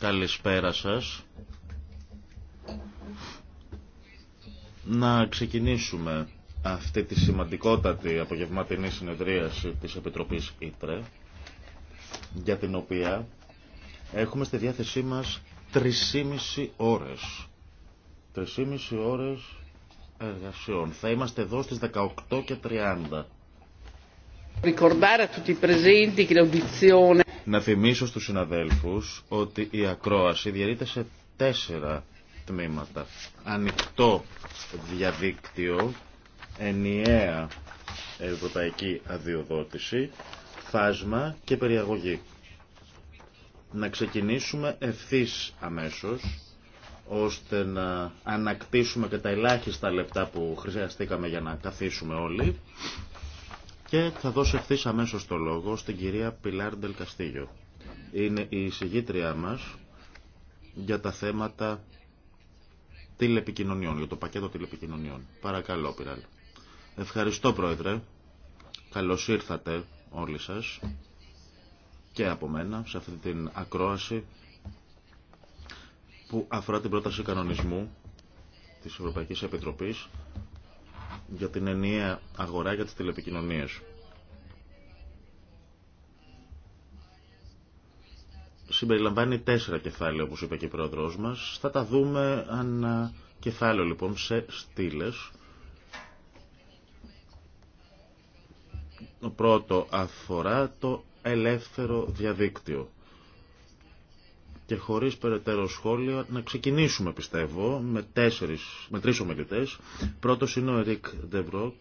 Καλησπέρα σας. Να ξεκινήσουμε αυτή τη σημαντικότατη απογευματινή συνεδρίαση της Επιτροπής Ήτρε, για την οποία έχουμε στη διάθεσή μας 3,5 ώρες. 3,5 ώρες εργασιών. Θα είμαστε εδώ στις 18.30. Να θυμίσω στους συναδέλφους ότι η ακρόαση διαιρείται σε τέσσερα τμήματα. Ανοιχτό διαδίκτυο, ενιαία ευρωπαϊκή αδειοδότηση, φάσμα και περιαγωγή. Να ξεκινήσουμε ευθύς αμέσως, ώστε να ανακτήσουμε και τα ελάχιστα λεπτά που χρειαστήκαμε για να καθίσουμε όλοι και θα δώσω ευθύ αμέσω το λόγο στην κυρία Πιλάρ Καστίγιο. Είναι η συγγήτριά μα για τα θέματα τηλεπικοινωνιών, για το πακέτο τηλεπικοινωνιών. Παρακαλώ, Πιλάρ. Ευχαριστώ, Πρόεδρε. Καλώ ήρθατε όλοι σα και από μένα σε αυτή την ακρόαση που αφορά την πρόταση κανονισμού της Ευρωπαϊκής Επιτροπής για την ενιαία αγορά για τις τηλεπικοινωνίες. Συμπεριλαμβάνει τέσσερα κεφάλαια, όπως είπε και η πρόεδρος μας. Θα τα δούμε ένα κεφάλαιο, λοιπόν, σε στήλες. Το πρώτο αφορά το ελεύθερο διαδίκτυο και χωρίς περαιτέρω σχόλια να ξεκινήσουμε πιστεύω με, τέσσερις, με τρεις ομιλητές. Πρώτος είναι ο Ερικ Ντεβρόκ,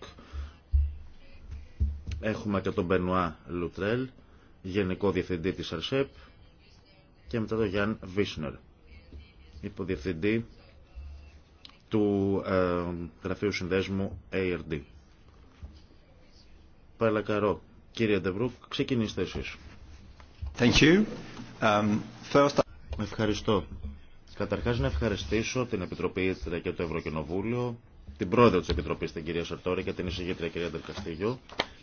έχουμε και τον Μπενουά Λουτρέλ, Γενικό Διευθυντή της ΑΡΣΕΠ και μετά τον Γιάνν Βίσνερ, Υποδιευθυντή του ε, Γραφείου Συνδέσμου ARD. Παλακαρό, κύριε Ντεβρούκ, ξεκινήστε εσείς. Ευχαριστώ Ευχαριστώ. Καταρχάς να ευχαριστήσω την Επιτροπή και το Ευρωκοινοβούλιο, την πρόεδρο της Επιτροπής, την κυρία Σαρτόρη και την εισηγήτρια κυρία Τερκαστήγιο,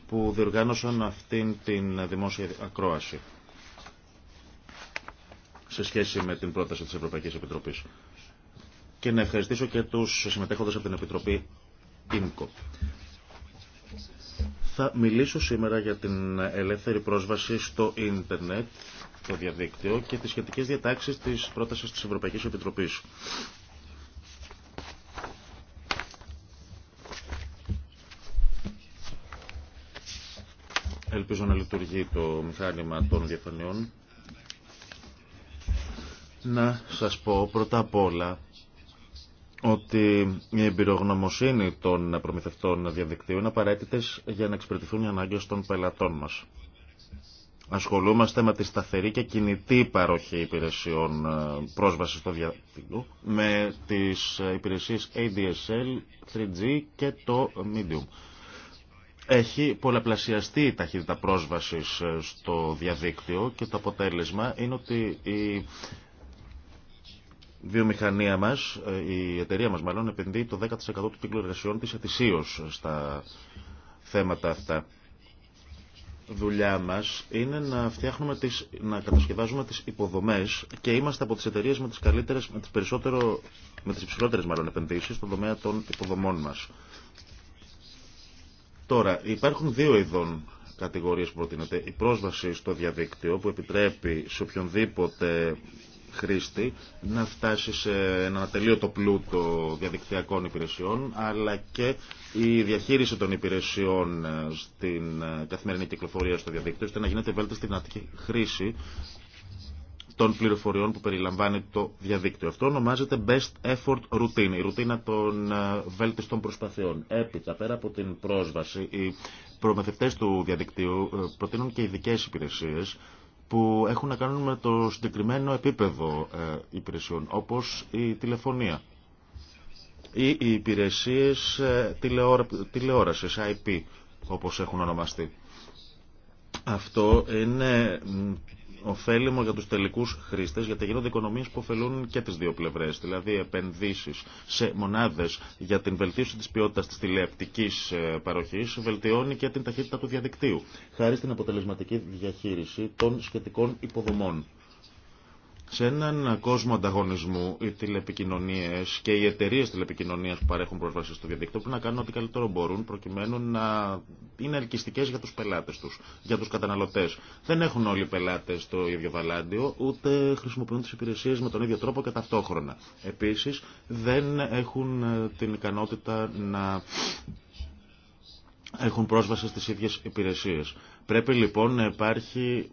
που διοργάνωσαν αυτήν την δημόσια ακρόαση σε σχέση με την πρόταση της Ευρωπαϊκής Επιτροπής. Και να ευχαριστήσω και τους συμμετέχοντες από την Επιτροπή ΙΜΚΟ. Θα μιλήσω σήμερα για την ελεύθερη πρόσβαση στο ίντερνετ, το διαδίκτυο και τις σχετικές διατάξεις της πρότασης της Ευρωπαϊκής Επιτροπής. Ελπίζω να λειτουργεί το μηχάνημα των διαφανειών. Να σας πω πρώτα απ' όλα ότι η εμπειρογνωμοσύνη των προμηθευτών διαδικτύου είναι απαραίτητε για να εξυπηρετηθούν οι ανάγκε των πελατών μα. Ασχολούμαστε με τη σταθερή και κινητή παροχή υπηρεσιών ε, πρόσβαση στο διαδίκτυο με τι υπηρεσίε ADSL, 3G και το Medium. Έχει πολλαπλασιαστεί η ταχύτητα πρόσβασης ε, στο διαδίκτυο και το αποτέλεσμα είναι ότι βιομηχανία μας, ε, η εταιρεία μας μάλλον, επενδύει το 10% του κύκλου εργασιών της ετησίως στα θέματα αυτά. Δουλειά μας είναι να φτιάχνουμε τις, να κατασκευάζουμε τις υποδομές και είμαστε από τις εταιρείε με τις καλύτερες, με τις περισσότερο, με τις υψηλότερες επενδύσεις στον τομέα των υποδομών μας. Τώρα, υπάρχουν δύο ειδών κατηγορίες που προτείνεται. Η πρόσβαση στο διαδίκτυο που επιτρέπει σε οποιονδήποτε χρήστη να φτάσει σε ένα τελείωτο πλούτο διαδικτυακών υπηρεσιών αλλά και η διαχείριση των υπηρεσιών ε, στην ε, καθημερινή κυκλοφορία στο διαδίκτυο ώστε να γίνεται βέλτιστη δυνατική χρήση των πληροφοριών που περιλαμβάνει το διαδίκτυο. Αυτό ονομάζεται Best Effort Routine, η ρουτίνα των ε, βέλτιστων προσπαθειών. Έπειτα, πέρα από την πρόσβαση, οι προμεθευτές του διαδικτύου προτείνουν και ειδικέ υπηρεσίες που έχουν να κάνουν με το συγκεκριμένο επίπεδο ε, υπηρεσιών, όπως η τηλεφωνία ή οι υπηρεσίες ε, τηλεόρασης, IP, όπως έχουν ονομαστεί. Αυτό είναι ωφέλιμο για τους τελικούς χρήστες, γιατί γίνονται οικονομίες που ωφελούν και τις δύο πλευρές, δηλαδή επενδύσεις σε μονάδες για την βελτίωση της ποιότητας της τηλεοπτικής ε, παροχής, βελτιώνει και την ταχύτητα του διαδικτύου, χάρη στην αποτελεσματική διαχείριση των σχετικών υποδομών. Σε έναν κόσμο ανταγωνισμού, οι τηλεπικοινωνίε και οι εταιρείε τηλεπικοινωνία που παρέχουν πρόσβαση στο διαδίκτυο πρέπει να κάνουν ό,τι καλύτερο μπορούν προκειμένου να είναι ελκυστικέ για του πελάτε του, για του καταναλωτέ. Δεν έχουν όλοι οι πελάτε το ίδιο βαλάντιο, ούτε χρησιμοποιούν τι υπηρεσίε με τον ίδιο τρόπο και ταυτόχρονα. Επίση, δεν έχουν ε, την ικανότητα να έχουν πρόσβαση στι ίδιε υπηρεσίε. Πρέπει λοιπόν να υπάρχει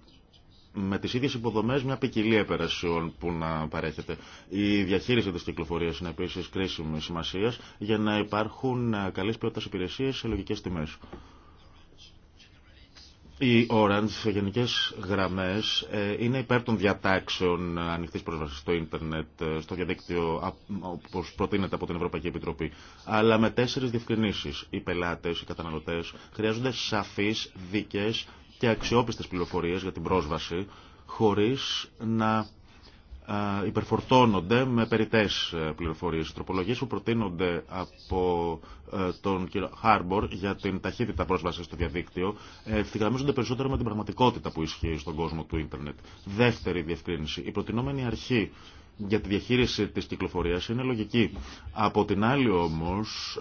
με τις ίδιες υποδομές μια ποικιλία υπηρεσιών που να παρέχεται. Η διαχείριση της κυκλοφορίας είναι επίσης κρίσιμη σημασία για να υπάρχουν καλές ποιότητας υπηρεσίες σε λογικές τιμές. Οι Orange σε γενικέ γραμμέ ε, είναι υπέρ των διατάξεων ανοιχτή πρόσβαση στο ίντερνετ, ε, στο διαδίκτυο, όπω προτείνεται από την Ευρωπαϊκή Επιτροπή. Αλλά με τέσσερι διευκρινήσει. Οι πελάτε, οι καταναλωτέ χρειάζονται σαφεί, δίκαιε και αξιόπιστες πληροφορίες για την πρόσβαση χωρίς να υπερφορτώνονται με περιτές ε, πληροφορίες. Οι τροπολογίες που προτείνονται από ε, τον κύριο Χάρμπορ για την ταχύτητα πρόσβαση στο διαδίκτυο ε, ευθυγραμμίζονται περισσότερο με την πραγματικότητα που ισχύει στον κόσμο του ίντερνετ. Δεύτερη διευκρίνηση. Η προτινόμενη αρχή για τη διαχείριση της κυκλοφορίας είναι λογική. Από την άλλη όμως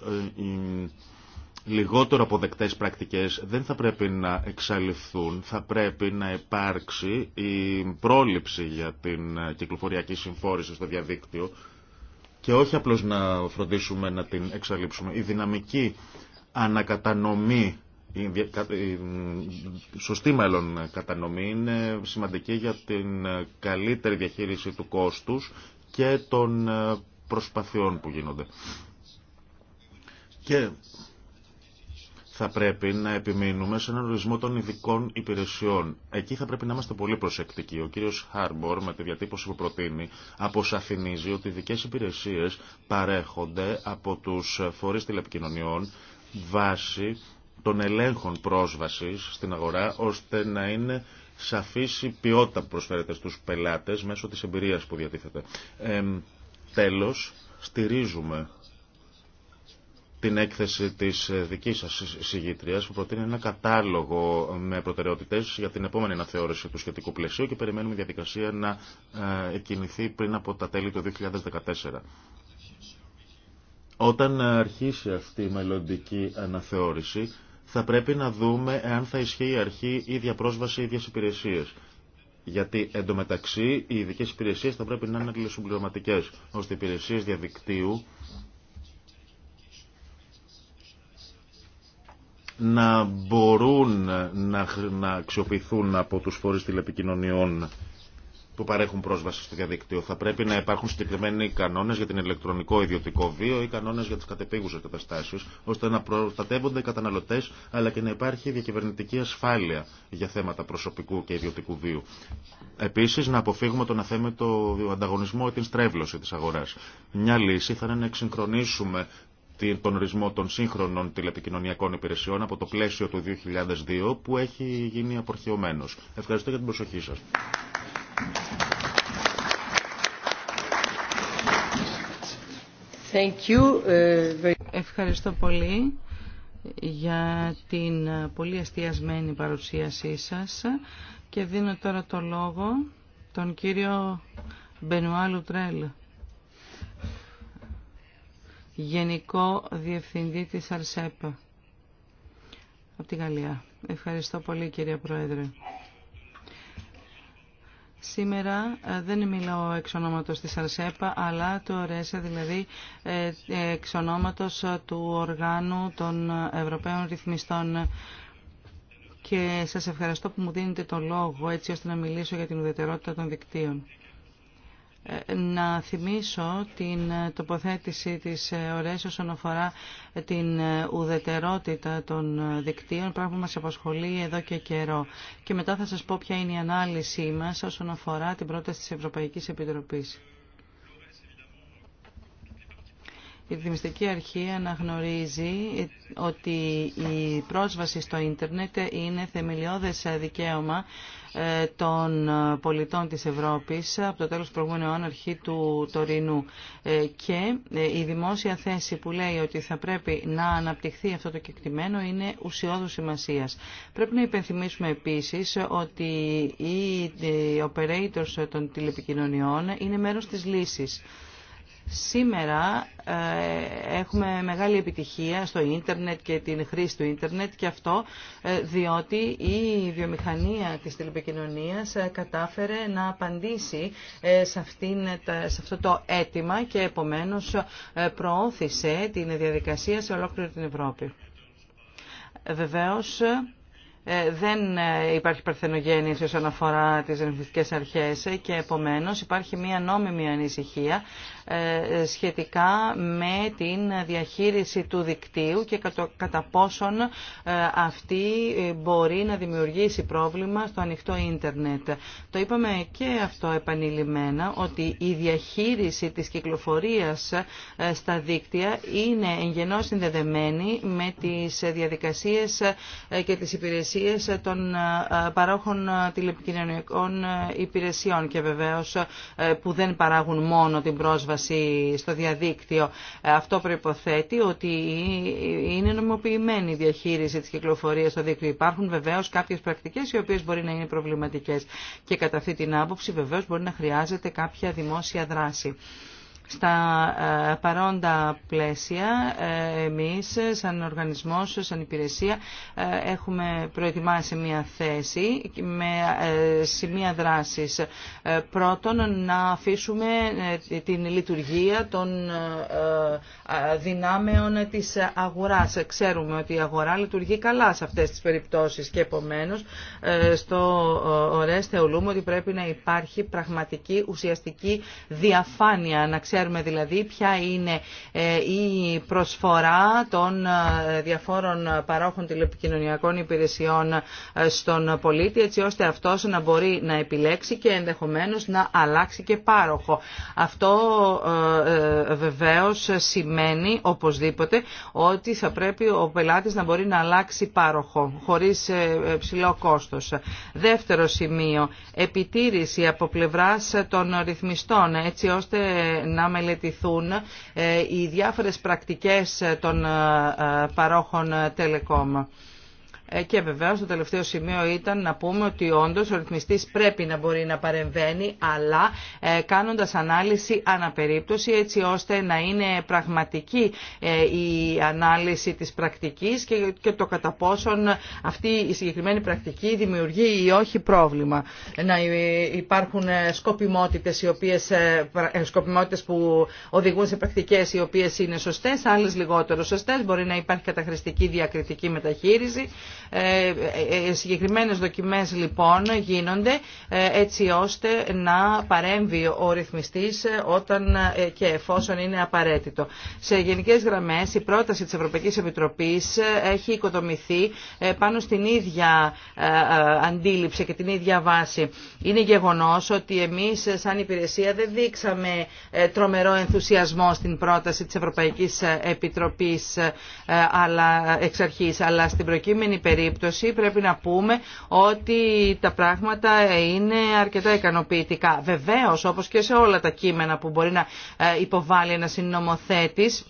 λιγότερο αποδεκτές πρακτικές δεν θα πρέπει να εξαλειφθούν, θα πρέπει να υπάρξει η πρόληψη για την ε, κυκλοφοριακή συμφόρηση στο διαδίκτυο και όχι απλώς να φροντίσουμε να την εξαλείψουμε. Η δυναμική ανακατανομή η σωστή μάλλον κατανομή είναι σημαντική για την ε, καλύτερη διαχείριση του κόστους και των ε, προσπαθειών που γίνονται. Και θα πρέπει να επιμείνουμε σε έναν ορισμό των ειδικών υπηρεσιών. Εκεί θα πρέπει να είμαστε πολύ προσεκτικοί. Ο κύριος Χάρμπορ με τη διατύπωση που προτείνει αποσαφηνίζει ότι οι ειδικές υπηρεσίες παρέχονται από τους φορείς τηλεπικοινωνιών βάσει των ελέγχων πρόσβασης στην αγορά ώστε να είναι σαφής η ποιότητα που προσφέρεται στους πελάτες μέσω της εμπειρίας που διατίθεται. Ε, τέλος, στηρίζουμε την έκθεση της δικής σας συγγήτριας που προτείνει ένα κατάλογο με προτεραιότητες για την επόμενη αναθεώρηση του σχετικού πλαισίου και περιμένουμε η διαδικασία να ε, εκκινηθεί πριν από τα τέλη του 2014. Όταν αρχίσει αυτή η μελλοντική αναθεώρηση θα πρέπει να δούμε αν θα ισχύει η αρχή ίδια πρόσβαση ίδιες υπηρεσίες. Γιατί εντωμεταξύ οι ειδικέ υπηρεσίε θα πρέπει να είναι αλληλοσυμπληρωματικέ, ώστε οι υπηρεσίε διαδικτύου να μπορούν να, να αξιοποιηθούν από τους φορείς τηλεπικοινωνιών που παρέχουν πρόσβαση στο διαδίκτυο. Θα πρέπει να υπάρχουν συγκεκριμένοι κανόνες για την ηλεκτρονικό ιδιωτικό βίο ή κανόνες για τις κατεπήγουσες καταστάσεις ώστε να προστατεύονται οι καταναλωτές αλλά και να υπάρχει διακυβερνητική ασφάλεια για θέματα προσωπικού και ιδιωτικού βίου. Επίση, να αποφύγουμε τον αθέμετο ανταγωνισμό ή την στρέβλωση τη αγορά. Μια λύση θα είναι να εξυγχρονίσουμε τον ορισμό των σύγχρονων τηλεπικοινωνιακών υπηρεσιών από το πλαίσιο του 2002 που έχει γίνει απορχαιωμένος. Ευχαριστώ για την προσοχή σας. Thank you. Uh, Ευχαριστώ πολύ για την πολύ αστιασμένη παρουσίασή σας και δίνω τώρα το λόγο τον κύριο Μπενουά Λουτρέλ Γενικό Διευθυντή της ΑΡΣΕΠΑ από τη Γαλλία. Ευχαριστώ πολύ κύριε Πρόεδρε. Σήμερα ε, δεν μιλάω εξ ονόματος της ΑΡΣΕΠΑ, αλλά του ΡΕΣΕ, δηλαδή ε, εξ ονόματος του Οργάνου των Ευρωπαίων Ρυθμιστών και σας ευχαριστώ που μου δίνετε το λόγο έτσι ώστε να μιλήσω για την ουδετερότητα των δικτύων να θυμίσω την τοποθέτηση της ΟΡΕΣ όσον αφορά την ουδετερότητα των δικτύων, πράγμα που μας απασχολεί εδώ και καιρό. Και μετά θα σας πω ποια είναι η ανάλυση μας όσον αφορά την πρόταση της Ευρωπαϊκής Επιτροπής. Η αρχία αρχή αναγνωρίζει ότι η πρόσβαση στο ίντερνετ είναι θεμελιώδες δικαίωμα ε, των πολιτών της Ευρώπης από το τέλος του προηγούμενου αρχή του Τωρινού ε, και ε, η δημόσια θέση που λέει ότι θα πρέπει να αναπτυχθεί αυτό το κεκτημένο είναι ουσιώδου σημασία. Πρέπει να υπενθυμίσουμε επίσης ότι οι operators των τηλεπικοινωνιών είναι μέρος της λύσης. Σήμερα ε, έχουμε μεγάλη επιτυχία στο ίντερνετ και την χρήση του ίντερνετ και αυτό ε, διότι η βιομηχανία της τηλεπικοινωνίας ε, κατάφερε να απαντήσει σε, αυτό το αίτημα και επομένως προώθησε την διαδικασία σε ολόκληρη την Ευρώπη. Βεβαίως ε, δεν ε, υπάρχει παρθενογέννηση όσον αφορά τις ρυθμιστικές αρχές ε, και επομένως υπάρχει μία νόμιμη ανησυχία σχετικά με την διαχείριση του δικτύου και κατά πόσον αυτή μπορεί να δημιουργήσει πρόβλημα στο ανοιχτό ίντερνετ. Το είπαμε και αυτό επανειλημμένα ότι η διαχείριση της κυκλοφορίας στα δίκτυα είναι εγγενώς συνδεδεμένη με τις διαδικασίες και τις υπηρεσίες υπηρεσίες των ε, παρόχων τηλεπικοινωνικών ε, υπηρεσιών και βεβαίως ε, που δεν παράγουν μόνο την πρόσβαση στο διαδίκτυο. Αυτό προϋποθέτει ότι είναι νομιμοποιημένη η διαχείριση της κυκλοφορίας στο δίκτυο. Υπάρχουν βεβαίως κάποιες πρακτικές οι οποίες μπορεί να είναι προβληματικές και κατά αυτή την άποψη βεβαίως μπορεί να χρειάζεται κάποια δημόσια δράση. Στα παρόντα πλαίσια εμείς σαν οργανισμός, σαν υπηρεσία έχουμε προετοιμάσει μια θέση με σημεία δράσης. Πρώτον να αφήσουμε την λειτουργία των δυνάμεων της αγοράς. Ξέρουμε ότι η αγορά λειτουργεί καλά σε αυτές τις περιπτώσεις και επομένως στο ΟΡΕΣ θεωρούμε ότι πρέπει να υπάρχει πραγματική ουσιαστική διαφάνεια, να Ξέρουμε δηλαδή ποια είναι ε, η προσφορά των ε, διαφόρων παρόχων τηλεπικοινωνιακών υπηρεσιών ε, στον πολίτη έτσι ώστε αυτός να μπορεί να επιλέξει και ενδεχομένως να αλλάξει και πάροχο. Αυτό βεβαίως σημαίνει οπωσδήποτε ότι θα πρέπει ο πελάτης να μπορεί να αλλάξει πάροχο χωρίς ψηλό κόστος. Δεύτερο σημείο, επιτήρηση από πλευράς των ρυθμιστών έτσι ώστε να να μελετηθούν ε, οι διάφορες πρακτικές των ε, ε, παρόχων Telecom. Ε, και βεβαίως το τελευταίο σημείο ήταν να πούμε ότι όντω ο ρυθμιστής πρέπει να μπορεί να παρεμβαίνει, αλλά ε, κάνοντας ανάλυση αναπερίπτωση έτσι ώστε να είναι πραγματική ε, η ανάλυση της πρακτικής και το κατά πόσον αυτή η συγκεκριμένη πρακτική δημιουργεί ή όχι πρόβλημα. Να υπάρχουν σκοπιμότητες, σκοπιμότητες που οδηγούν σε πρακτικές οι οποίες είναι σωστές, άλλες λιγότερο σωστές, μπορεί να υπάρχει καταχρηστική διακριτική μεταχείριση ε, ε, ε, συγκεκριμένες δοκιμές λοιπόν γίνονται έτσι ώστε να παρέμβει ο ρυθμιστής όταν και εφόσον είναι απαραίτητο. Σε γενικές γραμμές η πρόταση της Ευρωπαϊκής Επιτροπής έχει οικοδομηθεί πάνω στην ίδια αντίληψη και την ίδια βάση. Είναι γεγονός ότι εμείς σαν υπηρεσία δεν δείξαμε τρομερό ενθουσιασμό στην πρόταση της Ευρωπαϊκής Επιτροπής εξ αρχής, αλλά στην προκείμενη περίπτωση περίπτωση πρέπει να πούμε ότι τα πράγματα είναι αρκετά ικανοποιητικά. Βεβαίως, όπως και σε όλα τα κείμενα που μπορεί να ε, υποβάλει ένας συνομοθέτης,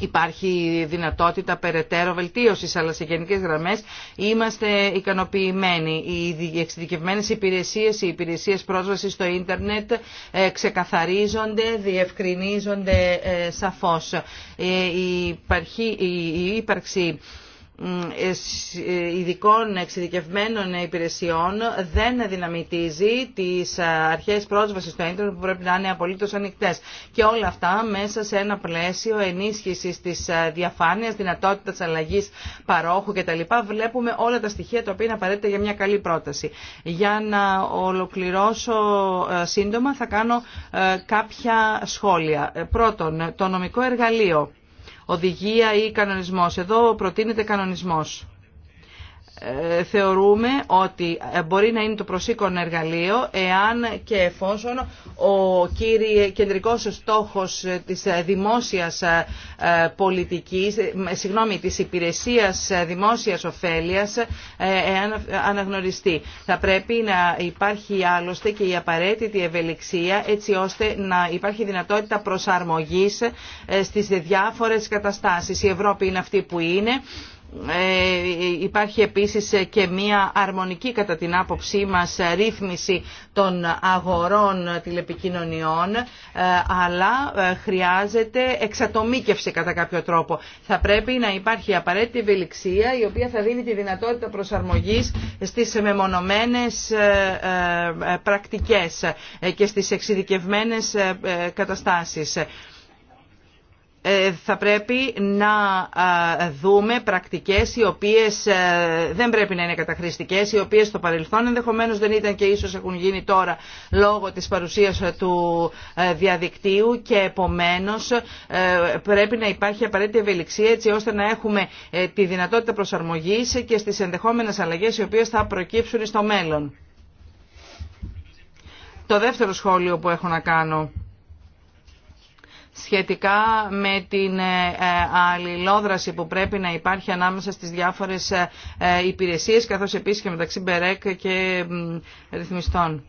Υπάρχει δυνατότητα περαιτέρω βελτίωση, αλλά σε γενικέ γραμμέ είμαστε ικανοποιημένοι. Οι εξειδικευμένε υπηρεσίε, οι υπηρεσίε πρόσβαση στο ίντερνετ ε, ξεκαθαρίζονται, διευκρινίζονται ε, σαφώ. Η ύπαρξη ειδικών εξειδικευμένων υπηρεσιών δεν δυναμητίζει τις αρχές πρόσβασης στο ίντερνετ που πρέπει να είναι απολύτως ανοιχτές. Και όλα αυτά μέσα σε ένα πλαίσιο ενίσχυσης της διαφάνειας, δυνατότητας αλλαγής παρόχου κτλ. Βλέπουμε όλα τα στοιχεία τα οποία είναι απαραίτητα για μια καλή πρόταση. Για να ολοκληρώσω ε, σύντομα θα κάνω ε, κάποια σχόλια. Πρώτον, το νομικό εργαλείο οδηγία ή κανονισμός. Εδώ προτείνεται κανονισμός. Ε, θεωρούμε ότι ε, μπορεί να είναι το προσήκον εργαλείο εάν και εφόσον ο κύριε κεντρικός στόχος ε, της δημόσιας πολιτικής, συγγνώμη, της υπηρεσίας δημόσιας ωφέλειας εάν αναγνωριστεί. Θα πρέπει να υπάρχει άλλωστε και η απαραίτητη ευελιξία έτσι ώστε να υπάρχει δυνατότητα προσαρμογής στις διάφορες καταστάσεις. Η Ευρώπη είναι αυτή που είναι ε, υπάρχει επίσης και μία αρμονική κατά την άποψή μας ρύθμιση των αγορών τηλεπικοινωνιών ε, αλλά ε, χρειάζεται εξατομίκευση κατά κάποιο τρόπο. Θα πρέπει να υπάρχει απαραίτητη ευελιξία η οποία θα δίνει τη δυνατότητα προσαρμογής στις μεμονωμένες πρακτικές και στις εξειδικευμένες καταστάσεις. Ε, θα πρέπει να δούμε πρακτικές οι οποίες ε, δεν πρέπει να είναι καταχρηστικές, οι οποίες στο παρελθόν ενδεχομένως δεν ήταν και ίσως έχουν γίνει τώρα λόγω της παρουσίας του ε, διαδικτύου και επομένως πρέπει να υπάρχει απαραίτητη ευελιξία έτσι ώστε να έχουμε τη δυνατότητα προσαρμογής και στις ενδεχόμενες αλλαγές οι οποίες θα προκύψουν στο μέλλον. Το δεύτερο σχόλιο που έχω να κάνω σχετικά με την ε, ε, αλληλόδραση που πρέπει να υπάρχει ανάμεσα στις διάφορες ε, υπηρεσίες καθώς επίσης και μεταξύ Μπερέκ και ρυθμιστών.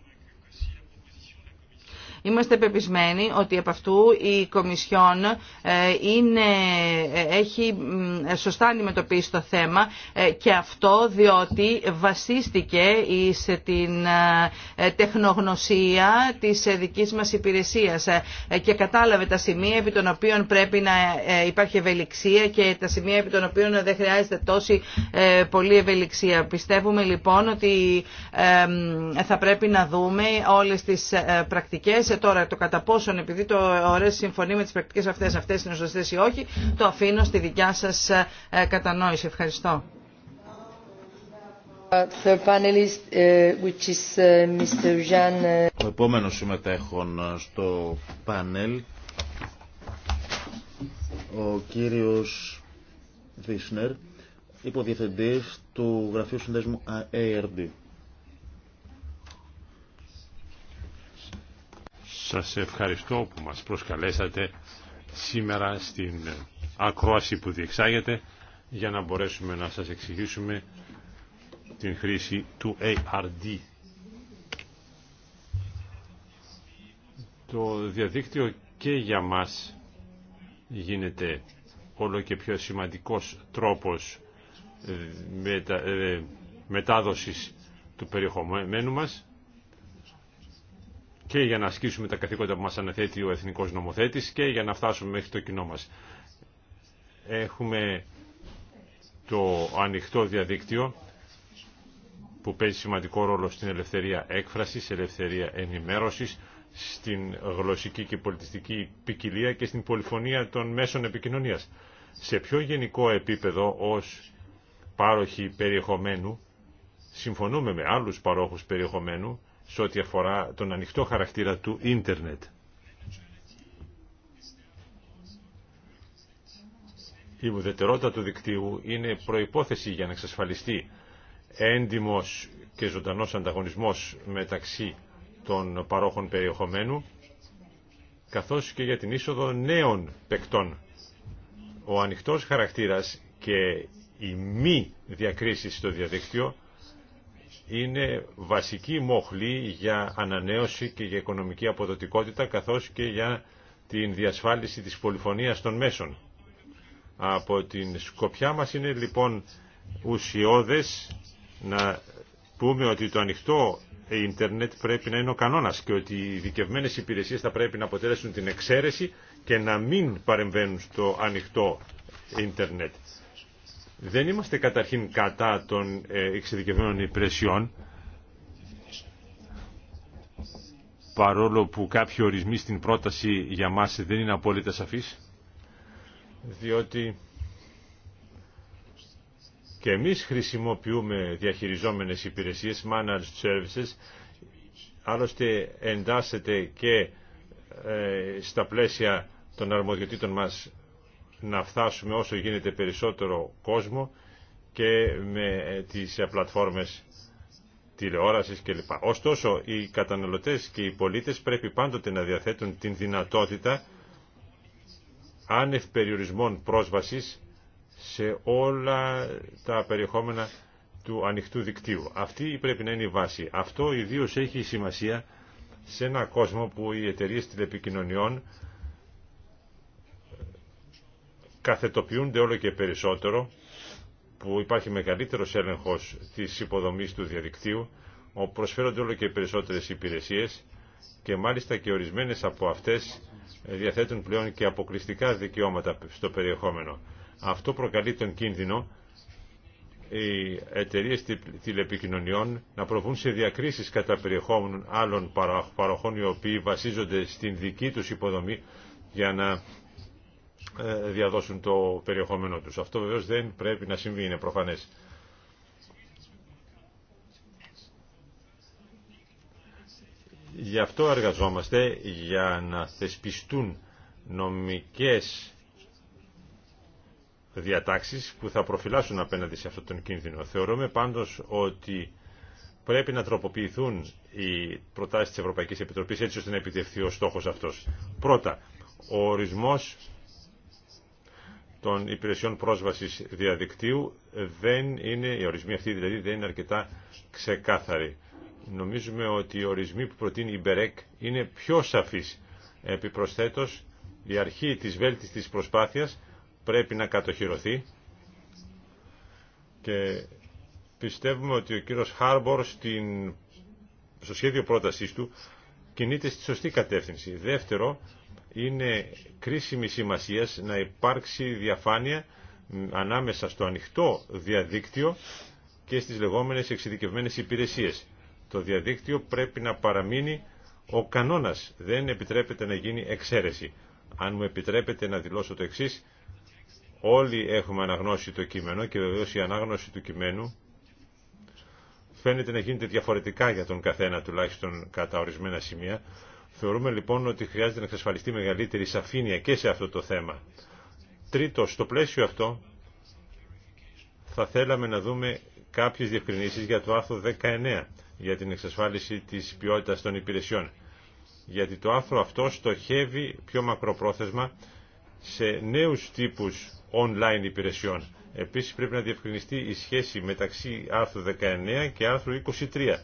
Είμαστε πεπισμένοι ότι από αυτού η Κομισιόν ε, είναι, ε, έχει σωστά αντιμετωπίσει το θέμα ε, και αυτό διότι βασίστηκε σε την τεχνογνωσία της δικής μας υπηρεσίας και κατάλαβε τα σημεία επί των οποίων πρέπει να υπάρχει ευελιξία και τα σημεία επί των οποίων δεν χρειάζεται τόση πολύ ευελιξία. Πιστεύουμε λοιπόν ότι θα πρέπει να δούμε όλες τις πρακτικές Τώρα το κατά πόσον επειδή το ωραίο συμφωνεί με τι πρακτικέ αυτές, αυτές είναι σωστέ ή όχι, το αφήνω στη δικιά σας ε, ε, κατανόηση. Ευχαριστώ. Uh, uh, uh, ο επόμενο συμμετέχων στο πάνελ, ο κύριος Βίσνερ, υποδιευθυντής του Γραφείου Συνδέσμου ARD. Σας ευχαριστώ που μας προσκαλέσατε σήμερα στην ακρόαση που διεξάγεται για να μπορέσουμε να σας εξηγήσουμε την χρήση του ARD. Το διαδίκτυο και για μας γίνεται όλο και πιο σημαντικός τρόπος ε, ε, μετάδοσης του περιεχομένου μας και για να ασκήσουμε τα καθήκοντα που μας αναθέτει ο Εθνικός Νομοθέτης και για να φτάσουμε μέχρι το κοινό μας. Έχουμε το ανοιχτό διαδίκτυο που παίζει σημαντικό ρόλο στην ελευθερία έκφρασης, ελευθερία ενημέρωσης, στην γλωσσική και πολιτιστική ποικιλία και στην πολυφωνία των μέσων επικοινωνίας. Σε πιο γενικό επίπεδο ως πάροχοι περιεχομένου, συμφωνούμε με άλλους παρόχους περιεχομένου, σε ό,τι αφορά τον ανοιχτό χαρακτήρα του ίντερνετ. Η ουδετερότητα του δικτύου είναι προϋπόθεση για να εξασφαλιστεί έντιμος και ζωντανός ανταγωνισμός μεταξύ των παρόχων περιεχομένου, καθώς και για την είσοδο νέων παικτών. Ο ανοιχτός χαρακτήρας και η μη διακρίσεις στο διαδίκτυο είναι βασική μοχλή για ανανέωση και για οικονομική αποδοτικότητα καθώς και για την διασφάλιση της πολυφωνίας των μέσων. Από την σκοπιά μας είναι λοιπόν ουσιώδες να πούμε ότι το ανοιχτό ίντερνετ πρέπει να είναι ο κανόνας και ότι οι δικευμένες υπηρεσίες θα πρέπει να αποτελέσουν την εξαίρεση και να μην παρεμβαίνουν στο ανοιχτό ίντερνετ. Δεν είμαστε καταρχήν κατά των ε, εξειδικευμένων υπηρεσιών, παρόλο που κάποιοι ορισμοί στην πρόταση για μας δεν είναι απόλυτα σαφείς, διότι και εμείς χρησιμοποιούμε διαχειριζόμενες υπηρεσίες, managed services, άλλωστε εντάσσεται και ε, στα πλαίσια των αρμοδιοτήτων μας να φτάσουμε όσο γίνεται περισσότερο κόσμο και με τις ε, πλατφόρμες τηλεόρασης κλπ. Ωστόσο, οι καταναλωτές και οι πολίτες πρέπει πάντοτε να διαθέτουν την δυνατότητα άνευ περιορισμών πρόσβασης σε όλα τα περιεχόμενα του ανοιχτού δικτύου. Αυτή πρέπει να είναι η βάση. Αυτό ιδίως έχει σημασία σε ένα κόσμο που οι εταιρείε τηλεπικοινωνιών καθετοποιούνται όλο και περισσότερο, που υπάρχει μεγαλύτερος έλεγχος της υποδομής του διαδικτύου, όπου προσφέρονται όλο και περισσότερες υπηρεσίες και μάλιστα και ορισμένες από αυτές διαθέτουν πλέον και αποκλειστικά δικαιώματα στο περιεχόμενο. Αυτό προκαλεί τον κίνδυνο οι εταιρείε τηλεπικοινωνιών να προβούν σε διακρίσεις κατά περιεχόμενων άλλων παροχών οι οποίοι βασίζονται στην δική τους υποδομή για να ε, διαδώσουν το περιεχόμενό τους. Αυτό βεβαίως δεν πρέπει να συμβεί, είναι προφανές. Γι' αυτό εργαζόμαστε για να θεσπιστούν νομικές διατάξεις που θα προφυλάσσουν απέναντι σε αυτόν τον κίνδυνο. Θεωρούμε πάντως ότι πρέπει να τροποποιηθούν οι προτάσεις της Ευρωπαϊκής Επιτροπής έτσι ώστε να επιτευχθεί ο στόχος αυτός. Πρώτα, ο ορισμός των υπηρεσιών πρόσβασης διαδικτύου δεν είναι, οι ορισμοί αυτοί δηλαδή δεν είναι αρκετά ξεκάθαροι. Νομίζουμε ότι οι ορισμοί που προτείνει η Μπερέκ είναι πιο σαφείς. Επιπροσθέτως, η αρχή της βέλτιστης προσπάθειας πρέπει να κατοχυρωθεί και πιστεύουμε ότι ο κύριος Χάρμπορ στην, στο σχέδιο πρότασής του κινείται στη σωστή κατεύθυνση. Δεύτερο, είναι κρίσιμη σημασία να υπάρξει διαφάνεια ανάμεσα στο ανοιχτό διαδίκτυο και στις λεγόμενες εξειδικευμένες υπηρεσίες. Το διαδίκτυο πρέπει να παραμείνει ο κανόνας. Δεν επιτρέπεται να γίνει εξαίρεση. Αν μου επιτρέπετε να δηλώσω το εξής, όλοι έχουμε αναγνώσει το κείμενο και βεβαίω η ανάγνωση του κειμένου φαίνεται να γίνεται διαφορετικά για τον καθένα τουλάχιστον κατά ορισμένα σημεία. Θεωρούμε λοιπόν ότι χρειάζεται να εξασφαλιστεί μεγαλύτερη σαφήνεια και σε αυτό το θέμα. Τρίτο, στο πλαίσιο αυτό θα θέλαμε να δούμε κάποιες διευκρινήσεις για το άρθρο 19 για την εξασφάλιση της ποιότητας των υπηρεσιών. Γιατί το άρθρο αυτό στοχεύει πιο μακροπρόθεσμα σε νέους τύπους online υπηρεσιών. Επίσης πρέπει να διευκρινιστεί η σχέση μεταξύ άρθρου 19 και άρθρου 23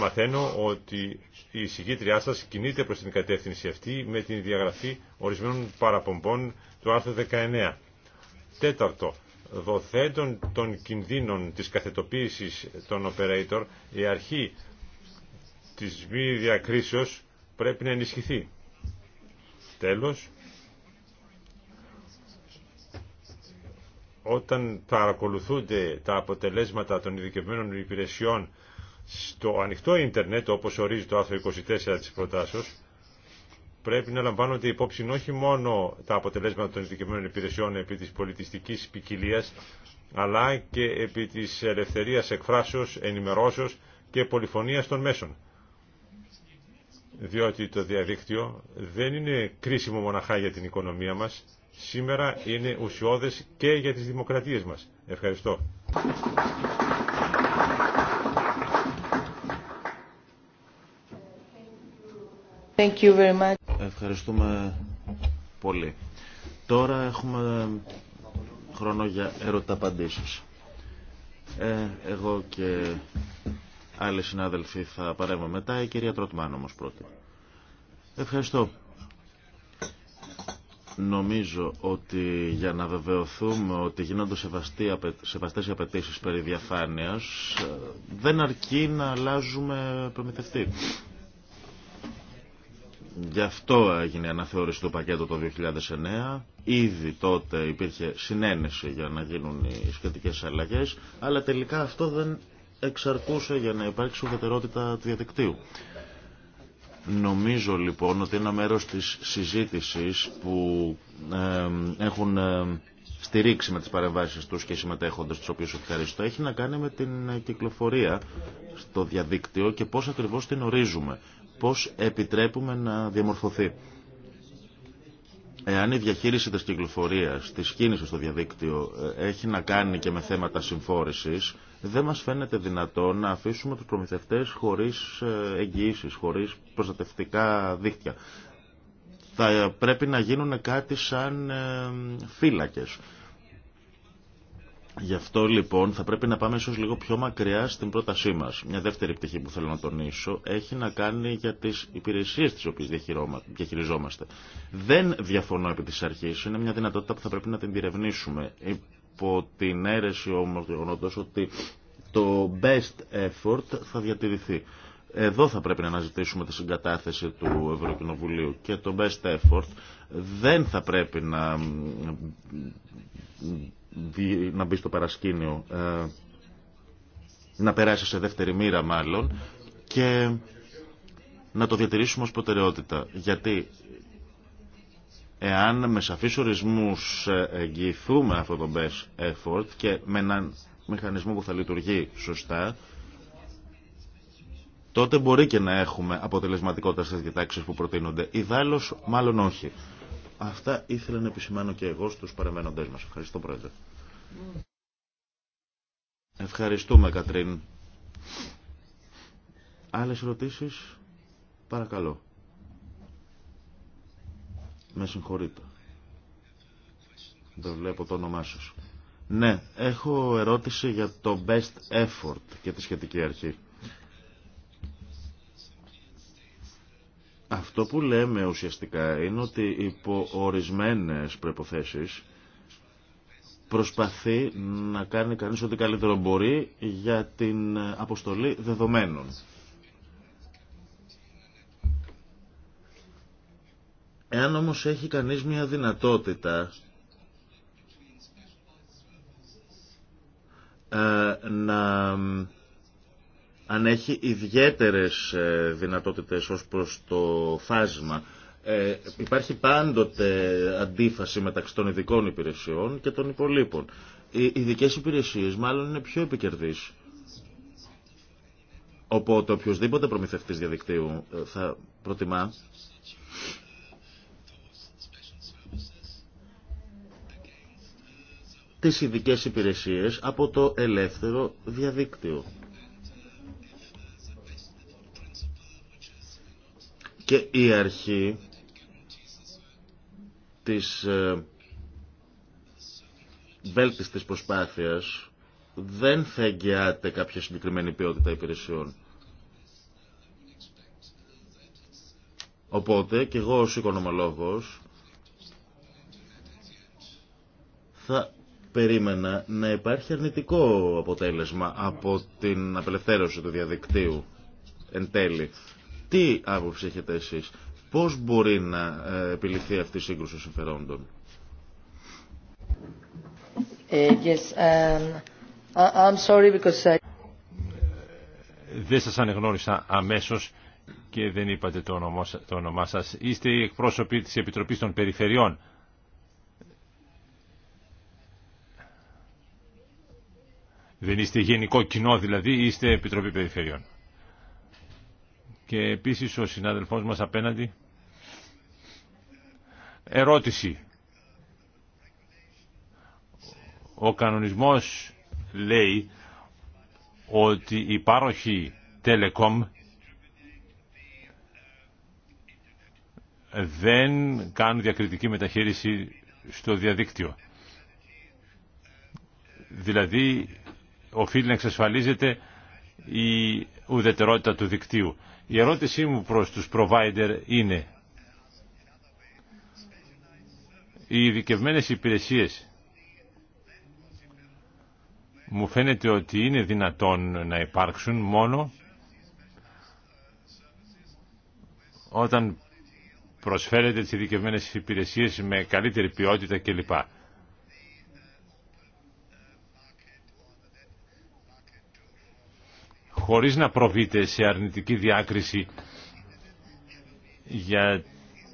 μαθαίνω ότι η συγκήτριά σας κινείται προς την κατεύθυνση αυτή με την διαγραφή ορισμένων παραπομπών του άρθρου 19. Τέταρτο, δοθέτων των κινδύνων της καθετοποίησης των operator, η αρχή της μη διακρίσεως πρέπει να ενισχυθεί. Τέλος, όταν παρακολουθούνται τα αποτελέσματα των ειδικευμένων υπηρεσιών στο ανοιχτό ίντερνετ, όπως ορίζει το άρθρο 24 της προτάσεως, πρέπει να λαμβάνονται υπόψη όχι μόνο τα αποτελέσματα των ειδικευμένων υπηρεσιών επί της πολιτιστικής ποικιλία, αλλά και επί της ελευθερίας εκφράσεως, ενημερώσεως και πολυφωνίας των μέσων. Διότι το διαδίκτυο δεν είναι κρίσιμο μοναχά για την οικονομία μας, σήμερα είναι ουσιώδες και για τις δημοκρατίες μας. Ευχαριστώ. Ευχαριστούμε πολύ. Τώρα έχουμε χρόνο για ερωταπαντήσεις. Ε, εγώ και άλλοι συνάδελφοι θα παρέμβω μετά. Η κυρία Τροτμάν όμως πρώτη. Ευχαριστώ. Νομίζω ότι για να βεβαιωθούμε ότι γίνονται σεβαστές οι απαιτήσεις περί διαφάνειας ε, δεν αρκεί να αλλάζουμε προμηθευτή. Γι' αυτό έγινε αναθεώρηση του πακέτου το 2009. Ήδη τότε υπήρχε συνένεση για να γίνουν οι σχετικέ αλλαγέ, αλλά τελικά αυτό δεν εξαρκούσε για να υπάρξει ουδετερότητα του διαδικτύου. Νομίζω λοιπόν ότι ένα μέρος της συζήτησης που έχουν στηρίξει με τις παρεμβάσεις τους και οι συμμετέχοντες τους οποίους ευχαριστώ έχει να κάνει με την κυκλοφορία στο διαδίκτυο και πώς ακριβώς την ορίζουμε πώς επιτρέπουμε να διαμορφωθεί. Εάν η διαχείριση της κυκλοφορίας, της κίνησης στο διαδίκτυο ε, έχει να κάνει και με θέματα συμφόρησης, δεν μας φαίνεται δυνατό να αφήσουμε τους προμηθευτές χωρίς ε, εγγυήσεις, χωρίς προστατευτικά δίκτυα. Θα πρέπει να γίνουν κάτι σαν ε, φύλακες Γι' αυτό λοιπόν θα πρέπει να πάμε ίσως λίγο πιο μακριά στην πρότασή μας. Μια δεύτερη πτυχή που θέλω να τονίσω έχει να κάνει για τις υπηρεσίες τις οποίες διαχειριζόμαστε. Δεν διαφωνώ επί της αρχής, είναι μια δυνατότητα που θα πρέπει να την διερευνήσουμε. Υπό την αίρεση όμως γεγονότος ότι το best effort θα διατηρηθεί. Εδώ θα πρέπει να αναζητήσουμε τη συγκατάθεση του Ευρωκοινοβουλίου και το best effort δεν θα πρέπει να να μπει στο παρασκήνιο, ε, να περάσει σε δεύτερη μοίρα μάλλον και να το διατηρήσουμε ως προτεραιότητα. Γιατί εάν με σαφείς ορισμούς ε, εγγυηθούμε αυτό το best effort και με έναν μηχανισμό που θα λειτουργεί σωστά, τότε μπορεί και να έχουμε αποτελεσματικότητα στις διατάξεις που προτείνονται. Ιδάλλως μάλλον όχι. Αυτά ήθελα να επισημάνω και εγώ στους παρεμένοντές μας. Ευχαριστώ Πρόεδρε. Ευχαριστούμε Κατρίν. Άλλες ερωτήσεις, παρακαλώ. Με συγχωρείτε. Δεν βλέπω το όνομά σας. Ναι, έχω ερώτηση για το best effort και τη σχετική αρχή. Αυτό που λέμε ουσιαστικά είναι ότι υπό ορισμένες προϋποθέσεις προσπαθεί να κάνει κανείς ό,τι καλύτερο μπορεί για την αποστολή δεδομένων. Εάν όμως έχει κανείς μια δυνατότητα ε, να αν έχει ιδιαίτερες ε, δυνατότητες ως προς το φάσμα. Ε, υπάρχει πάντοτε αντίφαση μεταξύ των ειδικών υπηρεσιών και των υπολείπων. Οι ειδικέ υπηρεσίες μάλλον είναι πιο επικερδείς. Οπότε οποιοδήποτε προμηθευτής διαδικτύου ε, θα προτιμά τις ειδικές υπηρεσίες από το ελεύθερο διαδίκτυο. και η αρχή της ε, βέλτιστης προσπάθειας δεν θα εγγυάται κάποια συγκεκριμένη ποιότητα υπηρεσιών. Οπότε και εγώ ως οικονομολόγος θα περίμενα να υπάρχει αρνητικό αποτέλεσμα από την απελευθέρωση του διαδικτύου εν τέλει. Τι άποψη έχετε εσείς, πώς μπορεί να ε, επιληθεί αυτή η σύγκρουση συμφερόντων. Ε, yes, um, I'm sorry because Δεν σας ανεγνώρισα αμέσως και δεν είπατε το όνομά, το όνομά σας. Είστε οι εκπρόσωποι της Επιτροπής των Περιφερειών. Δεν είστε γενικό κοινό δηλαδή, είστε Επιτροπή Περιφερειών και επίσης ο συνάδελφός μας απέναντι. Ερώτηση. Ο κανονισμός λέει ότι η πάροχη Telecom δεν κάνουν διακριτική μεταχείριση στο διαδίκτυο. Δηλαδή, οφείλει να εξασφαλίζεται η ουδετερότητα του δικτύου. Η ερώτησή μου προς τους provider είναι οι ειδικευμένες υπηρεσίες μου φαίνεται ότι είναι δυνατόν να υπάρξουν μόνο όταν προσφέρεται τις ειδικευμένες υπηρεσίες με καλύτερη ποιότητα κλπ. χωρίς να προβείτε σε αρνητική διάκριση για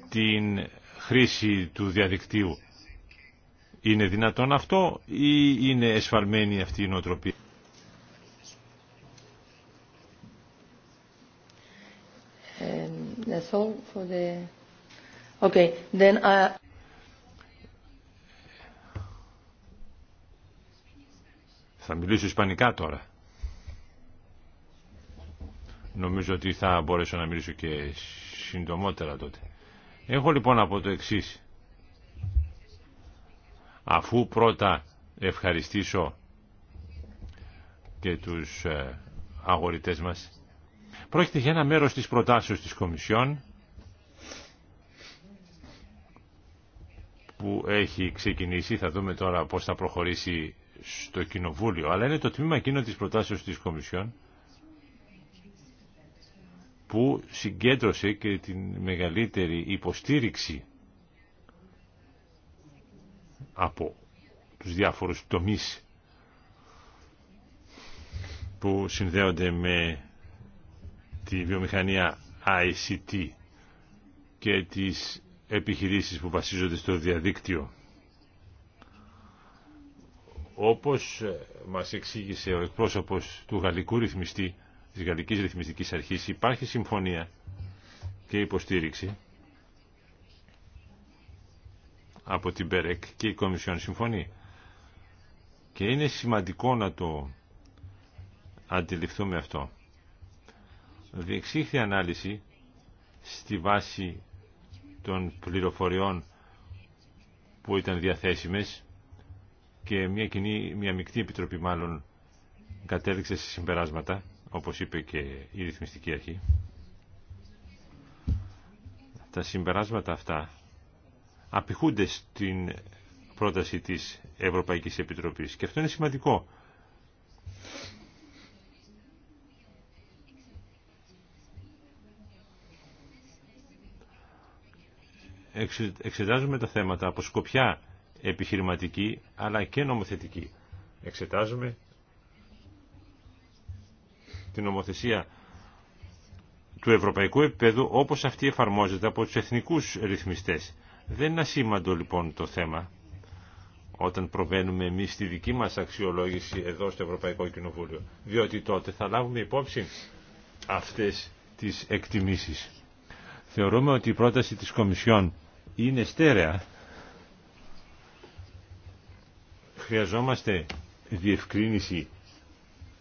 την χρήση του διαδικτύου. Είναι δυνατόν αυτό ή είναι εσφαλμένη αυτή η νοοτροπία. Θα μιλήσω ισπανικά τώρα. Νομίζω ότι θα μπορέσω να μιλήσω και συντομότερα τότε. Έχω λοιπόν από το εξή. Αφού πρώτα ευχαριστήσω και τους ε, αγορητές μας, πρόκειται για ένα μέρος της προτάσεως της Κομισιόν που έχει ξεκινήσει, θα δούμε τώρα πώς θα προχωρήσει στο Κοινοβούλιο, αλλά είναι το τμήμα εκείνο της προτάσεως της Κομισιόν που συγκέντρωσε και την μεγαλύτερη υποστήριξη από τους διάφορους τομείς που συνδέονται με τη βιομηχανία ICT και τις επιχειρήσεις που βασίζονται στο διαδίκτυο. Όπως μας εξήγησε ο εκπρόσωπος του γαλλικού ρυθμιστή, της Γαλλικής Ρυθμιστικής Αρχής υπάρχει συμφωνία και υποστήριξη από την ΠΕΡΕΚ και η Κομισιόν συμφωνεί. Και είναι σημαντικό να το αντιληφθούμε αυτό. Διεξήχθη ανάλυση στη βάση των πληροφοριών που ήταν διαθέσιμες και μια, κοινή, μια μεικτή επιτροπή μάλλον κατέληξε σε συμπεράσματα όπως είπε και η ρυθμιστική αρχή, τα συμπεράσματα αυτά απηχούνται στην πρόταση της Ευρωπαϊκής Επιτροπής και αυτό είναι σημαντικό. Εξετάζουμε τα θέματα από σκοπιά επιχειρηματική αλλά και νομοθετική. Εξετάζουμε την νομοθεσία του ευρωπαϊκού επίπεδου όπως αυτή εφαρμόζεται από τους εθνικούς ρυθμιστές. Δεν είναι ασήμαντο λοιπόν το θέμα όταν προβαίνουμε εμείς στη δική μας αξιολόγηση εδώ στο Ευρωπαϊκό Κοινοβούλιο, διότι τότε θα λάβουμε υπόψη αυτές τις εκτιμήσεις. Θεωρούμε ότι η πρόταση της Κομισιόν είναι στέρεα. Χρειαζόμαστε διευκρίνηση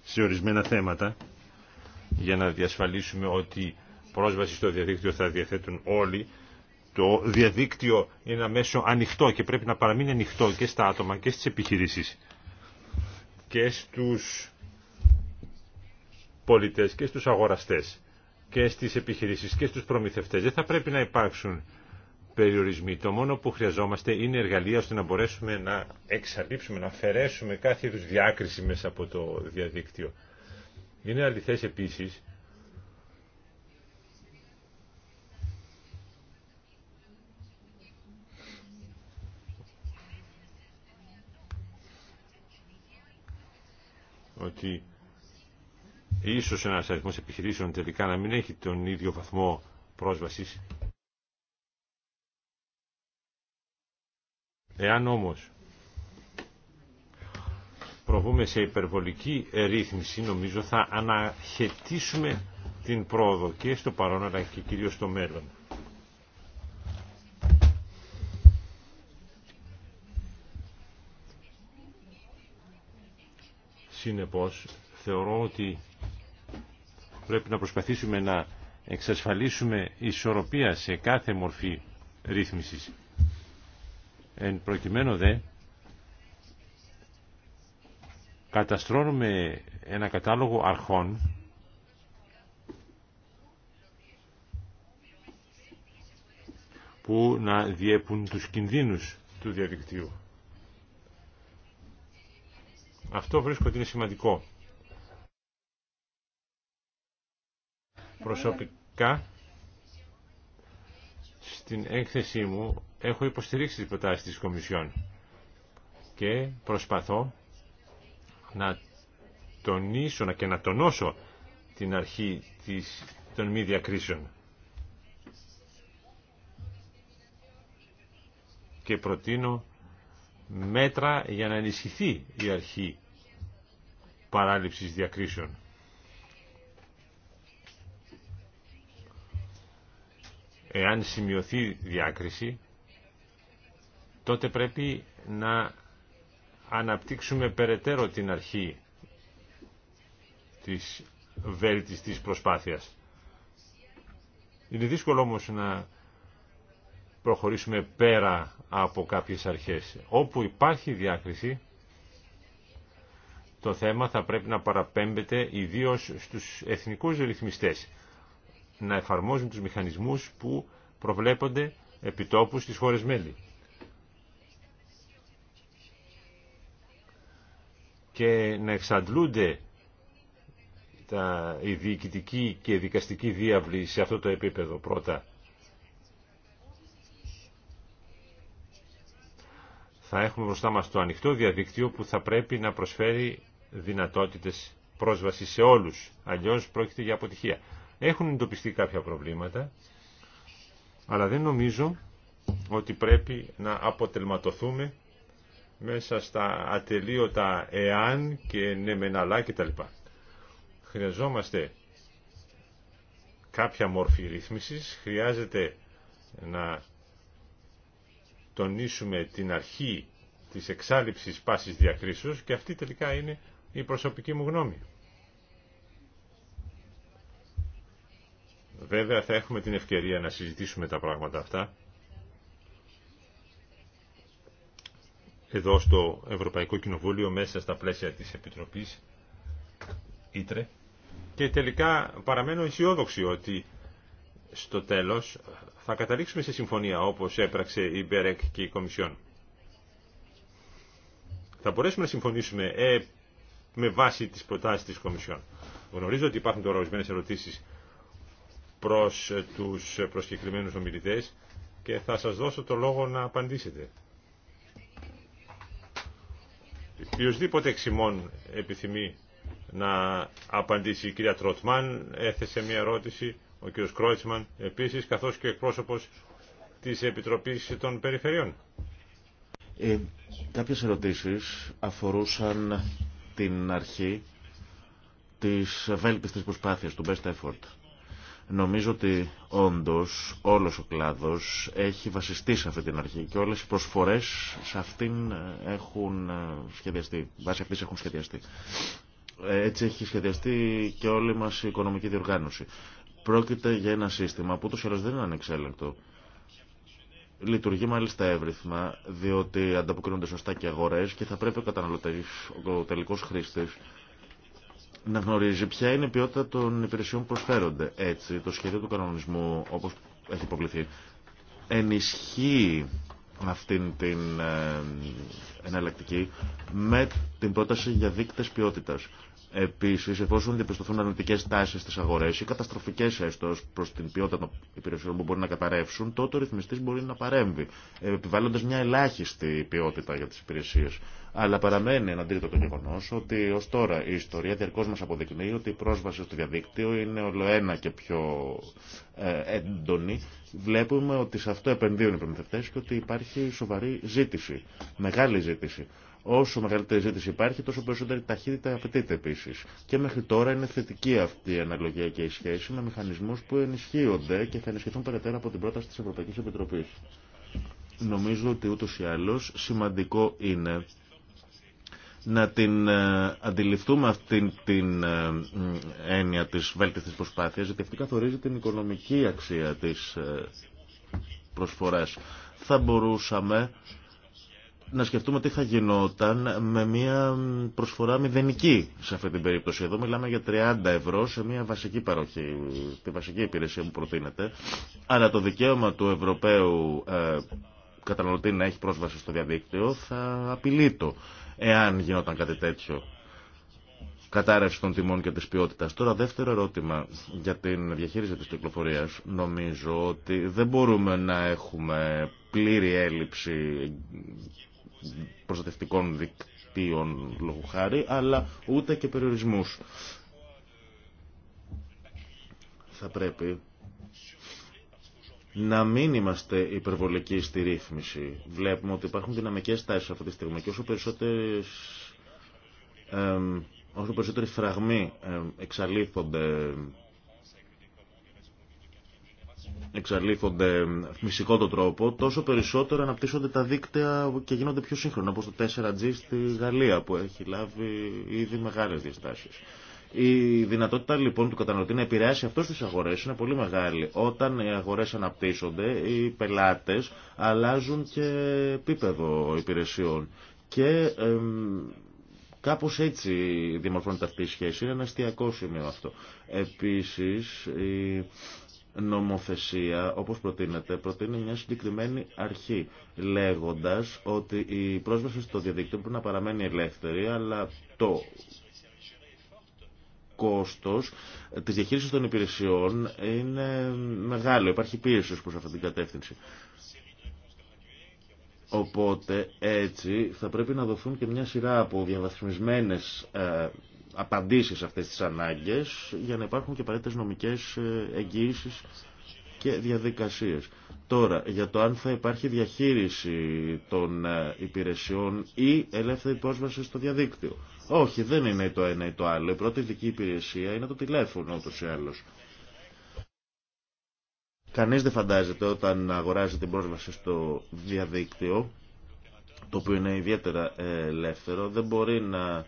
σε ορισμένα θέματα για να διασφαλίσουμε ότι πρόσβαση στο διαδίκτυο θα διαθέτουν όλοι. Το διαδίκτυο είναι ένα μέσο ανοιχτό και πρέπει να παραμείνει ανοιχτό και στα άτομα και στις επιχειρήσεις και στους πολιτές και στους αγοραστές και στις επιχειρήσεις και στους προμηθευτές. Δεν θα πρέπει να υπάρξουν περιορισμοί. Το μόνο που χρειαζόμαστε είναι εργαλεία ώστε να μπορέσουμε να εξαλείψουμε, να αφαιρέσουμε κάθε είδους διάκριση μέσα από το διαδίκτυο. Είναι αληθές επίσης ότι ίσως ένα αριθμό επιχειρήσεων τελικά να μην έχει τον ίδιο βαθμό πρόσβασης. Εάν όμως προβούμε σε υπερβολική ρύθμιση νομίζω θα αναχαιτήσουμε την πρόοδο και στο παρόν αλλά και κυρίως στο μέλλον. Συνεπώς θεωρώ ότι πρέπει να προσπαθήσουμε να εξασφαλίσουμε ισορροπία σε κάθε μορφή ρύθμισης. Εν προκειμένου δε καταστρώνουμε ένα κατάλογο αρχών που να διέπουν τους κινδύνους του διαδικτύου. Αυτό βρίσκω ότι είναι σημαντικό. Προσωπικά, στην έκθεσή μου έχω υποστηρίξει τις προτάσεις της Κομισιόν και προσπαθώ να τονίσω και να τονώσω την αρχή της, των μη διακρίσεων. Και προτείνω μέτρα για να ενισχυθεί η αρχή παράληψης διακρίσεων. Εάν σημειωθεί διάκριση, τότε πρέπει να αναπτύξουμε περαιτέρω την αρχή της βέλτιστης προσπάθειας. Είναι δύσκολο όμως να προχωρήσουμε πέρα από κάποιες αρχές. Όπου υπάρχει διάκριση, το θέμα θα πρέπει να παραπέμπεται ιδίως στους εθνικούς ρυθμιστές, να εφαρμόζουν τους μηχανισμούς που προβλέπονται επιτόπου στις χώρες μέλη. και να εξαντλούνται τα, η διοικητική και δικαστική διάβλη σε αυτό το επίπεδο πρώτα. Θα έχουμε μπροστά μας το ανοιχτό διαδίκτυο που θα πρέπει να προσφέρει δυνατότητες πρόσβαση σε όλους. Αλλιώς πρόκειται για αποτυχία. Έχουν εντοπιστεί κάποια προβλήματα, αλλά δεν νομίζω ότι πρέπει να αποτελματοθούμε μέσα στα ατελείωτα εάν και ναι μεν αλλά κτλ. Χρειαζόμαστε κάποια μορφή ρύθμισης, χρειάζεται να τονίσουμε την αρχή της εξάλληψης πάσης διακρίσεως και αυτή τελικά είναι η προσωπική μου γνώμη. Βέβαια θα έχουμε την ευκαιρία να συζητήσουμε τα πράγματα αυτά εδώ στο Ευρωπαϊκό Κοινοβούλιο μέσα στα πλαίσια της Επιτροπής Ήτρε και τελικά παραμένω αισιόδοξη ότι στο τέλος θα καταλήξουμε σε συμφωνία όπως έπραξε η Μπερεκ και η Κομισιόν. Θα μπορέσουμε να συμφωνήσουμε ε, με βάση τις προτάσεις της Κομισιόν. Γνωρίζω ότι υπάρχουν τώρα ορισμένε ερωτήσεις προς τους προσκεκλημένους ομιλητές και θα σας δώσω το λόγο να απαντήσετε. Ποιοςδήποτε εξημών επιθυμεί να απαντήσει η κυρία Τρότμαν, έθεσε μια ερώτηση, ο κύριος Κρόιτσμαν επίσης, καθώς και ο εκπρόσωπος της Επιτροπής των Περιφερειών. Ε, κάποιες ερωτήσεις αφορούσαν την αρχή της βέλτιστης προσπάθειας, του best effort. Νομίζω ότι όντως όλος ο κλάδος έχει βασιστεί σε αυτή την αρχή και όλες οι προσφορές σε αυτήν ε, έχουν ε, σχεδιαστεί, βάσει αυτής έχουν σχεδιαστεί. Έτσι έχει σχεδιαστεί και όλη μας η οικονομική διοργάνωση. Πρόκειται για ένα σύστημα που ούτως ή δεν είναι ανεξέλεγκτο. Λειτουργεί μάλιστα εύρυθμα, διότι ανταποκρίνονται σωστά και αγορές και θα πρέπει ο ο τελικός χρήστης, να γνωρίζει ποια είναι η ποιότητα των υπηρεσιών που προσφέρονται. Έτσι, το σχέδιο του κανονισμού, όπως έχει υποβληθεί, ενισχύει αυτήν την ε, εναλλακτική με την πρόταση για δείκτες ποιότητας. Επίση, εφόσον διαπιστωθούν αρνητικέ τάσει στι αγορέ ή καταστροφικέ έστω προ την ποιότητα των υπηρεσιών που μπορεί να καταρρεύσουν, τότε ο ρυθμιστή μπορεί να παρέμβει, επιβάλλοντα μια ελάχιστη ποιότητα για τι υπηρεσίε. Αλλά παραμένει τρίτο το γεγονό ότι ω τώρα η ιστορία διαρκώ μα αποδεικνύει ότι η πρόσβαση στο διαδίκτυο είναι ολοένα και πιο ε, έντονη. Βλέπουμε ότι σε αυτό επενδύουν οι προμηθευτέ και ότι υπάρχει σοβαρή ζήτηση, μεγάλη ζήτηση. Όσο μεγαλύτερη ζήτηση υπάρχει, τόσο περισσότερη ταχύτητα απαιτείται επίση. Και μέχρι τώρα είναι θετική αυτή η αναλογία και η σχέση με μηχανισμού που ενισχύονται και θα ενισχυθούν περαιτέρω από την πρόταση τη Ευρωπαϊκή Επιτροπή. Νομίζω ότι ούτω ή άλλω σημαντικό είναι να την ε, αντιληφθούμε αυτή την ε, ε, έννοια της βέλτιστης προσπάθειας, γιατί αυτή καθορίζει την οικονομική αξία της προσφοράς. Θα μπορούσαμε να σκεφτούμε τι θα γινόταν με μια προσφορά μηδενική σε αυτή την περίπτωση. Εδώ μιλάμε για 30 ευρώ σε μια βασική παροχή, τη βασική υπηρεσία που προτείνεται. Αλλά το δικαίωμα του Ευρωπαίου ε, καταναλωτή να έχει πρόσβαση στο διαδίκτυο θα απειλεί το, εάν γινόταν κάτι τέτοιο. Κατάρρευση των τιμών και της ποιότητας. Τώρα δεύτερο ερώτημα για την διαχείριση της κυκλοφορίας. Νομίζω ότι δεν μπορούμε να έχουμε πλήρη έλλειψη προστατευτικών δικτύων λόγου χάρη, αλλά ούτε και περιορισμούς. Θα πρέπει να μην είμαστε υπερβολικοί στη ρύθμιση. Βλέπουμε ότι υπάρχουν δυναμικές τάσεις αυτή τη στιγμή και όσο περισσότερες όσο περισσότεροι φραγμοί εξαλείφονται εξαλείφονται φυσικό το τρόπο, τόσο περισσότερο αναπτύσσονται τα δίκτυα και γίνονται πιο σύγχρονα, όπως το 4G στη Γαλλία που έχει λάβει ήδη μεγάλες διαστάσεις. Η δυνατότητα λοιπόν του καταναλωτή να επηρεάσει αυτό στις αγορές είναι πολύ μεγάλη. Όταν οι αγορές αναπτύσσονται, οι πελάτες αλλάζουν και επίπεδο υπηρεσιών. Και εμ, κάπως έτσι δημορφώνεται αυτή η σχέση. Είναι ένα αστιακό σημείο αυτό. Επίσης, η νομοθεσία, όπως προτείνεται, προτείνει μια συγκεκριμένη αρχή, λέγοντας ότι η πρόσβαση στο διαδίκτυο πρέπει να παραμένει ελεύθερη, αλλά το κόστος της διαχείρισης των υπηρεσιών είναι μεγάλο. Υπάρχει πίεση προς αυτή την κατεύθυνση. Οπότε έτσι θα πρέπει να δοθούν και μια σειρά από διαβαθμισμένες ε, απαντήσει αυτές τις ανάγκες για να υπάρχουν και απαραίτητες νομικές ε, εγγύησεις και διαδικασίες. Τώρα, για το αν θα υπάρχει διαχείριση των ε, υπηρεσιών ή ελεύθερη πρόσβαση στο διαδίκτυο. Όχι, δεν είναι το ένα ή το άλλο. Η πρώτη ειδική υπηρεσία είναι το τηλέφωνο, ούτως ή άλλως. Κανείς δεν φαντάζεται όταν αγοράζει την πρόσβαση στο διαδίκτυο, το οποίο είναι ιδιαίτερα ε, ελεύθερο, δεν μπορεί να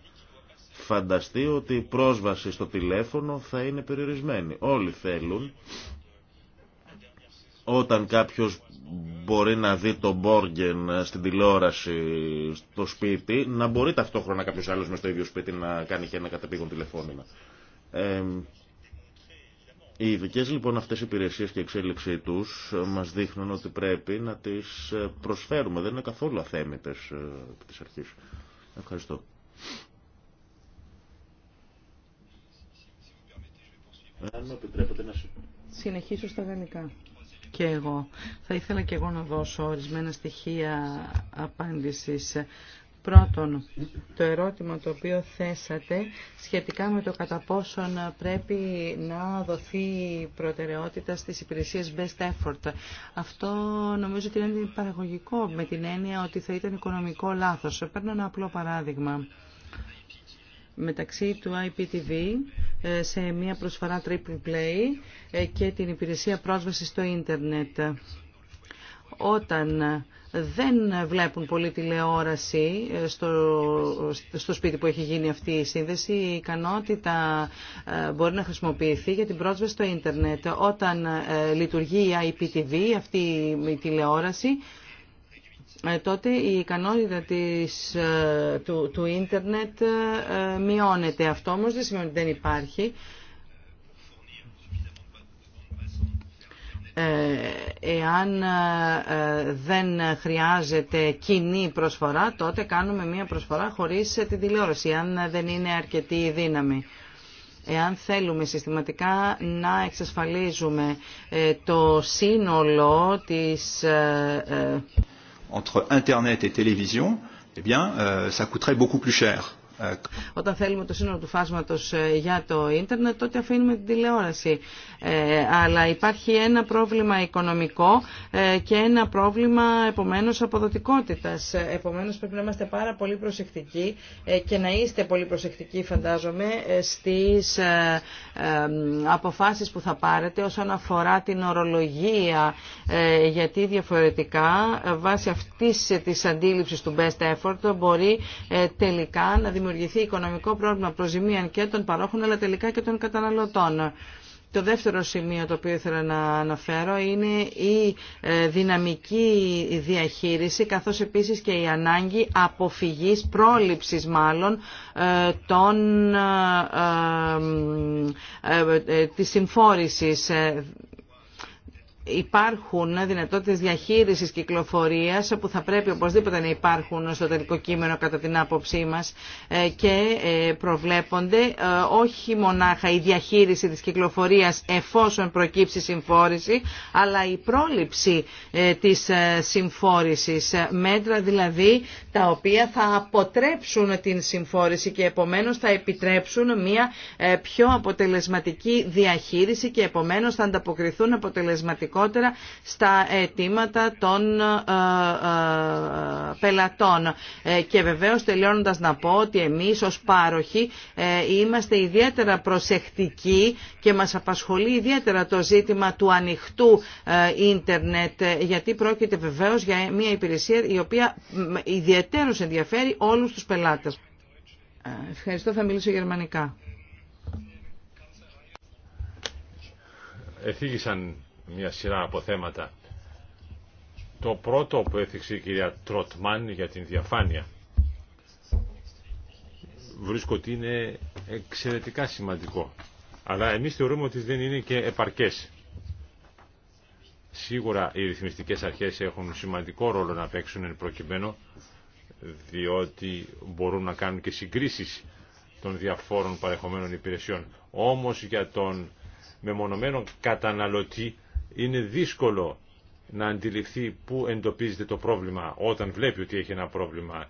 φανταστεί ότι η πρόσβαση στο τηλέφωνο θα είναι περιορισμένη. Όλοι θέλουν όταν κάποιος μπορεί να δει τον Μπόργεν στην τηλεόραση στο σπίτι, να μπορεί ταυτόχρονα κάποιος άλλος με στο ίδιο σπίτι να κάνει και ένα κατεπήγον τηλεφώνημα. Ε, οι ειδικέ λοιπόν αυτές οι υπηρεσίες και η εξέλιξή τους μας δείχνουν ότι πρέπει να τις προσφέρουμε. Δεν είναι καθόλου αθέμητες ε, από τις αρχές. Ευχαριστώ. Αν μου επιτρέπετε να συνεχίσω στα γαλλικά. Και εγώ. Θα ήθελα και εγώ να δώσω ορισμένα στοιχεία απάντησης. Πρώτον, το ερώτημα το οποίο θέσατε σχετικά με το κατά πόσον πρέπει να δοθεί προτεραιότητα στις υπηρεσίες best effort. Αυτό νομίζω ότι είναι παραγωγικό με την έννοια ότι θα ήταν οικονομικό λάθος. Παίρνω ένα απλό παράδειγμα μεταξύ του IPTV ε, σε μια προσφορά triple play ε, και την υπηρεσία πρόσβαση στο ίντερνετ. Όταν δεν βλέπουν πολύ τηλεόραση ε, στο, στο σπίτι που έχει γίνει αυτή η σύνδεση. Η ικανότητα μπορεί να χρησιμοποιηθεί για την πρόσβαση στο ίντερνετ. Όταν λειτουργεί η IPTV, αυτή η τηλεόραση, ε, τότε η ικανότητα της, ε, του, του ίντερνετ ε, μειώνεται. Αυτό όμως δεν σημαίνει ότι δεν υπάρχει. εάν δεν χρειάζεται κοινή προσφορά, τότε κάνουμε μία προσφορά χωρίς τη τηλεόραση, αν δεν είναι αρκετή η δύναμη. Εάν θέλουμε συστηματικά να εξασφαλίζουμε το σύνολο της entre Internet et télévision, eh bien, ça coûterait beaucoup plus cher. Ε, Όταν θέλουμε το σύνολο του φάσματος ε, για το ίντερνετ, τότε αφήνουμε την τηλεόραση. Ε, αλλά υπάρχει ένα πρόβλημα οικονομικό και ένα πρόβλημα επομένως αποδοτικότητας. Επομένως πρέπει να είμαστε πάρα πολύ προσεκτικοί και να είστε πολύ προσεκτικοί φαντάζομαι στις αποφάσεις που θα πάρετε όσον αφορά την ορολογία γιατί διαφορετικά βάσει αυτής της αντίληψης του best effort μπορεί τελικά να δημιουργήσει δημιουργηθεί οικονομικό πρόβλημα προζημίαν και των παρόχων αλλά τελικά και των καταναλωτών. Το δεύτερο σημείο το οποίο ήθελα να αναφέρω είναι η ε, δυναμική διαχείριση καθώς επίσης και η ανάγκη αποφυγής, πρόληψης μάλλον, ε, των, ε, της συμφόρησης υπάρχουν δυνατότητες διαχείρισης κυκλοφορίας που θα πρέπει οπωσδήποτε να υπάρχουν στο τελικό κείμενο κατά την άποψή μας ε, και ε, προβλέπονται ε, όχι μονάχα η διαχείριση της κυκλοφορίας εφόσον προκύψει συμφόρηση αλλά η πρόληψη της συμφόρησης μέτρα δηλαδή τα οποία θα αποτρέψουν την συμφόρηση και επομένως θα επιτρέψουν μια πιο αποτελεσματική διαχείριση και επομένως θα ανταποκριθούν αποτελεσματικό γενικότερα στα αιτήματα των ε, ε, πελατών. Ε, και βεβαίως τελειώνοντας να πω ότι εμείς ως πάροχοι είμαστε ιδιαίτερα προσεκτικοί και μας απασχολεί ιδιαίτερα το ζήτημα του ανοιχτού ίντερνετ γιατί πρόκειται βεβαίως για μια υπηρεσία η οποία ιδιαίτερως ενδιαφέρει όλους τους πελάτες. Ευχαριστώ, θα μιλήσω γερμανικά μια σειρά από Το πρώτο που έθιξε η κυρία Τροτμάν για την διαφάνεια βρίσκω ότι είναι εξαιρετικά σημαντικό. Αλλά εμείς θεωρούμε ότι δεν είναι και επαρκές. Σίγουρα οι ρυθμιστικές αρχές έχουν σημαντικό ρόλο να παίξουν εν προκειμένου, διότι μπορούν να κάνουν και συγκρίσεις των διαφόρων παρεχομένων υπηρεσιών. Όμως για τον μεμονωμένο καταναλωτή είναι δύσκολο να αντιληφθεί πού εντοπίζεται το πρόβλημα όταν βλέπει ότι έχει ένα πρόβλημα.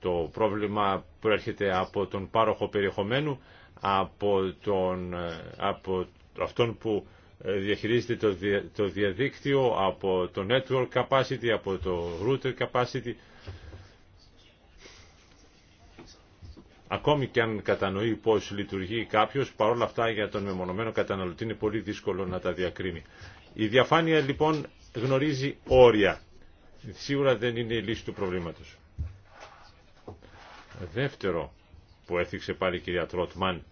Το πρόβλημα προέρχεται από τον πάροχο περιεχομένου, από, τον, ε, από αυτόν που ε, διαχειρίζεται το, το διαδίκτυο, από το network capacity, από το router capacity. Ακόμη και αν κατανοεί πώς λειτουργεί κάποιος, παρόλα αυτά για τον μεμονωμένο καταναλωτή είναι πολύ δύσκολο να τα διακρίνει. Η διαφάνεια λοιπόν γνωρίζει όρια. Σίγουρα δεν είναι η λύση του προβλήματος. Δεύτερο που έθιξε πάλι η κυρία Τρότμαν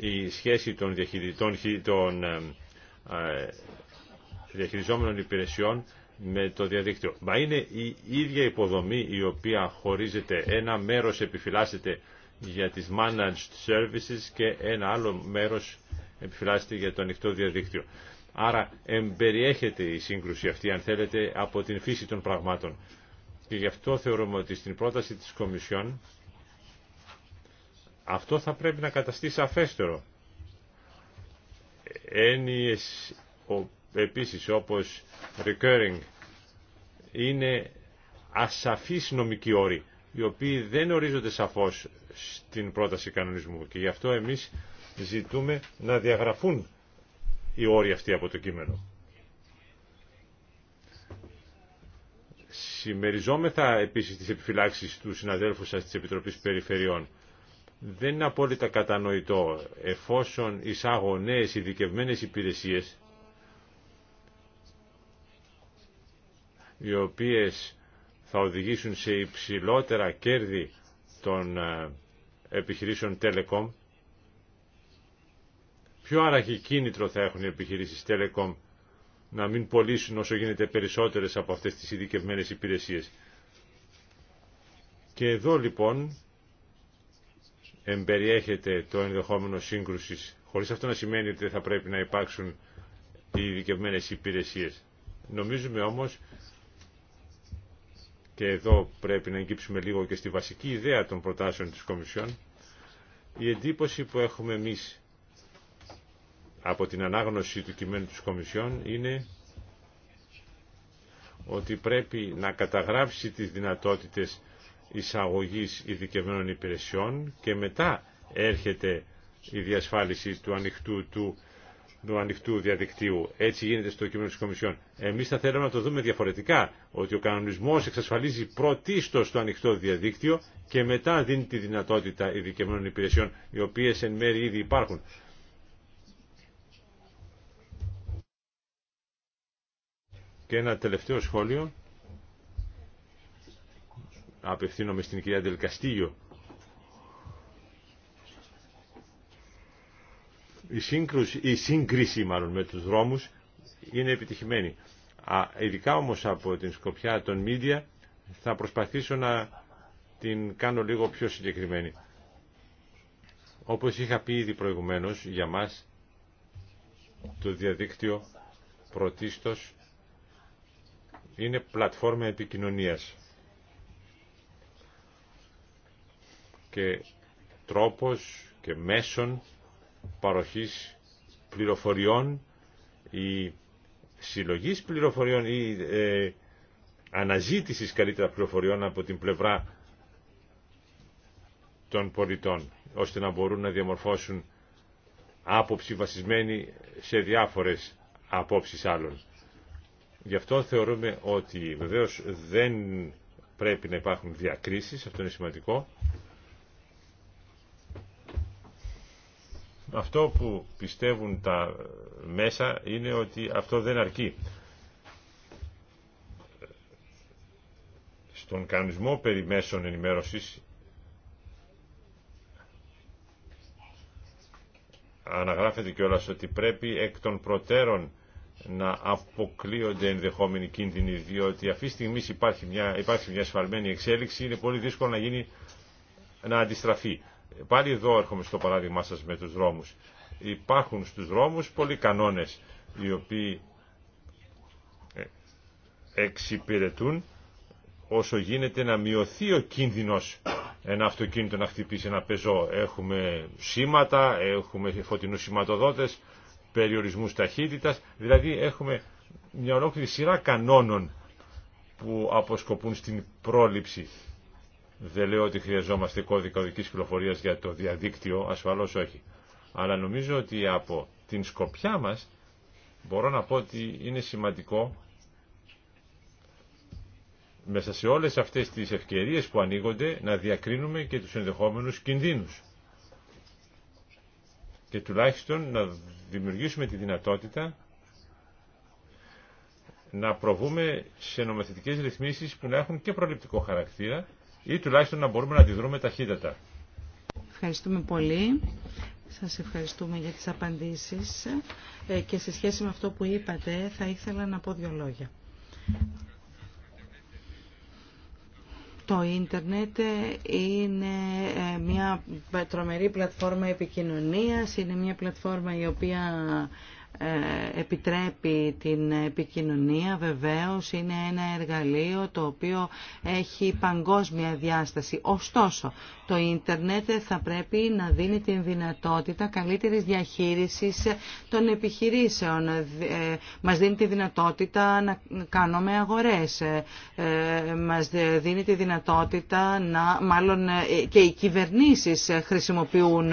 η σχέση των διαχειριτών, των ε, ε, διαχειριζόμενων υπηρεσιών με το διαδίκτυο. Μα είναι η ίδια υποδομή η οποία χωρίζεται, ένα μέρος επιφυλάσσεται για τις managed services και ένα άλλο μέρος επιφυλάσσεται για το ανοιχτό διαδίκτυο. Άρα εμπεριέχεται η σύγκρουση αυτή, αν θέλετε, από την φύση των πραγμάτων. Και γι' αυτό θεωρούμε ότι στην πρόταση της Κομισιόν αυτό θα πρέπει να καταστεί σαφέστερο. Έννοιες επίσης όπως recurring είναι ασαφείς νομικοί όροι οι οποίοι δεν ορίζονται σαφώς στην πρόταση κανονισμού και γι' αυτό εμείς ζητούμε να διαγραφούν οι όροι αυτοί από το κείμενο. Συμμεριζόμεθα επίσης τις επιφυλάξεις του συναδέλφου σας της Επιτροπής Περιφερειών. Δεν είναι απόλυτα κατανοητό εφόσον εισάγω νέε ειδικευμένε υπηρεσίες οι οποίες θα οδηγήσουν σε υψηλότερα κέρδη των ε, επιχειρήσεων Telecom Ποιο άραγε κίνητρο θα έχουν οι επιχειρήσεις Telecom να μην πωλήσουν όσο γίνεται περισσότερες από αυτές τις ειδικευμένες υπηρεσίες. Και εδώ λοιπόν εμπεριέχεται το ενδεχόμενο σύγκρουσης, χωρίς αυτό να σημαίνει ότι θα πρέπει να υπάρξουν οι ειδικευμένες υπηρεσίες. Νομίζουμε όμως, και εδώ πρέπει να εγκύψουμε λίγο και στη βασική ιδέα των προτάσεων της Κομισιόν, η εντύπωση που έχουμε εμείς από την ανάγνωση του κειμένου της Κομισιόν είναι ότι πρέπει να καταγράψει τις δυνατότητες εισαγωγής ειδικευμένων υπηρεσιών και μετά έρχεται η διασφάλιση του ανοιχτού, του, του ανοιχτού διαδικτύου. Έτσι γίνεται στο κείμενο της Κομισιόν. Εμείς θα θέλαμε να το δούμε διαφορετικά, ότι ο κανονισμός εξασφαλίζει πρωτίστως το ανοιχτό διαδίκτυο και μετά δίνει τη δυνατότητα ειδικευμένων υπηρεσιών, οι οποίες εν μέρει ήδη υπάρχουν. Και ένα τελευταίο σχόλιο. Απευθύνομαι στην κυρία Δελκαστήγιο. Η, σύγκρουση, η σύγκριση μάλλον με τους δρόμους είναι επιτυχημένη. ειδικά όμως από την σκοπιά των μίντια θα προσπαθήσω να την κάνω λίγο πιο συγκεκριμένη. Όπως είχα πει ήδη προηγουμένως, για μας το διαδίκτυο πρωτίστως είναι πλατφόρμα επικοινωνίας και τρόπος και μέσων παροχής πληροφοριών ή συλλογής πληροφοριών ή ε, αναζήτησης καλύτερα πληροφοριών από την πλευρά των πολιτών, ώστε να μπορούν να διαμορφώσουν άποψη βασισμένη σε διάφορες απόψεις άλλων. Γι' αυτό θεωρούμε ότι βεβαίως δεν πρέπει να υπάρχουν διακρίσεις, αυτό είναι σημαντικό. Αυτό που πιστεύουν τα μέσα είναι ότι αυτό δεν αρκεί. Στον κανονισμό περί μέσων ενημέρωσης αναγράφεται κιόλας ότι πρέπει εκ των προτέρων να αποκλείονται ενδεχόμενοι κίνδυνοι, διότι αυτή τη στιγμή υπάρχει μια, υπάρχει μια σφαλμένη εξέλιξη, είναι πολύ δύσκολο να, γίνει, να αντιστραφεί. Πάλι εδώ έρχομαι στο παράδειγμα σας με τους δρόμους. Υπάρχουν στους δρόμους πολλοί κανόνες οι οποίοι ε, εξυπηρετούν όσο γίνεται να μειωθεί ο κίνδυνος ένα αυτοκίνητο να χτυπήσει ένα πεζό. Έχουμε σήματα, έχουμε φωτεινούς σηματοδότες, περιορισμούς ταχύτητας, δηλαδή έχουμε μια ολόκληρη σειρά κανόνων που αποσκοπούν στην πρόληψη. Δεν λέω ότι χρειαζόμαστε κώδικα οδικής κυκλοφορίας για το διαδίκτυο, ασφαλώς όχι. Αλλά νομίζω ότι από την σκοπιά μας μπορώ να πω ότι είναι σημαντικό μέσα σε όλες αυτές τις ευκαιρίες που ανοίγονται να διακρίνουμε και τους ενδεχόμενους κινδύνους και τουλάχιστον να δημιουργήσουμε τη δυνατότητα να προβούμε σε νομοθετικές ρυθμίσεις που να έχουν και προληπτικό χαρακτήρα ή τουλάχιστον να μπορούμε να αντιδρούμε ταχύτατα. Ευχαριστούμε πολύ. Σας ευχαριστούμε για τις απαντήσεις ε, και σε σχέση με αυτό που είπατε θα ήθελα να πω δύο λόγια. Το ίντερνετ είναι ε, μια τρομερή πλατφόρμα επικοινωνίας, είναι μια πλατφόρμα η οποία ε, επιτρέπει την επικοινωνία βεβαίως είναι ένα εργαλείο το οποίο έχει παγκόσμια διάσταση. Ωστόσο, το ίντερνετ θα πρέπει να δίνει την δυνατότητα καλύτερης διαχείρισης των επιχειρήσεων. Ε, μας δίνει τη δυνατότητα να κάνουμε αγορές. Ε, μας δίνει τη δυνατότητα να, μάλλον και οι κυβερνήσεις χρησιμοποιούν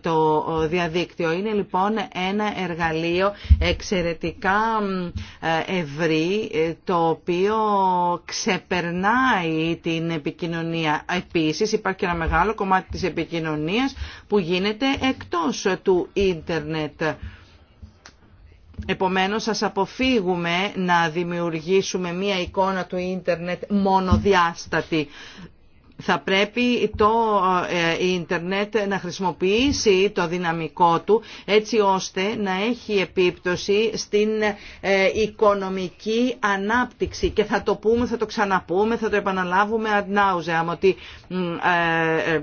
το διαδίκτυο. Είναι λοιπόν ένα εργαλείο εργαλείο εξαιρετικά ε, ευρύ ε, το οποίο ξεπερνάει την επικοινωνία. Επίσης υπάρχει και ένα μεγάλο κομμάτι της επικοινωνίας που γίνεται εκτός του ίντερνετ. Επομένως, σας αποφύγουμε να δημιουργήσουμε μία εικόνα του ίντερνετ μονοδιάστατη θα πρέπει το ε, ίντερνετ να χρησιμοποιήσει το δυναμικό του έτσι ώστε να έχει επίπτωση στην ε, οικονομική ανάπτυξη και θα το πούμε, θα το ξαναπούμε, θα το επαναλάβουμε ad ότι ε,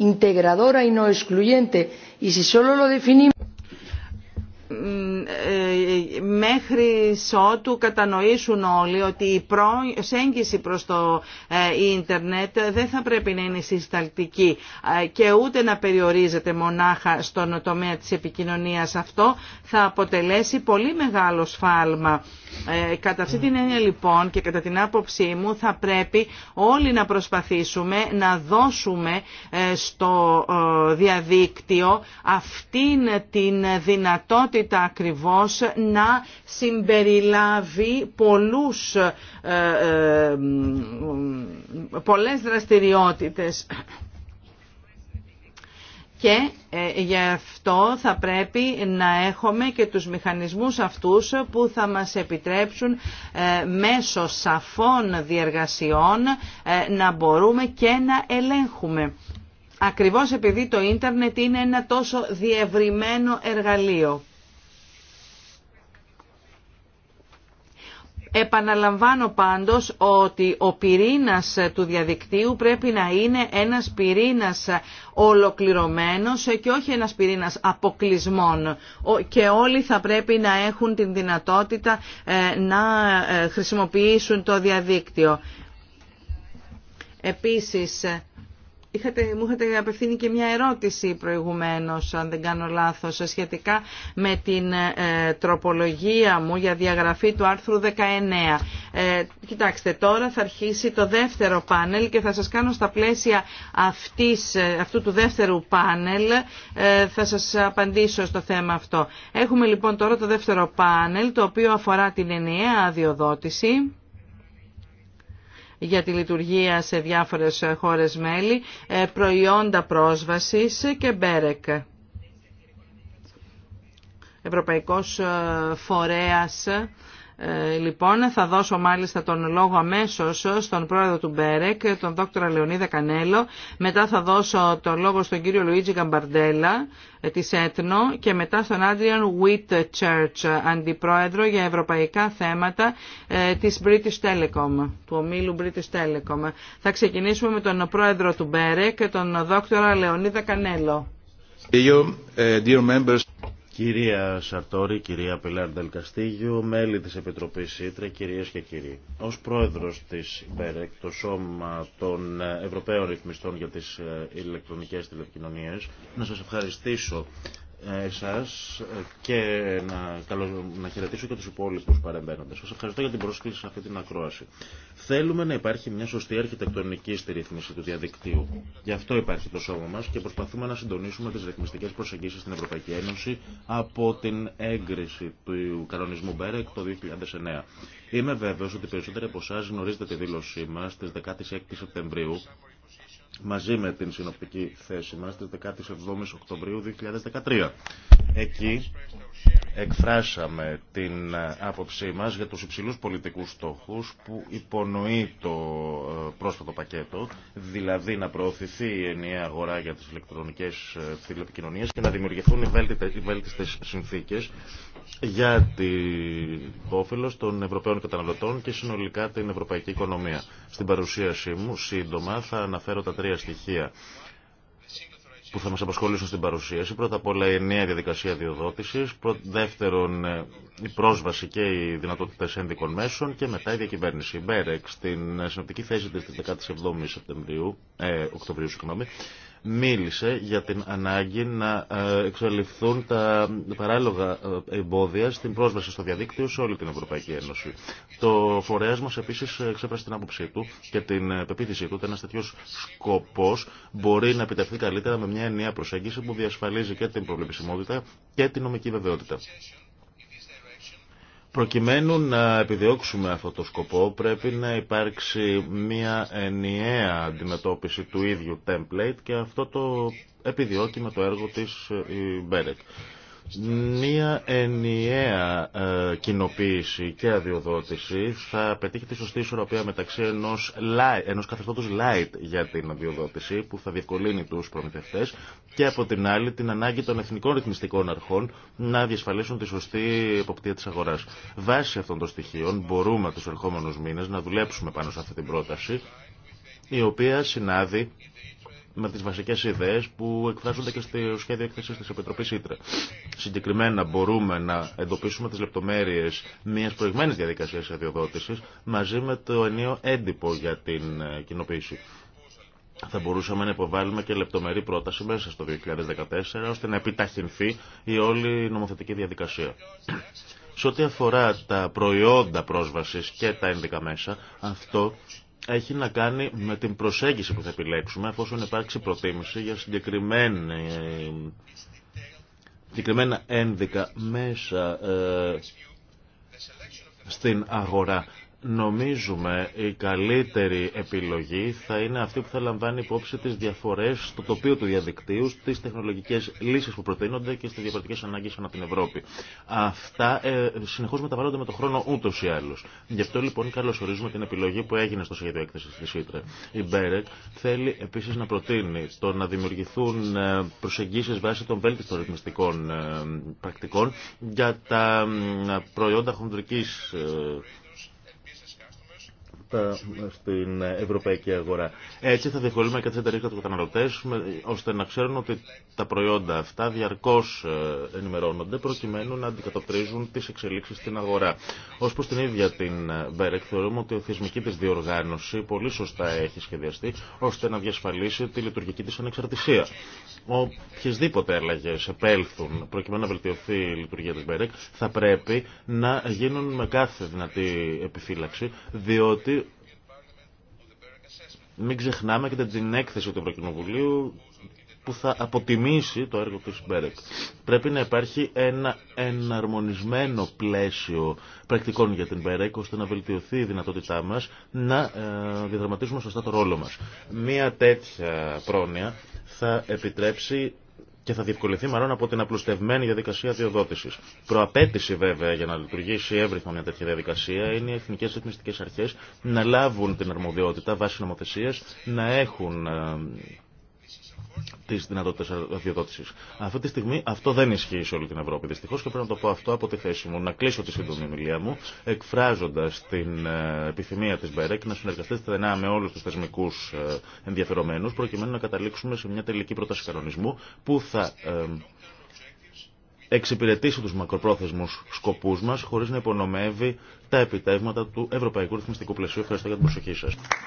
integradora y no excluyente y ε, μέχρι ότου κατανοήσουν όλοι ότι η προσέγγιση προς το ε, ίντερνετ δεν θα πρέπει να είναι συσταλτική ε, και ούτε να περιορίζεται μονάχα στον τομέα της επικοινωνίας. Αυτό θα αποτελέσει πολύ μεγάλο σφάλμα ε, κατά αυτή την έννοια λοιπόν και κατά την άποψή μου θα πρέπει όλοι να προσπαθήσουμε να δώσουμε ε, στο ε, διαδίκτυο αυτήν την δυνατότητα ακριβώς να συμπεριλάβει πολλούς, πολλές δραστηριότητες και ε, γι' αυτό θα πρέπει να έχουμε και τους μηχανισμούς αυτούς που θα μας επιτρέψουν ε, μέσω σαφών διεργασιών ε, να μπορούμε και να ελέγχουμε. Ακριβώς επειδή το ίντερνετ είναι ένα τόσο διευρυμένο εργαλείο. Επαναλαμβάνω πάντως ότι ο πυρήνας του διαδικτύου πρέπει να είναι ένας πυρήνας ολοκληρωμένος και όχι ένας πυρήνας αποκλεισμών και όλοι θα πρέπει να έχουν την δυνατότητα ε, να ε, χρησιμοποιήσουν το διαδίκτυο. Επίσης, Είχατε, μου είχατε απευθύνει και μια ερώτηση προηγουμένως, αν δεν κάνω λάθος, σχετικά με την ε, τροπολογία μου για διαγραφή του άρθρου 19. Ε, κοιτάξτε, τώρα θα αρχίσει το δεύτερο πάνελ και θα σας κάνω στα πλαίσια αυτής, ε, αυτού του δεύτερου πάνελ, θα σας απαντήσω στο θέμα αυτό. Έχουμε λοιπόν τώρα το δεύτερο πάνελ, το οποίο αφορά την ενιαία αδειοδότηση για τη λειτουργία σε διάφορες χώρες μέλη, ε, προϊόντα πρόσβασης και μπέρεκ. Ευρωπαϊκός ε, φορέας ε, λοιπόν, θα δώσω μάλιστα τον λόγο αμέσω στον πρόεδρο του Μπέρεκ, τον δόκτωρα Λεωνίδα Κανέλο. Μετά θα δώσω τον λόγο στον κύριο Λουίτζι Γκαμπαρντέλα ε, της ΕΤΝΟ και μετά στον Άντριαν Whitchurch, αντιπρόεδρο για ευρωπαϊκά θέματα ε, της British Telecom, του ομίλου British Telecom. Θα ξεκινήσουμε με τον πρόεδρο του Μπέρεκ, τον δόκτωρα Λεωνίδα Κανέλο. Dear uh, members. Κυρία Σαρτόρη, κυρία Πιλάρ Νταλκαστίγιου, μέλη της Επιτροπής Ήτρε, κυρίες και κύριοι. Ως πρόεδρος της ΜΠΕΡΕΚ, το Σώμα των Ευρωπαίων Ρυθμιστών για τις ε, ηλεκτρονικές τηλεπικοινωνίες, να σας ευχαριστήσω εσάς και να, να χαιρετήσω και τους υπόλοιπους παρεμβαίνοντες. Σας ευχαριστώ για την πρόσκληση σε αυτή την ακρόαση. Θέλουμε να υπάρχει μια σωστή αρχιτεκτονική στη ρύθμιση του διαδικτύου. Γι' αυτό υπάρχει το σώμα μας και προσπαθούμε να συντονίσουμε τις ρυθμιστικές προσεγγίσεις στην Ευρωπαϊκή Ένωση από την έγκριση του κανονισμού Μπέρεκ το 2009. Είμαι βέβαιος ότι περισσότεροι από εσά γνωρίζετε τη δήλωσή μας στις 16 Σεπτεμβρίου μαζί με την συνοπτική θέση μας της 17ης Οκτωβρίου 2013. Εκεί εκφράσαμε την ε, άποψή μας για τους υψηλούς πολιτικούς στόχους που υπονοεί το ε, πρόσφατο πακέτο, δηλαδή να προωθηθεί η ενιαία αγορά για τις ηλεκτρονικές ε, τηλεπικοινωνίες και να δημιουργηθούν οι βέλτιστες συνθήκες για το όφελο των Ευρωπαίων καταναλωτών και συνολικά την ευρωπαϊκή οικονομία. Στην παρουσίασή μου, σύντομα, θα αναφέρω τα τρία στοιχεία που θα μας απασχολήσουν στην παρουσίαση. Πρώτα απ' όλα η νέα διαδικασία διοδότησης, δεύτερον ε, η πρόσβαση και οι δυνατότητες ένδικων μέσων και μετά η διακυβέρνηση. Η Μπέρεκ στην συνοπτική θέση της 17 Σεπτεμβρίου, ε, Οκτωβρίου συγγνώμη, μίλησε για την ανάγκη να ε, εξελιχθούν τα παράλογα ε, εμπόδια στην πρόσβαση στο διαδίκτυο σε όλη την Ευρωπαϊκή Ένωση. Το φορέας μας επίσης εξέφρασε την άποψή του και την πεποίθησή του ότι ένας τέτοιο σκοπός μπορεί να επιτευχθεί καλύτερα με μια ενιαία προσέγγιση που διασφαλίζει και την προβλεψιμότητα και την νομική βεβαιότητα. Προκειμένου να επιδιώξουμε αυτό το σκοπό πρέπει να υπάρξει μια ενιαία αντιμετώπιση του ίδιου template και αυτό το επιδιώκει με το έργο της ε, η Μπέρεκ. Μία ενιαία ε, κοινοποίηση και αδειοδότηση θα πετύχει τη σωστή ισορροπία μεταξύ ενός, ενός καθεστώτος light για την αδειοδότηση που θα διευκολύνει τους προμηθευτές και από την άλλη την ανάγκη των εθνικών ρυθμιστικών αρχών να διασφαλίσουν τη σωστή εποπτεία της αγοράς. Βάσει αυτών των στοιχείων μπορούμε τους ερχόμενους μήνες να δουλέψουμε πάνω σε αυτή την πρόταση η οποία συνάδει με τις βασικές ιδέες που εκφράζονται και στο σχέδιο έκθεση της Επιτροπής Ήτρα. Συγκεκριμένα μπορούμε να εντοπίσουμε τις λεπτομέρειες μιας προηγμένης διαδικασίας αδειοδότησης μαζί με το ενίο έντυπο για την ε, κοινοποίηση. Θα μπορούσαμε να υποβάλουμε και λεπτομερή πρόταση μέσα στο 2014 ώστε να επιταχυνθεί η όλη νομοθετική διαδικασία. Σε ό,τι αφορά τα προϊόντα πρόσβασης και τα ένδικα μέσα, αυτό έχει να κάνει με την προσέγγιση που θα επιλέξουμε εφόσον υπάρξει προτίμηση για συγκεκριμένη, συγκεκριμένα ένδικα μέσα ε, στην αγορά. Νομίζουμε η καλύτερη επιλογή θα είναι αυτή που θα λαμβάνει υπόψη τις διαφορές στο τοπίο του διαδικτύου, στις τεχνολογικές λύσεις που προτείνονται και στις διαφορετικές ανάγκες ανά την Ευρώπη. Αυτά ε, συνεχώς μεταβάλλονται με το χρόνο ούτως ή άλλως. Γι' αυτό λοιπόν καλωσορίζουμε την επιλογή που έγινε στο σχέδιο έκθεση τη ΣΥΤΡΕ. Η Μπέρεκ θέλει επίσης να προτείνει το να δημιουργηθούν ε, προσεγγίσεις βάσει των βέλτιστων ρυθμιστικών ε, πρακτικών για τα ε, προϊόντα χοντρικής στην ευρωπαϊκή αγορά. Έτσι θα διευκολύνουμε και τι εταιρείε και του καταναλωτέ, ώστε να ξέρουν ότι τα προϊόντα αυτά διαρκώ ε, ενημερώνονται, προκειμένου να αντικατοπτρίζουν τι εξελίξει στην αγορά. Ω προ την ίδια την ε, Μπέρεκ, θεωρούμε ότι η θεσμική τη διοργάνωση πολύ σωστά έχει σχεδιαστεί, ώστε να διασφαλίσει τη λειτουργική τη ανεξαρτησία. Οποιεδήποτε αλλαγέ επέλθουν προκειμένου να βελτιωθεί η λειτουργία τη Μπέρεκ, θα πρέπει να γίνουν με κάθε δυνατή επιφύλαξη, διότι μην ξεχνάμε και την έκθεση του Ευρωκοινοβουλίου που θα αποτιμήσει το έργο του Μπέρεκ. Πρέπει να υπάρχει ένα εναρμονισμένο πλαίσιο πρακτικών για την Μπέρεκ, ώστε να βελτιωθεί η δυνατότητά μας να ε, διαδραματίσουμε σωστά το ρόλο μας. Μία τέτοια πρόνοια θα επιτρέψει και θα διευκολυνθεί μάλλον από την απλουστευμένη διαδικασία διοδότηση. Προαπέτηση βέβαια για να λειτουργήσει εύρυθμα μια τέτοια διαδικασία είναι οι εθνικέ ρυθμιστικέ αρχέ να λάβουν την αρμοδιότητα βάσει νομοθεσία, να έχουν ε, τι δυνατότητε αδειοδότηση. Αυτή τη στιγμή αυτό δεν ισχύει σε όλη την Ευρώπη. Δυστυχώ και πρέπει να το πω αυτό από τη θέση μου. Να κλείσω τη σύντομη μιλία μου, εκφράζοντα την ε, επιθυμία τη ΜΠΕΡΕΚ να συνεργαστεί στενά με όλου του θεσμικού ε, ενδιαφερομένου, προκειμένου να καταλήξουμε σε μια τελική πρόταση κανονισμού που θα ε, εξυπηρετήσει του μακροπρόθεσμου σκοπού μα χωρί να υπονομεύει τα επιτεύγματα του Ευρωπαϊκού Ρυθμιστικού Πλαισίου. Ευχαριστώ για την προσοχή σα.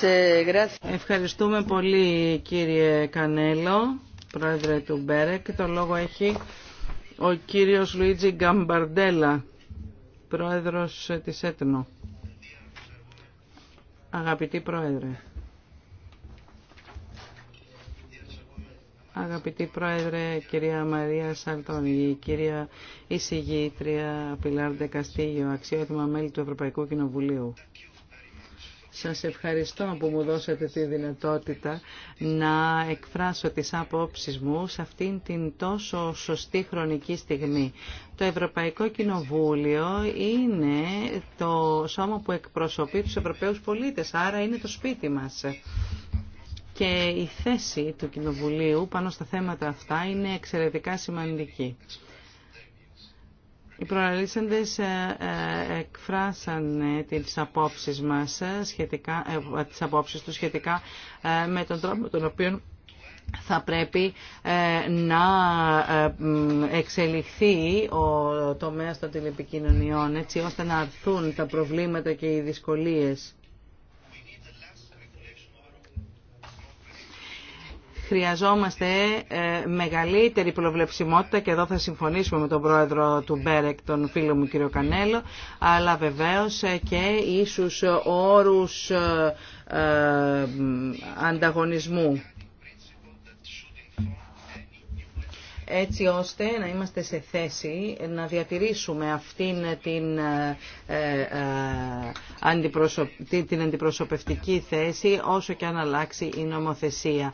Eh, Ευχαριστούμε πολύ κύριε Κανέλο, πρόεδρε του Μπέρεκ. Το λόγο έχει ο κύριος Λουίτζι Γκαμπαρντέλα, πρόεδρος της ΕΤΝΟ. Αγαπητή πρόεδρε. Αγαπητή Πρόεδρε, κυρία Μαρία Σαλτώνη, κυρία εισηγήτρια Πιλάρντε Καστίγιο, αξιότιμα μέλη του Ευρωπαϊκού Κοινοβουλίου. Σας ευχαριστώ που μου δώσατε τη δυνατότητα να εκφράσω τις απόψεις μου σε αυτήν την τόσο σωστή χρονική στιγμή. Το Ευρωπαϊκό Κοινοβούλιο είναι το σώμα που εκπροσωπεί τους Ευρωπαίους πολίτες, άρα είναι το σπίτι μας. Και η θέση του Κοινοβουλίου πάνω στα θέματα αυτά είναι εξαιρετικά σημαντική. Οι προαλήσαντες ε, ε, εκφράσαν τις απόψεις μας, ε, σχετικά, τις απόψεις τους σχετικά με τον τρόπο τον οποίο θα πρέπει να εξελιχθεί ο τομέας των τηλεπικοινωνιών έτσι ώστε να αρθούν τα προβλήματα και οι δυσκολίες. χρειαζόμαστε ε, μεγαλύτερη προβλεψιμότητα και εδώ θα συμφωνήσουμε με τον πρόεδρο του Μπέρεκ, τον φίλο μου κύριο Κανέλο, αλλά βεβαίως ε, και ίσους όρους ε, ανταγωνισμού. έτσι ώστε να είμαστε σε θέση να διατηρήσουμε αυτήν την, ε, ε, ε, την αντιπροσωπευτική θέση όσο και αν αλλάξει η νομοθεσία.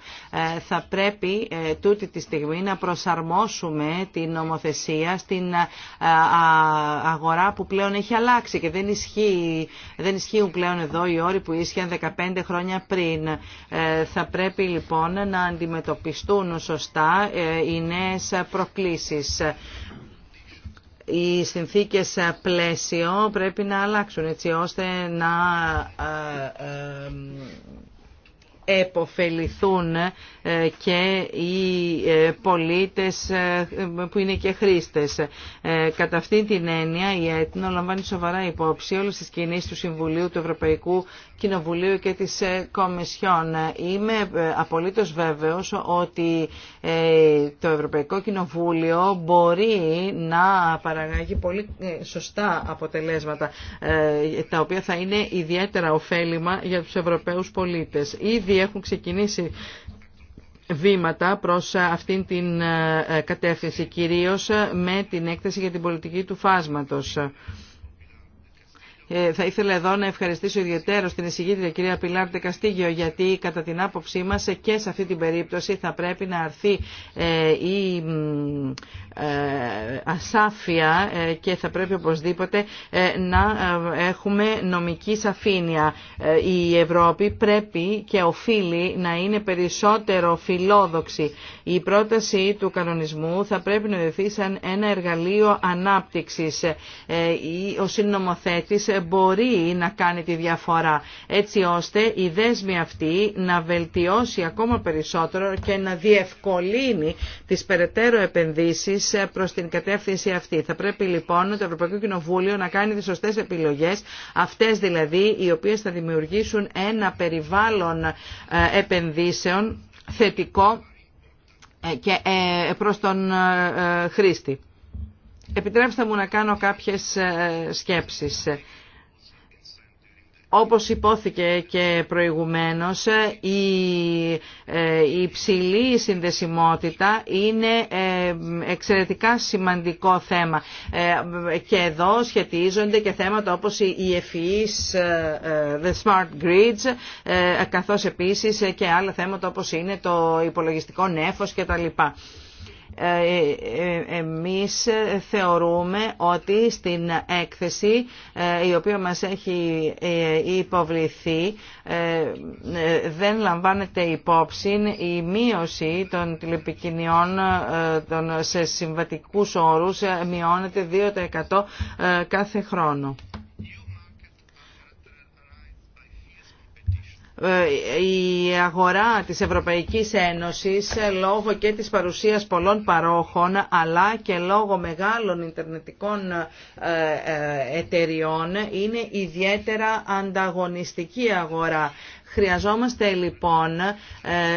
Θα πρέπει τούτη τη στιγμή να προσαρμόσουμε την νομοθεσία στην αγορά που πλέον έχει αλλάξει και δεν, ισχύει, δεν ισχύουν πλέον εδώ οι όροι που ίσχυαν 15 χρόνια πριν. Θα πρέπει λοιπόν να αντιμετωπιστούν σωστά οι σε προκλήσεις. Οι συνθήκες πλαίσιο πρέπει να αλλάξουν έτσι ώστε να ε, ε, εποφεληθούν ε, και οι ε, πολίτες ε, που είναι και χρήστες. Κατά αυτήν την έννοια η ΕΤΝΟ λαμβάνει σοβαρά υπόψη όλες τις κινήσεις του Συμβουλίου, του Ευρωπαϊκού Κοινοβουλίου και της Κομισιόν. Είμαι απολύτως βέβαιος ότι το Ευρωπαϊκό Κοινοβούλιο μπορεί να παραγάγει πολύ σωστά αποτελέσματα τα οποία θα είναι ιδιαίτερα ωφέλιμα για τους Ευρωπαίους πολίτες έχουν ξεκινήσει βήματα προς αυτήν την ε, κατεύθυνση, κυρίως ε, με την έκθεση για την πολιτική του φάσματος. Ε, θα ήθελα εδώ να ευχαριστήσω ιδιαίτερα την εισηγήτρια κυρία Πιλάρτε Καστίγιο γιατί κατά την άποψή μας ε, και σε αυτή την περίπτωση θα πρέπει να αρθεί ε, η ασάφεια και θα πρέπει οπωσδήποτε να έχουμε νομική σαφήνεια. Η Ευρώπη πρέπει και οφείλει να είναι περισσότερο φιλόδοξη. Η πρόταση του κανονισμού θα πρέπει να δοθεί σαν ένα εργαλείο Ε, Ο συνομοθέτη μπορεί να κάνει τη διαφορά έτσι ώστε η δέσμη αυτή να βελτιώσει ακόμα περισσότερο και να διευκολύνει τις περαιτέρω επενδύσεις ε, προς την κατεύθυνση αυτή. Θα πρέπει λοιπόν το Ευρωπαϊκό Κοινοβούλιο να κάνει τις σωστές επιλογές, αυτές δηλαδή οι οποίες θα δημιουργήσουν ένα περιβάλλον ε, επενδύσεων θετικό ε, και προς τον χρήστη. Επιτρέψτε μου να κάνω κάποιες σκέψεις. Όπως υπόθηκε και προηγουμένως, η υψηλή ε, συνδεσιμότητα είναι ε, εξαιρετικά σημαντικό θέμα. Ε, και εδώ σχετίζονται και θέματα όπως η ευφυής, the smart grids, καθώς επίσης και άλλα θέματα όπως είναι το υπολογιστικό νέφος κτλ. Ε, ε, ε, εμείς θεωρούμε ότι στην έκθεση η οποία μας έχει υποβληθεί δεν λαμβάνεται υπόψη η μείωση των τηλεπικοινιών σε συμβατικούς όρους μειώνεται 2% κάθε χρόνο. Ε, η αγορά της Ευρωπαϊκής Ένωσης ε, λόγω και της παρουσίας πολλών παρόχων αλλά και λόγω μεγάλων Ιντερνετικών ε, εταιριών είναι ιδιαίτερα ανταγωνιστική αγορά. Χρειαζόμαστε λοιπόν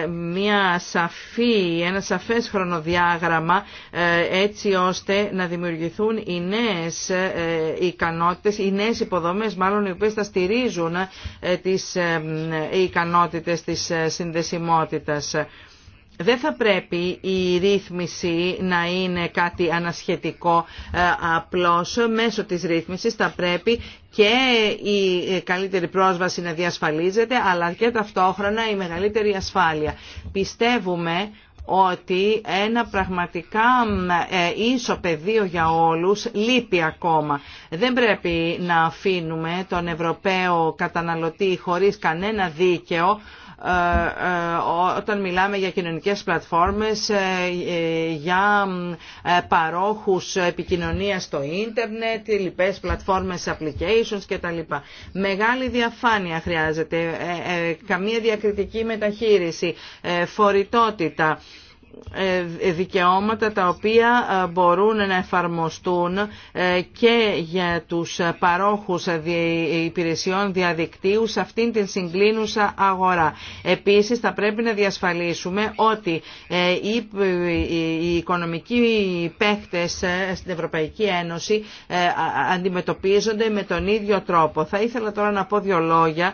ε, μια σαφή, ένα σαφές χρονοδιάγραμμα ε, έτσι ώστε να δημιουργηθούν οι νέες ε, ικανότητες, οι νέες υποδομές μάλλον οι οποίες θα στηρίζουν τις ικανότητες της συνδεσιμότητας. Δεν θα πρέπει η ρύθμιση να είναι κάτι ανασχετικό ε, απλώς. Μέσω της ρύθμισης θα πρέπει και η καλύτερη πρόσβαση να διασφαλίζεται, αλλά και ταυτόχρονα η μεγαλύτερη ασφάλεια. Πιστεύουμε ότι ένα πραγματικά ε, ίσο πεδίο για όλους λείπει ακόμα. Δεν πρέπει να αφήνουμε τον Ευρωπαίο καταναλωτή χωρίς κανένα δίκαιο ε, ε, όταν μιλάμε για κοινωνικές πλατφόρμες, ε, για παρόχους επικοινωνίας στο ίντερνετ, λοιπές πλατφόρμες applications κτλ. Μεγάλη διαφάνεια χρειάζεται, καμία διακριτική μεταχείριση, φορητότητα, ε, δικαιώματα τα οποία ε, μπορούν να εφαρμοστούν ε, και για τους παρόχους υπηρεσιών διαδικτύου σε αυτήν την συγκλίνουσα αγορά. Επίσης θα πρέπει να διασφαλίσουμε ότι οι οικονομικοί παίχτες στην Ευρωπαϊκή Ένωση αντιμετωπίζονται με τον ίδιο τρόπο. Θα ήθελα τώρα να πω δύο λόγια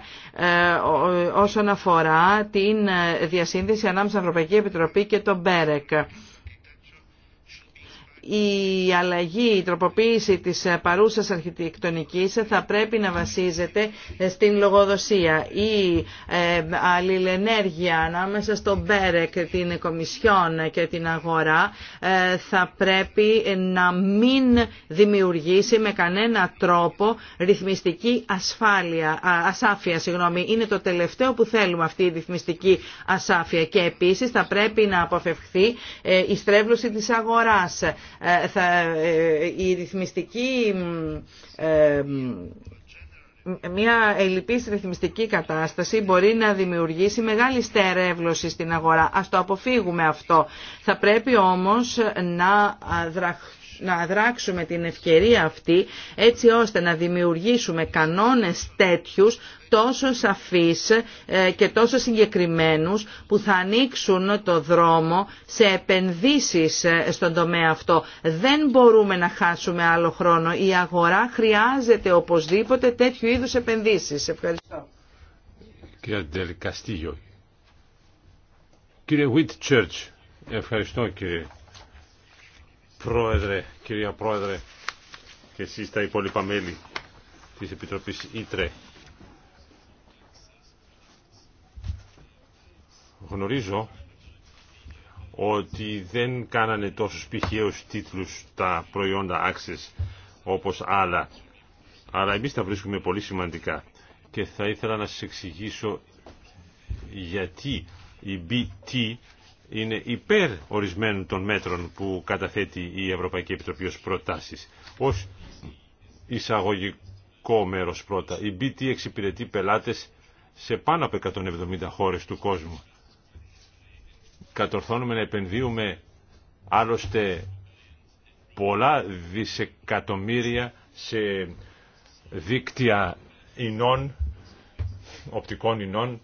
όσον αφορά την διασύνδεση ανάμεσα στην Ευρωπαϊκή Επιτροπή και τον Μπέρεκ η αλλαγή, η τροποποίηση της παρούσας αρχιτεκτονικής θα πρέπει να βασίζεται στην λογοδοσία. Η ε, αλληλενέργεια ανάμεσα στον Μπέρεκ, την Κομισιόν και την αγορά ε, θα πρέπει να μην δημιουργήσει με κανένα τρόπο ρυθμιστική ασφάλεια, ασάφεια. Συγγνώμη. Είναι το τελευταίο που θέλουμε αυτή η ρυθμιστική ασάφεια και επίσης θα πρέπει να αποφευχθεί ε, η στρέβλωση της αγοράς ε, θα, ε, η ρυθμιστική ε, μια ελλειπής ρυθμιστική κατάσταση μπορεί να δημιουργήσει μεγάλη στερεύλωση στην αγορά. Ας το αποφύγουμε αυτό. Θα πρέπει όμως να να δράξουμε την ευκαιρία αυτή έτσι ώστε να δημιουργήσουμε κανόνες τέτοιους τόσο σαφείς ε, και τόσο συγκεκριμένους που θα ανοίξουν το δρόμο σε επενδύσεις ε, στον τομέα αυτό. Δεν μπορούμε να χάσουμε άλλο χρόνο. Η αγορά χρειάζεται οπωσδήποτε τέτοιου είδους επενδύσεις. Ευχαριστώ. Κύριε Καστίγιο. Κύριε Βιτ Church. Ευχαριστώ κύριε Πρόεδρε, κυρία Πρόεδρε και εσείς τα υπόλοιπα μέλη της Επιτροπής Ήτρε. Γνωρίζω ότι δεν κάνανε τόσους πηχαίους τίτλους τα προϊόντα Access όπως άλλα, αλλά εμείς τα βρίσκουμε πολύ σημαντικά και θα ήθελα να σας εξηγήσω γιατί η BT είναι υπέρ ορισμένων των μέτρων που καταθέτει η Ευρωπαϊκή Επιτροπή ως προτάσεις. Ως εισαγωγικό μέρος πρώτα, η BT εξυπηρετεί πελάτες σε πάνω από 170 χώρες του κόσμου κατορθώνουμε να επενδύουμε άλλωστε πολλά δισεκατομμύρια σε δίκτυα ινών, οπτικών ινών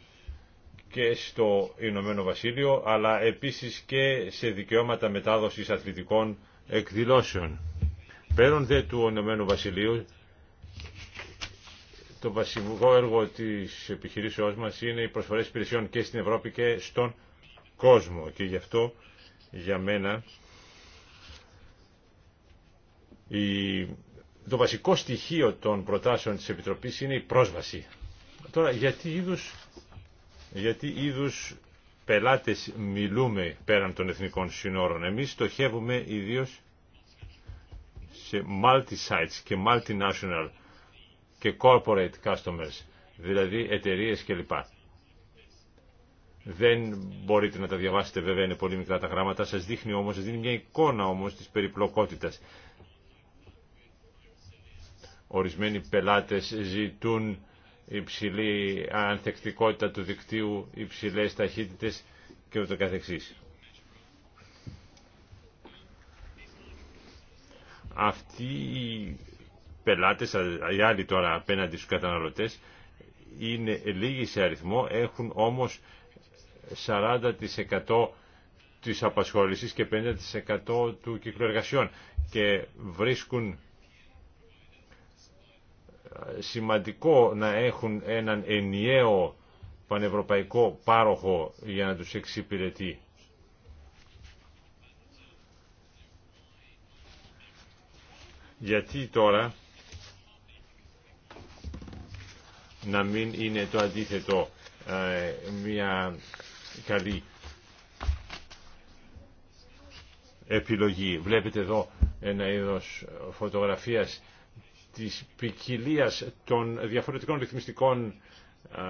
και στο Ηνωμένο Βασίλειο, αλλά επίσης και σε δικαιώματα μετάδοσης αθλητικών εκδηλώσεων. Πέραν δε του Ηνωμένου Βασιλείου, το βασικό έργο της επιχειρήσεώς μας είναι οι προσφορές υπηρεσιών και στην Ευρώπη και στον κόσμο και γι' αυτό για μένα το βασικό στοιχείο των προτάσεων της Επιτροπής είναι η πρόσβαση. Τώρα γιατί είδους, γιατί είδους πελάτες μιλούμε πέραν των εθνικών συνόρων. Εμείς στοχεύουμε ιδίως σε multi-sites και multinational και corporate customers, δηλαδή εταιρείες κλπ. Δεν μπορείτε να τα διαβάσετε βέβαια, είναι πολύ μικρά τα γράμματα. Σας δείχνει όμως, σας δίνει μια εικόνα όμως της περιπλοκότητας. Ορισμένοι πελάτες ζητούν υψηλή ανθεκτικότητα του δικτύου, υψηλές ταχύτητες και ούτω καθεξής. Αυτοί οι πελάτες, οι άλλοι τώρα απέναντι στους καταναλωτές, είναι λίγοι σε αριθμό, έχουν όμως 40% της απασχόλησης και 50% του κύκλου και βρίσκουν ε, σημαντικό να έχουν έναν ενιαίο πανευρωπαϊκό πάροχο για να τους εξυπηρετεί. Γιατί τώρα να μην είναι το αντίθετο ε, μια καλή επιλογή. Βλέπετε εδώ ένα είδος φωτογραφίας της ποικιλία των διαφορετικών ρυθμιστικών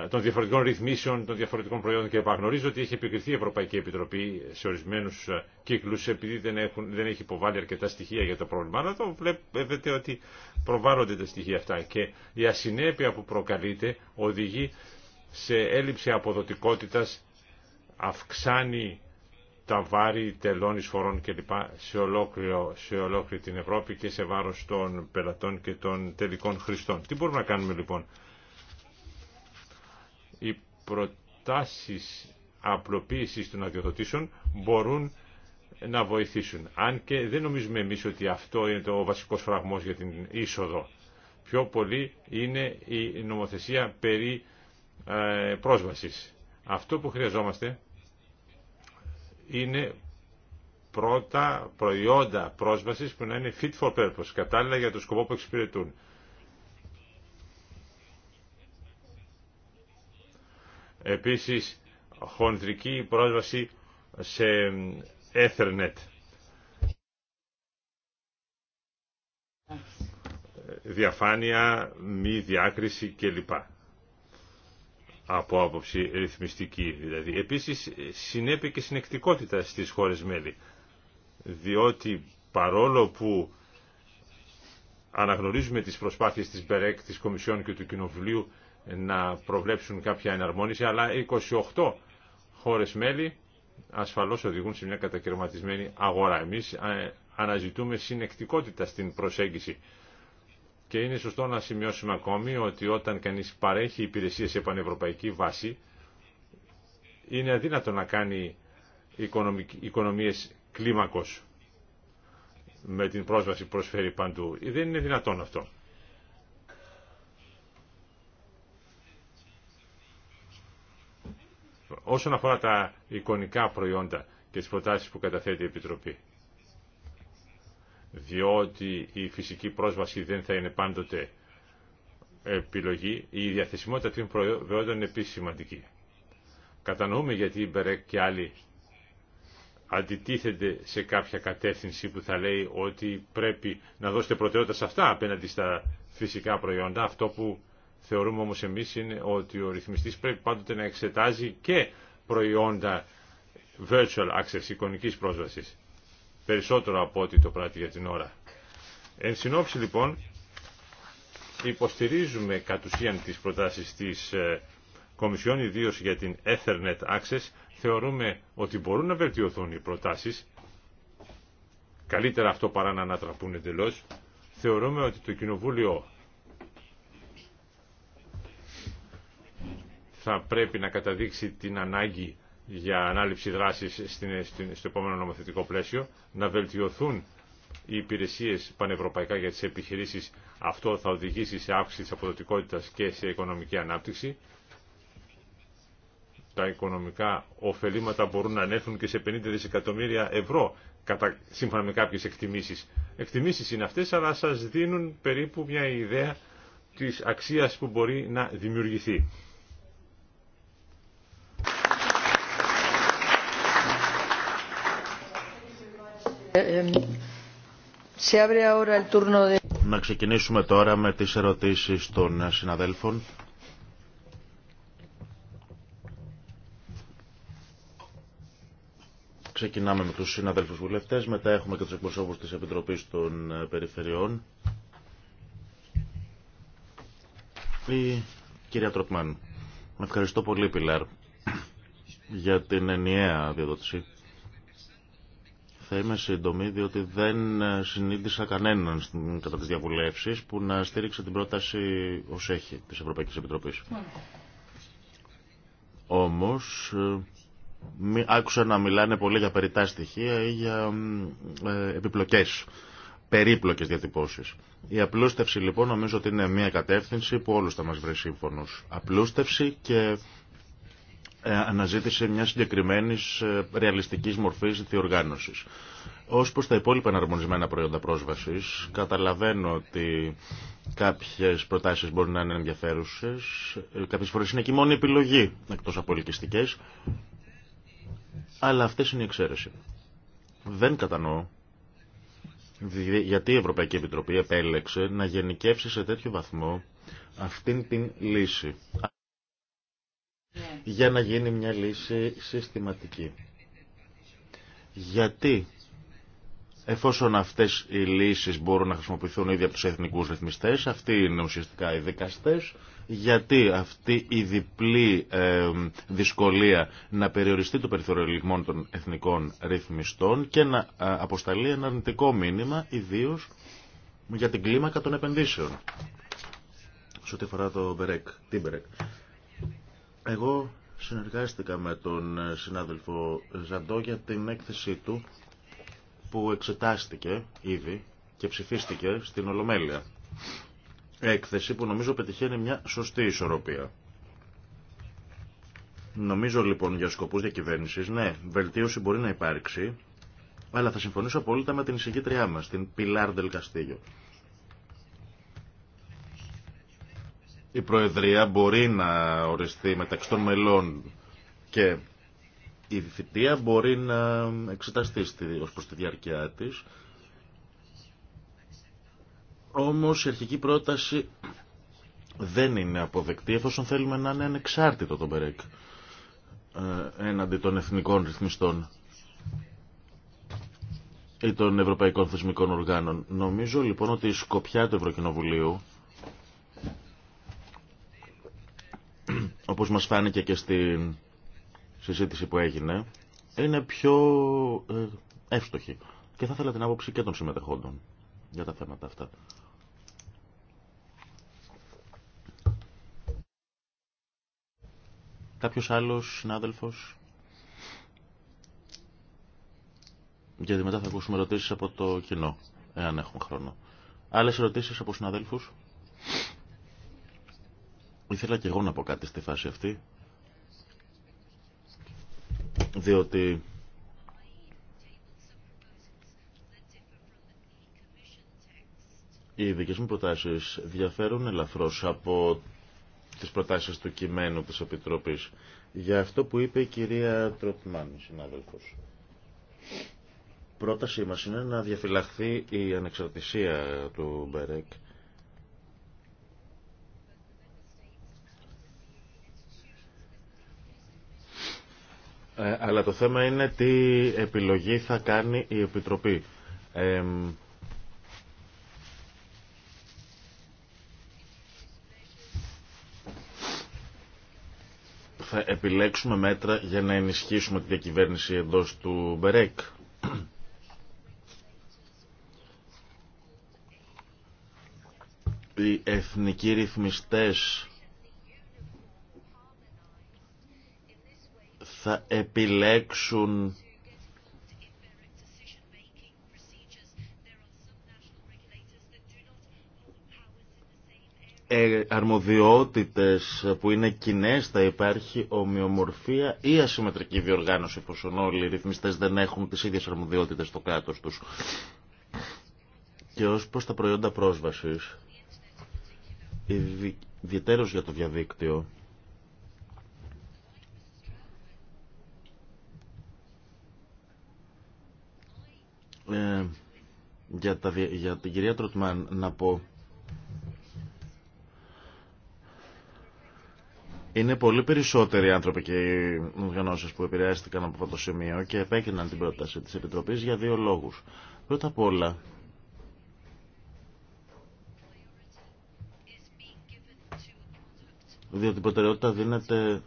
των διαφορετικών ρυθμίσεων, των διαφορετικών προϊόντων και επαγνωρίζω ότι έχει επικριθεί η Ευρωπαϊκή Επιτροπή σε ορισμένους κύκλους επειδή δεν, έχουν, δεν έχει υποβάλει αρκετά στοιχεία για το πρόβλημα. Αλλά εδώ βλέπετε ότι προβάλλονται τα στοιχεία αυτά και η ασυνέπεια που προκαλείται οδηγεί σε έλλειψη αποδοτικότητας αυξάνει τα βάρη τελών εισφορών κλπ. Σε, ολόκληρο, σε ολόκληρη την Ευρώπη και σε βάρος των πελατών και των τελικών χρηστών. Τι μπορούμε να κάνουμε λοιπόν. Οι προτάσεις απλοποίησης των αδειοδοτήσεων μπορούν να βοηθήσουν. Αν και δεν νομίζουμε εμείς ότι αυτό είναι το βασικός φραγμός για την είσοδο. Πιο πολύ είναι η νομοθεσία περί ε, πρόσβασης. Αυτό που χρειαζόμαστε είναι πρώτα προϊόντα πρόσβασης που να είναι fit for purpose, κατάλληλα για το σκοπό που εξυπηρετούν. Επίσης, χοντρική πρόσβαση σε Ethernet. Διαφάνεια, μη διάκριση κλπ από άποψη ρυθμιστική δηλαδή. Επίσης συνέπει και συνεκτικότητα στις χώρες μέλη διότι παρόλο που αναγνωρίζουμε τις προσπάθειες της ΜΠΕΡΕΚ, της Κομισιόν και του Κοινοβουλίου να προβλέψουν κάποια εναρμόνιση αλλά 28 χώρες μέλη ασφαλώς οδηγούν σε μια κατακαιρματισμένη αγορά. Εμείς ε, αναζητούμε συνεκτικότητα στην προσέγγιση και είναι σωστό να σημειώσουμε ακόμη ότι όταν κανείς παρέχει υπηρεσίες σε πανευρωπαϊκή βάση, είναι αδύνατο να κάνει οικονομίες κλίμακος με την πρόσβαση που προσφέρει παντού. Δεν είναι δυνατόν αυτό. Όσον αφορά τα εικονικά προϊόντα και τις προτάσεις που καταθέτει η Επιτροπή διότι η φυσική πρόσβαση δεν θα είναι πάντοτε επιλογή, η διαθεσιμότητα των προϊόντων είναι επίσης σημαντική. Κατανοούμε γιατί η Μπερέκ και άλλοι αντιτίθενται σε κάποια κατεύθυνση που θα λέει ότι πρέπει να δώσετε προτεραιότητα σε αυτά απέναντι στα φυσικά προϊόντα. Αυτό που θεωρούμε όμως εμείς είναι ότι ο ρυθμιστής πρέπει πάντοτε να εξετάζει και προϊόντα virtual access, εικονικής πρόσβασης περισσότερο από ό,τι το πράττει για την ώρα. Εν συνόψη λοιπόν υποστηρίζουμε κατ' ουσίαν τις προτάσεις της ε, Κομισιόν ιδίω για την Ethernet Access θεωρούμε ότι μπορούν να βελτιωθούν οι προτάσεις καλύτερα αυτό παρά να ανατραπούν εντελώ. θεωρούμε ότι το Κοινοβούλιο θα πρέπει να καταδείξει την ανάγκη για ανάληψη δράσης στο επόμενο νομοθετικό πλαίσιο, να βελτιωθούν οι υπηρεσίες πανευρωπαϊκά για τις επιχειρήσεις. Αυτό θα οδηγήσει σε αύξηση της αποδοτικότητας και σε οικονομική ανάπτυξη. Τα οικονομικά ωφελήματα μπορούν να ανέφθουν και σε 50 δισεκατομμύρια ευρώ, κατά, σύμφωνα με κάποιες εκτιμήσεις. Εκτιμήσεις είναι αυτές, αλλά σας δίνουν περίπου μια ιδέα της αξίας που μπορεί να δημιουργηθεί. Να ξεκινήσουμε τώρα με τις ερωτήσεις των συναδέλφων. Ξεκινάμε με τους συναδέλφους βουλευτές, μετά έχουμε και τους εκπροσώπους της Επιτροπής των ε, Περιφερειών. Η κυρία Τροκμάν, ευχαριστώ πολύ Πιλάρ για την ενιαία διαδότηση θα είμαι σύντομη διότι δεν ε, συνείδησα κανέναν κατά τις διαβουλεύσεις που να στήριξε την πρόταση ως έχει της Ευρωπαϊκής Επιτροπής. Όμως ε, άκουσα να μιλάνε πολύ για περιτά στοιχεία ή για ε, επιπλοκές, περίπλοκες διατυπώσεις. Η απλούστευση λοιπόν νομίζω ότι είναι μια κατεύθυνση που όλους θα μας βρει σύμφωνος. Απλούστευση και ε, αναζήτηση μια συγκεκριμένη ε, ρεαλιστική μορφή διοργάνωση. Ω προ τα υπόλοιπα εναρμονισμένα προϊόντα πρόσβαση, καταλαβαίνω ότι κάποιε προτάσει μπορεί να είναι ενδιαφέρουσε, ε, κάποιε φορέ είναι και η μόνη επιλογή εκτό από ελκυστικέ, αλλά αυτέ είναι η εξαίρεση. Δεν κατανοώ γιατί η Ευρωπαϊκή Επιτροπή επέλεξε να γενικεύσει σε τέτοιο βαθμό αυτήν την λύση για να γίνει μια λύση συστηματική. Γιατί εφόσον αυτές οι λύσεις μπορούν να χρησιμοποιηθούν ήδη από τους εθνικούς ρυθμιστές, αυτοί είναι ουσιαστικά οι δικαστές, γιατί αυτή η διπλή δυσκολία να περιοριστεί το περιθώριο λιγμών των εθνικών ρυθμιστών και να αποσταλεί ένα αρνητικό μήνυμα, ιδίω για την κλίμακα των επενδύσεων. Σε ό,τι αφορά το Μπερέκ, την Μπερέκ. Εγώ συνεργάστηκα με τον ε, συνάδελφο Ζαντό για την έκθεσή του που εξετάστηκε ήδη και ψηφίστηκε στην Ολομέλεια. Έκθεση που νομίζω πετυχαίνει μια σωστή ισορροπία. Νομίζω λοιπόν για σκοπούς διακυβέρνησης, ναι, βελτίωση μπορεί να υπάρξει, αλλά θα συμφωνήσω απόλυτα με την εισηγήτριά μας, την Πιλάρ Καστίγιο. η Προεδρία μπορεί να οριστεί μεταξύ των μελών και η θητεία μπορεί να εξεταστεί ως προς τη διάρκεια της. Όμως η αρχική πρόταση δεν είναι αποδεκτή εφόσον θέλουμε να είναι ανεξάρτητο το ΜΠΕΡΕΚ ε, έναντι των εθνικών ρυθμιστών ή των ευρωπαϊκών θεσμικών οργάνων. Νομίζω λοιπόν ότι η σκοπιά του Ευρωκοινοβουλίου όπως μας φάνηκε και στη συζήτηση που έγινε, είναι πιο ε, εύστοχη. Και θα ήθελα την άποψη και των συμμετεχόντων για τα θέματα αυτά. Κάποιος άλλος συνάδελφος. Γιατί μετά θα ακούσουμε ερωτήσεις από το κοινό, εάν έχουμε χρόνο. Άλλες ερωτήσεις από συναδέλφους. Ήθελα και εγώ να πω κάτι στη φάση αυτή, διότι οι δικές μου προτάσεις διαφέρουν ελαφρώς από τις προτάσεις του κειμένου της Επιτροπής για αυτό που είπε η κυρία Τροτμάν, συνάδελφος. Πρότασή μας είναι να διαφυλαχθεί η ανεξαρτησία του Μπερέκ Ε, αλλά το θέμα είναι τι επιλογή θα κάνει η Επιτροπή. θα επιλέξουμε μέτρα για να ενισχύσουμε τη διακυβέρνηση εντός του Μπερέκ. Οι εθνικοί ρυθμιστές θα επιλέξουν ε, αρμοδιότητες που είναι κοινέ θα υπάρχει ομοιομορφία ή ασυμμετρική διοργάνωση εφόσον όλοι οι ρυθμιστές δεν έχουν τις ίδιες αρμοδιότητες στο κάτω τους. Και ως προς τα προϊόντα πρόσβασης, ιδιαίτερως για το διαδίκτυο, Ε, για, τα, για την κυρία Τροτμάν να πω Είναι πολύ περισσότεροι άνθρωποι και οι οργανώσει που επηρεάστηκαν από αυτό το σημείο και επέκριναν την πρόταση της Επιτροπής για δύο λόγους. Πρώτα απ' όλα, διότι η προτεραιότητα δίνεται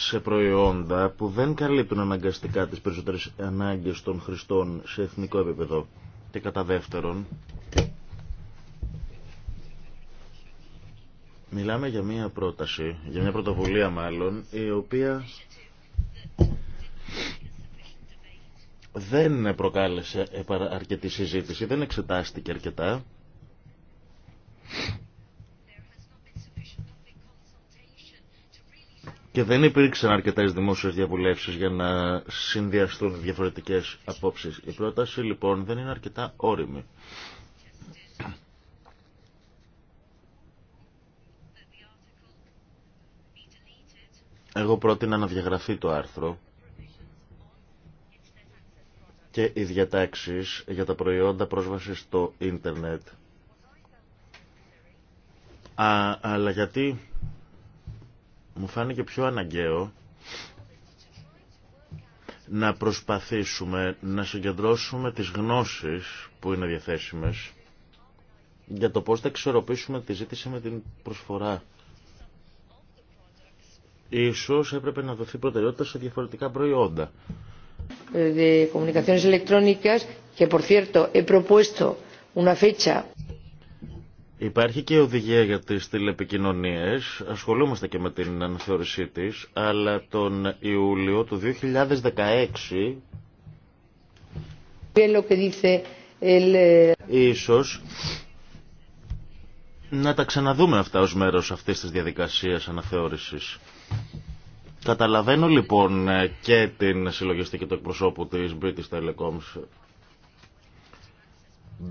σε προϊόντα που δεν καλύπτουν αναγκαστικά τις περισσότερες ανάγκες των χρηστών σε εθνικό επίπεδο. Και κατά δεύτερον, μιλάμε για μια πρόταση, για μια πρωτοβουλία μάλλον, η οποία δεν προκάλεσε αρκετή συζήτηση, δεν εξετάστηκε αρκετά. και δεν υπήρξαν αρκετέ δημόσιε διαβουλεύσει για να συνδυαστούν διαφορετικέ απόψει. Η πρόταση λοιπόν δεν είναι αρκετά όρημη. Εγώ πρότεινα να διαγραφεί το άρθρο και οι διατάξεις για τα προϊόντα πρόσβασης στο ίντερνετ. Α, αλλά γιατί μου φάνηκε πιο αναγκαίο να προσπαθήσουμε να συγκεντρώσουμε τις γνώσεις που είναι διαθέσιμες για το πώς θα εξορροπήσουμε τη ζήτηση με την προσφορά. Ίσως έπρεπε να δοθεί προτεραιότητα σε διαφορετικά προϊόντα. De comunicaciones electrónicas, que por cierto he propuesto una fecha. Υπάρχει και η οδηγία για τις τηλεπικοινωνίες, ασχολούμαστε και με την αναθεώρησή της, αλλά τον Ιούλιο του 2016 eh, ίσως να τα ξαναδούμε αυτά ως μέρος αυτής της διαδικασίας αναθεώρησης. Καταλαβαίνω λοιπόν και την συλλογιστική του εκπροσώπου της British Telecoms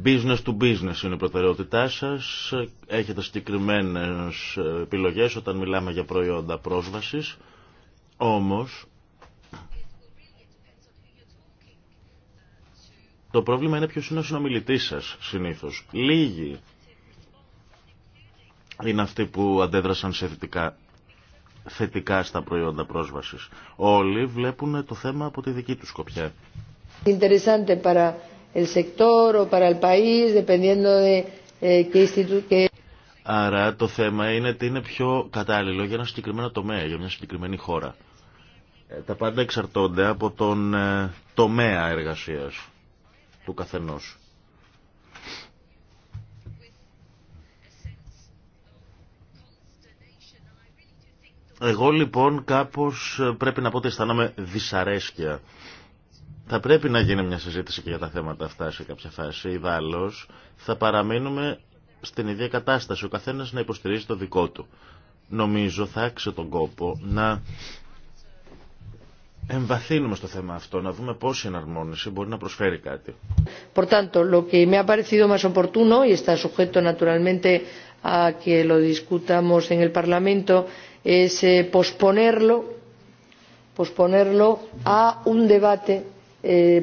Business to business είναι η προτεραιότητά σας. Έχετε συγκεκριμένες επιλογές όταν μιλάμε για προϊόντα πρόσβασης. Όμως, το πρόβλημα είναι ποιος είναι ο συνομιλητής σας συνήθως. Λίγοι είναι αυτοί που αντέδρασαν σε θετικά, θετικά στα προϊόντα πρόσβασης. Όλοι βλέπουν το θέμα από τη δική τους σκοπιά el sector o para el país, dependiendo de eh, qué instituto. Que... Άρα το θέμα είναι ότι είναι πιο κατάλληλο για ένα συγκεκριμένο τομέα, για μια συγκεκριμένη χώρα. Ε, τα πάντα εξαρτώνται από τον ε, τομέα εργασίας του καθενός. Εγώ λοιπόν κάπως ε, πρέπει να πω ότι αισθάνομαι δυσαρέσκεια θα πρέπει να γίνει μια συζήτηση και για τα θέματα αυτά σε κάποια φάση. Ιδάλω, θα παραμείνουμε στην ίδια κατάσταση. Ο καθένα να υποστηρίζει το δικό του. Νομίζω θα άξιζε τον κόπο να εμβαθύνουμε στο θέμα αυτό, να δούμε πώς η εναρμόνιση μπορεί να προσφέρει κάτι. Por tanto, lo que me ha parecido más oportuno, y está sujeto naturalmente a que lo discutamos en el Parlamento, es eh, posponerlo, posponerlo a un debate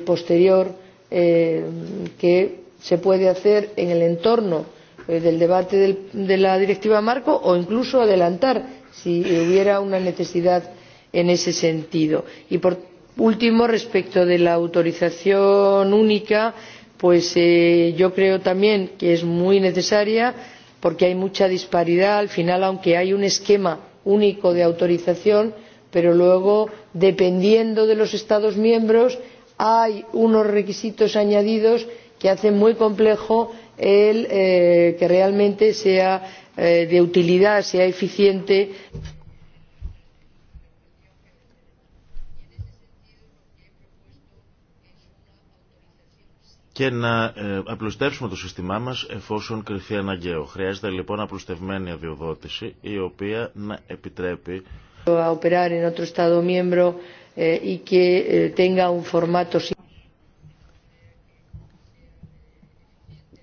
posterior que se puede hacer en el entorno del debate de la directiva marco o incluso adelantar si hubiera una necesidad en ese sentido. y por último respecto de la autorización única pues yo creo también que es muy necesaria porque hay mucha disparidad al final aunque hay un esquema único de autorización pero luego dependiendo de los estados miembros hay unos requisitos añadidos que hacen muy complejo el que realmente sea de utilidad sea eficiente και que απλουστεύσουμε το σύστημά Χρειάζεται λοιπόν η οποία επιτρέπει a operar en otro Estado miembro ε, ε,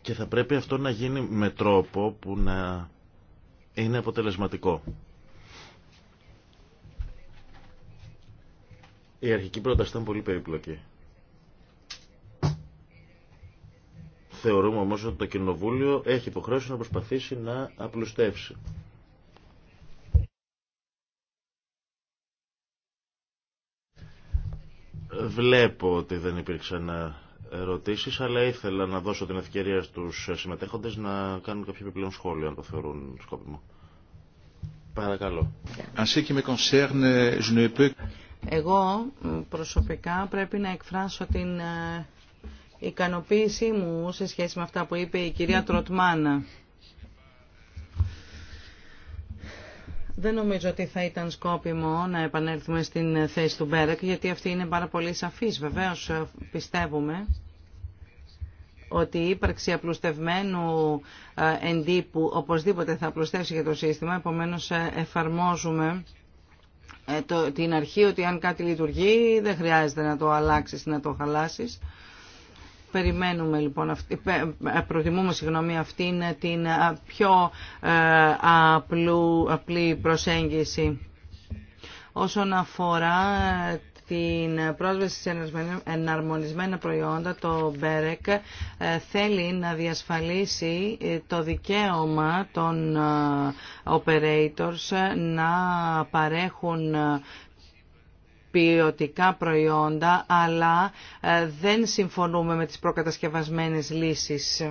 και θα πρέπει αυτό να γίνει με τρόπο που να είναι αποτελεσματικό. Η αρχική πρόταση ήταν πολύ περίπλοκη. Θεωρούμε όμως ότι το Κοινοβούλιο έχει υποχρέωση να προσπαθήσει να απλουστεύσει Βλέπω ότι δεν υπήρξαν ε, ερωτήσεις, αλλά ήθελα να δώσω την ευκαιρία στους ε, συμμετέχοντες να κάνουν κάποιο επιπλέον σχόλιο, αν το θεωρούν σκόπιμο. Παρακαλώ. Εγώ προσωπικά πρέπει να εκφράσω την ε, ικανοποίησή μου σε σχέση με αυτά που είπε η κυρία Τροτμάνα. Δεν νομίζω ότι θα ήταν σκόπιμο να επανέλθουμε στην θέση του Μπέρεκ, γιατί αυτή είναι πάρα πολύ σαφής. Βεβαίως ε, πιστεύουμε ότι η ύπαρξη απλουστευμένου ε, εντύπου οπωσδήποτε θα απλουστεύσει για το σύστημα, επομένως ε, εφαρμόζουμε την αρχή ότι αν κάτι λειτουργεί δεν χρειάζεται να το αλλάξεις, να το χαλάσει Περιμένουμε λοιπόν, ε, προτιμούμε συγγνώμη αυτήν την ε, πιο ε, απλού, απλή προσέγγιση. Όσον αφορά την πρόσβαση σε εναρμονισμένα προϊόντα, το ΜΠΕΡΕΚ θέλει να διασφαλίσει το δικαίωμα των operators να παρέχουν ποιοτικά προϊόντα, αλλά ε, δεν συμφωνούμε με τις προκατασκευασμένες λύσεις.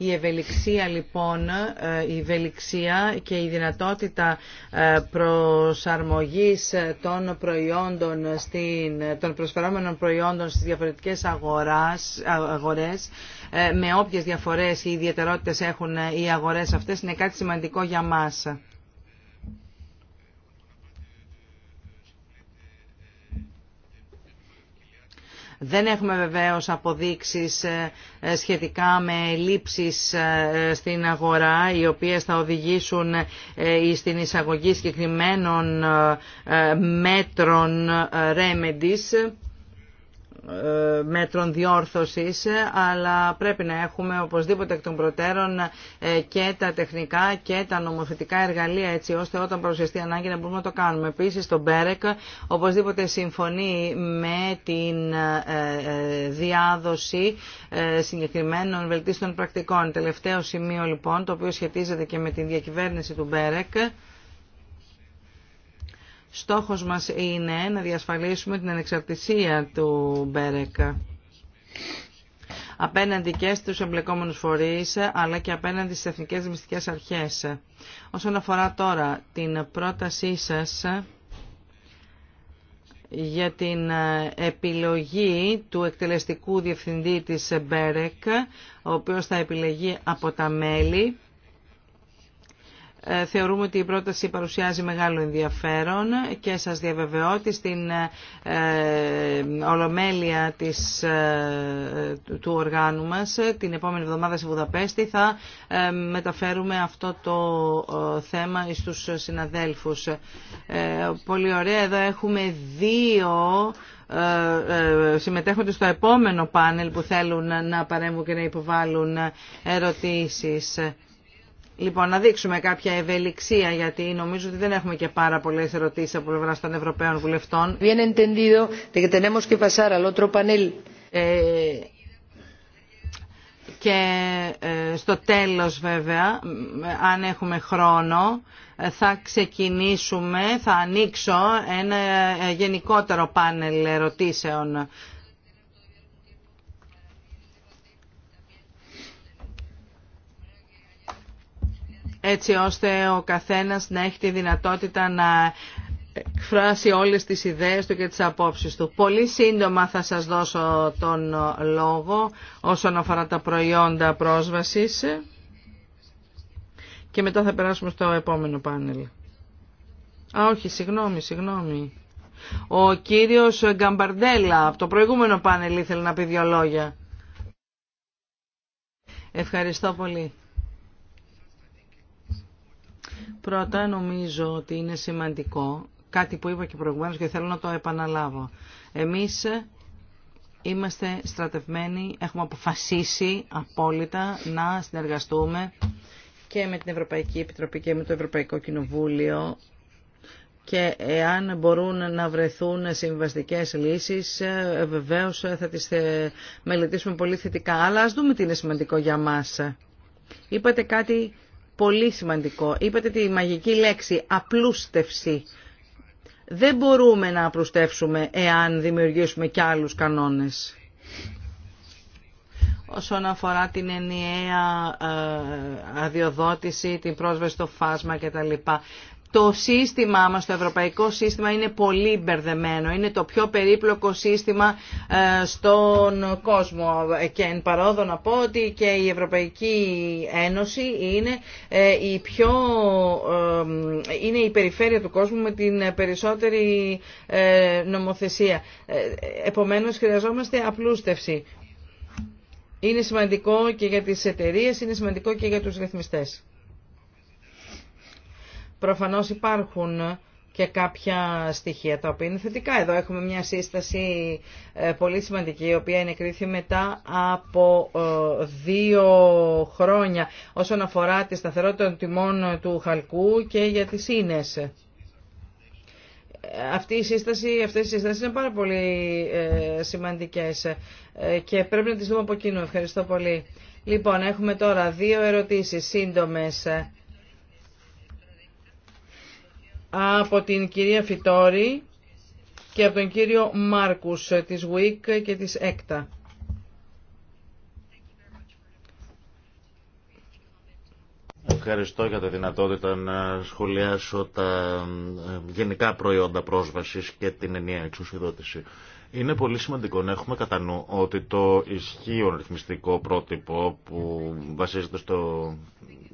Η ευελιξία λοιπόν, ε, η ευελιξία και η δυνατότητα ε, προσαρμογής των προϊόντων, στην, των προσφερόμενων προϊόντων στις διαφορετικές αγοράς, αγορές, με όποιες διαφορές ή ιδιαιτερότητες έχουν οι αγορές αυτές, είναι κάτι σημαντικό για μας. Δεν έχουμε βεβαίως αποδείξεις ε, ε, σχετικά με λήψεις ε, στην αγορά οι οποίες θα οδηγήσουν στην εισαγωγή συγκεκριμένων μέτρων remedies ε, μέτρων διόρθωσης αλλά πρέπει να έχουμε οπωσδήποτε εκ των προτέρων ε, και τα τεχνικά και τα νομοθετικά εργαλεία έτσι ώστε όταν παρουσιαστεί ανάγκη να μπορούμε να το κάνουμε. Επίσης το Μπέρεκ οπωσδήποτε συμφωνεί με την ε, διάδοση συγκεκριμένων βελτίστων πρακτικών. Τελευταίο σημείο λοιπόν το οποίο σχετίζεται και με την διακυβέρνηση του Μπέρεκ Στόχος μας είναι να διασφαλίσουμε την ανεξαρτησία του Μπέρεκ απέναντι και στους εμπλεκόμενους φορείς αλλά και απέναντι στις εθνικές μυστικές αρχές. Όσον αφορά τώρα την πρότασή σας για την επιλογή του εκτελεστικού διευθυντή της Μπέρεκ, ο οποίος θα επιλεγεί από τα μέλη ε, θεωρούμε ότι η πρόταση παρουσιάζει μεγάλο ενδιαφέρον και σας διαβεβαιώ ότι στην ε, ολομέλεια της, ε, του οργάνου μας την επόμενη εβδομάδα σε Βουδαπέστη θα μεταφέρουμε αυτό το θέμα στους συναδέλφους. Πολύ ωραία, εδώ έχουμε δύο συμμετέχονται στο επόμενο πάνελ που θέλουν να παρέμβουν και να υποβάλουν ερωτήσεις. Λοιπόν, να δείξουμε κάποια ευελιξία, γιατί νομίζω ότι δεν έχουμε και πάρα πολλέ ερωτήσει από πλευρά των Ευρωπαίων βουλευτών. και στο τέλος βέβαια, αν έχουμε χρόνο, θα ξεκινήσουμε, θα ανοίξω ένα γενικότερο πάνελ ερωτήσεων έτσι ώστε ο καθένας να έχει τη δυνατότητα να εκφράσει όλες τις ιδέες του και τις απόψεις του. Πολύ σύντομα θα σας δώσω τον λόγο όσον αφορά τα προϊόντα πρόσβασης και μετά θα περάσουμε στο επόμενο πάνελ. Α, όχι, συγγνώμη, συγγνώμη. Ο κύριος Γκαμπαρντέλα από το προηγούμενο πάνελ ήθελε να πει δύο λόγια. Ευχαριστώ πολύ. Πρώτα νομίζω ότι είναι σημαντικό, κάτι που είπα και προηγουμένως και θέλω να το επαναλάβω. Εμείς είμαστε στρατευμένοι, έχουμε αποφασίσει απόλυτα να συνεργαστούμε και με την Ευρωπαϊκή Επιτροπή και με το Ευρωπαϊκό Κοινοβούλιο και εάν μπορούν να βρεθούν συμβαστικές λύσεις, ε, βεβαίως θα τις ε, μελετήσουμε πολύ θετικά. Αλλά ας δούμε τι είναι σημαντικό για μας. Είπατε κάτι πολύ σημαντικό. Είπατε τη μαγική λέξη απλούστευση. Δεν μπορούμε να απλουστεύσουμε εάν δημιουργήσουμε κι άλλους κανόνες. Όσον αφορά την ενιαία ε, αδειοδότηση, την πρόσβαση στο φάσμα κτλ το σύστημά μας, το ευρωπαϊκό σύστημα είναι πολύ μπερδεμένο. Είναι το πιο περίπλοκο σύστημα ε, στον κόσμο. Και εν παρόδο να πω ότι και η Ευρωπαϊκή Ένωση είναι, ε, η, πιο, ε, είναι η περιφέρεια του κόσμου με την περισσότερη νομοθεσία. Επομένως χρειαζόμαστε απλούστευση. Είναι σημαντικό και για τις εταιρείες, είναι σημαντικό και για τους ρυθμιστές. Προφανώς υπάρχουν και κάποια στοιχεία τα οποία είναι θετικά. Εδώ έχουμε μια σύσταση ε, πολύ σημαντική, η οποία είναι μετά από ε, δύο χρόνια όσον αφορά τη σταθερότητα των τιμών του χαλκού και για τις ίνες. Ε, αυτή η σύσταση, αυτές οι σύστασεις είναι πάρα πολύ σημαντικές και πρέπει να τις δούμε από κοινού. Ευχαριστώ πολύ. Λοιπόν, έχουμε τώρα δύο ερωτήσεις σύντομες από την κυρία Φιτόρη και από τον κύριο Μάρκους της WIC και της ΕΚΤΑ. Ευχαριστώ για τη δυνατότητα να σχολιάσω τα ε, γενικά προϊόντα πρόσβασης και την ενιαία εξουσιοδότηση. Είναι πολύ σημαντικό να έχουμε κατά νου ότι το ισχύον ρυθμιστικό πρότυπο που βασίζεται στο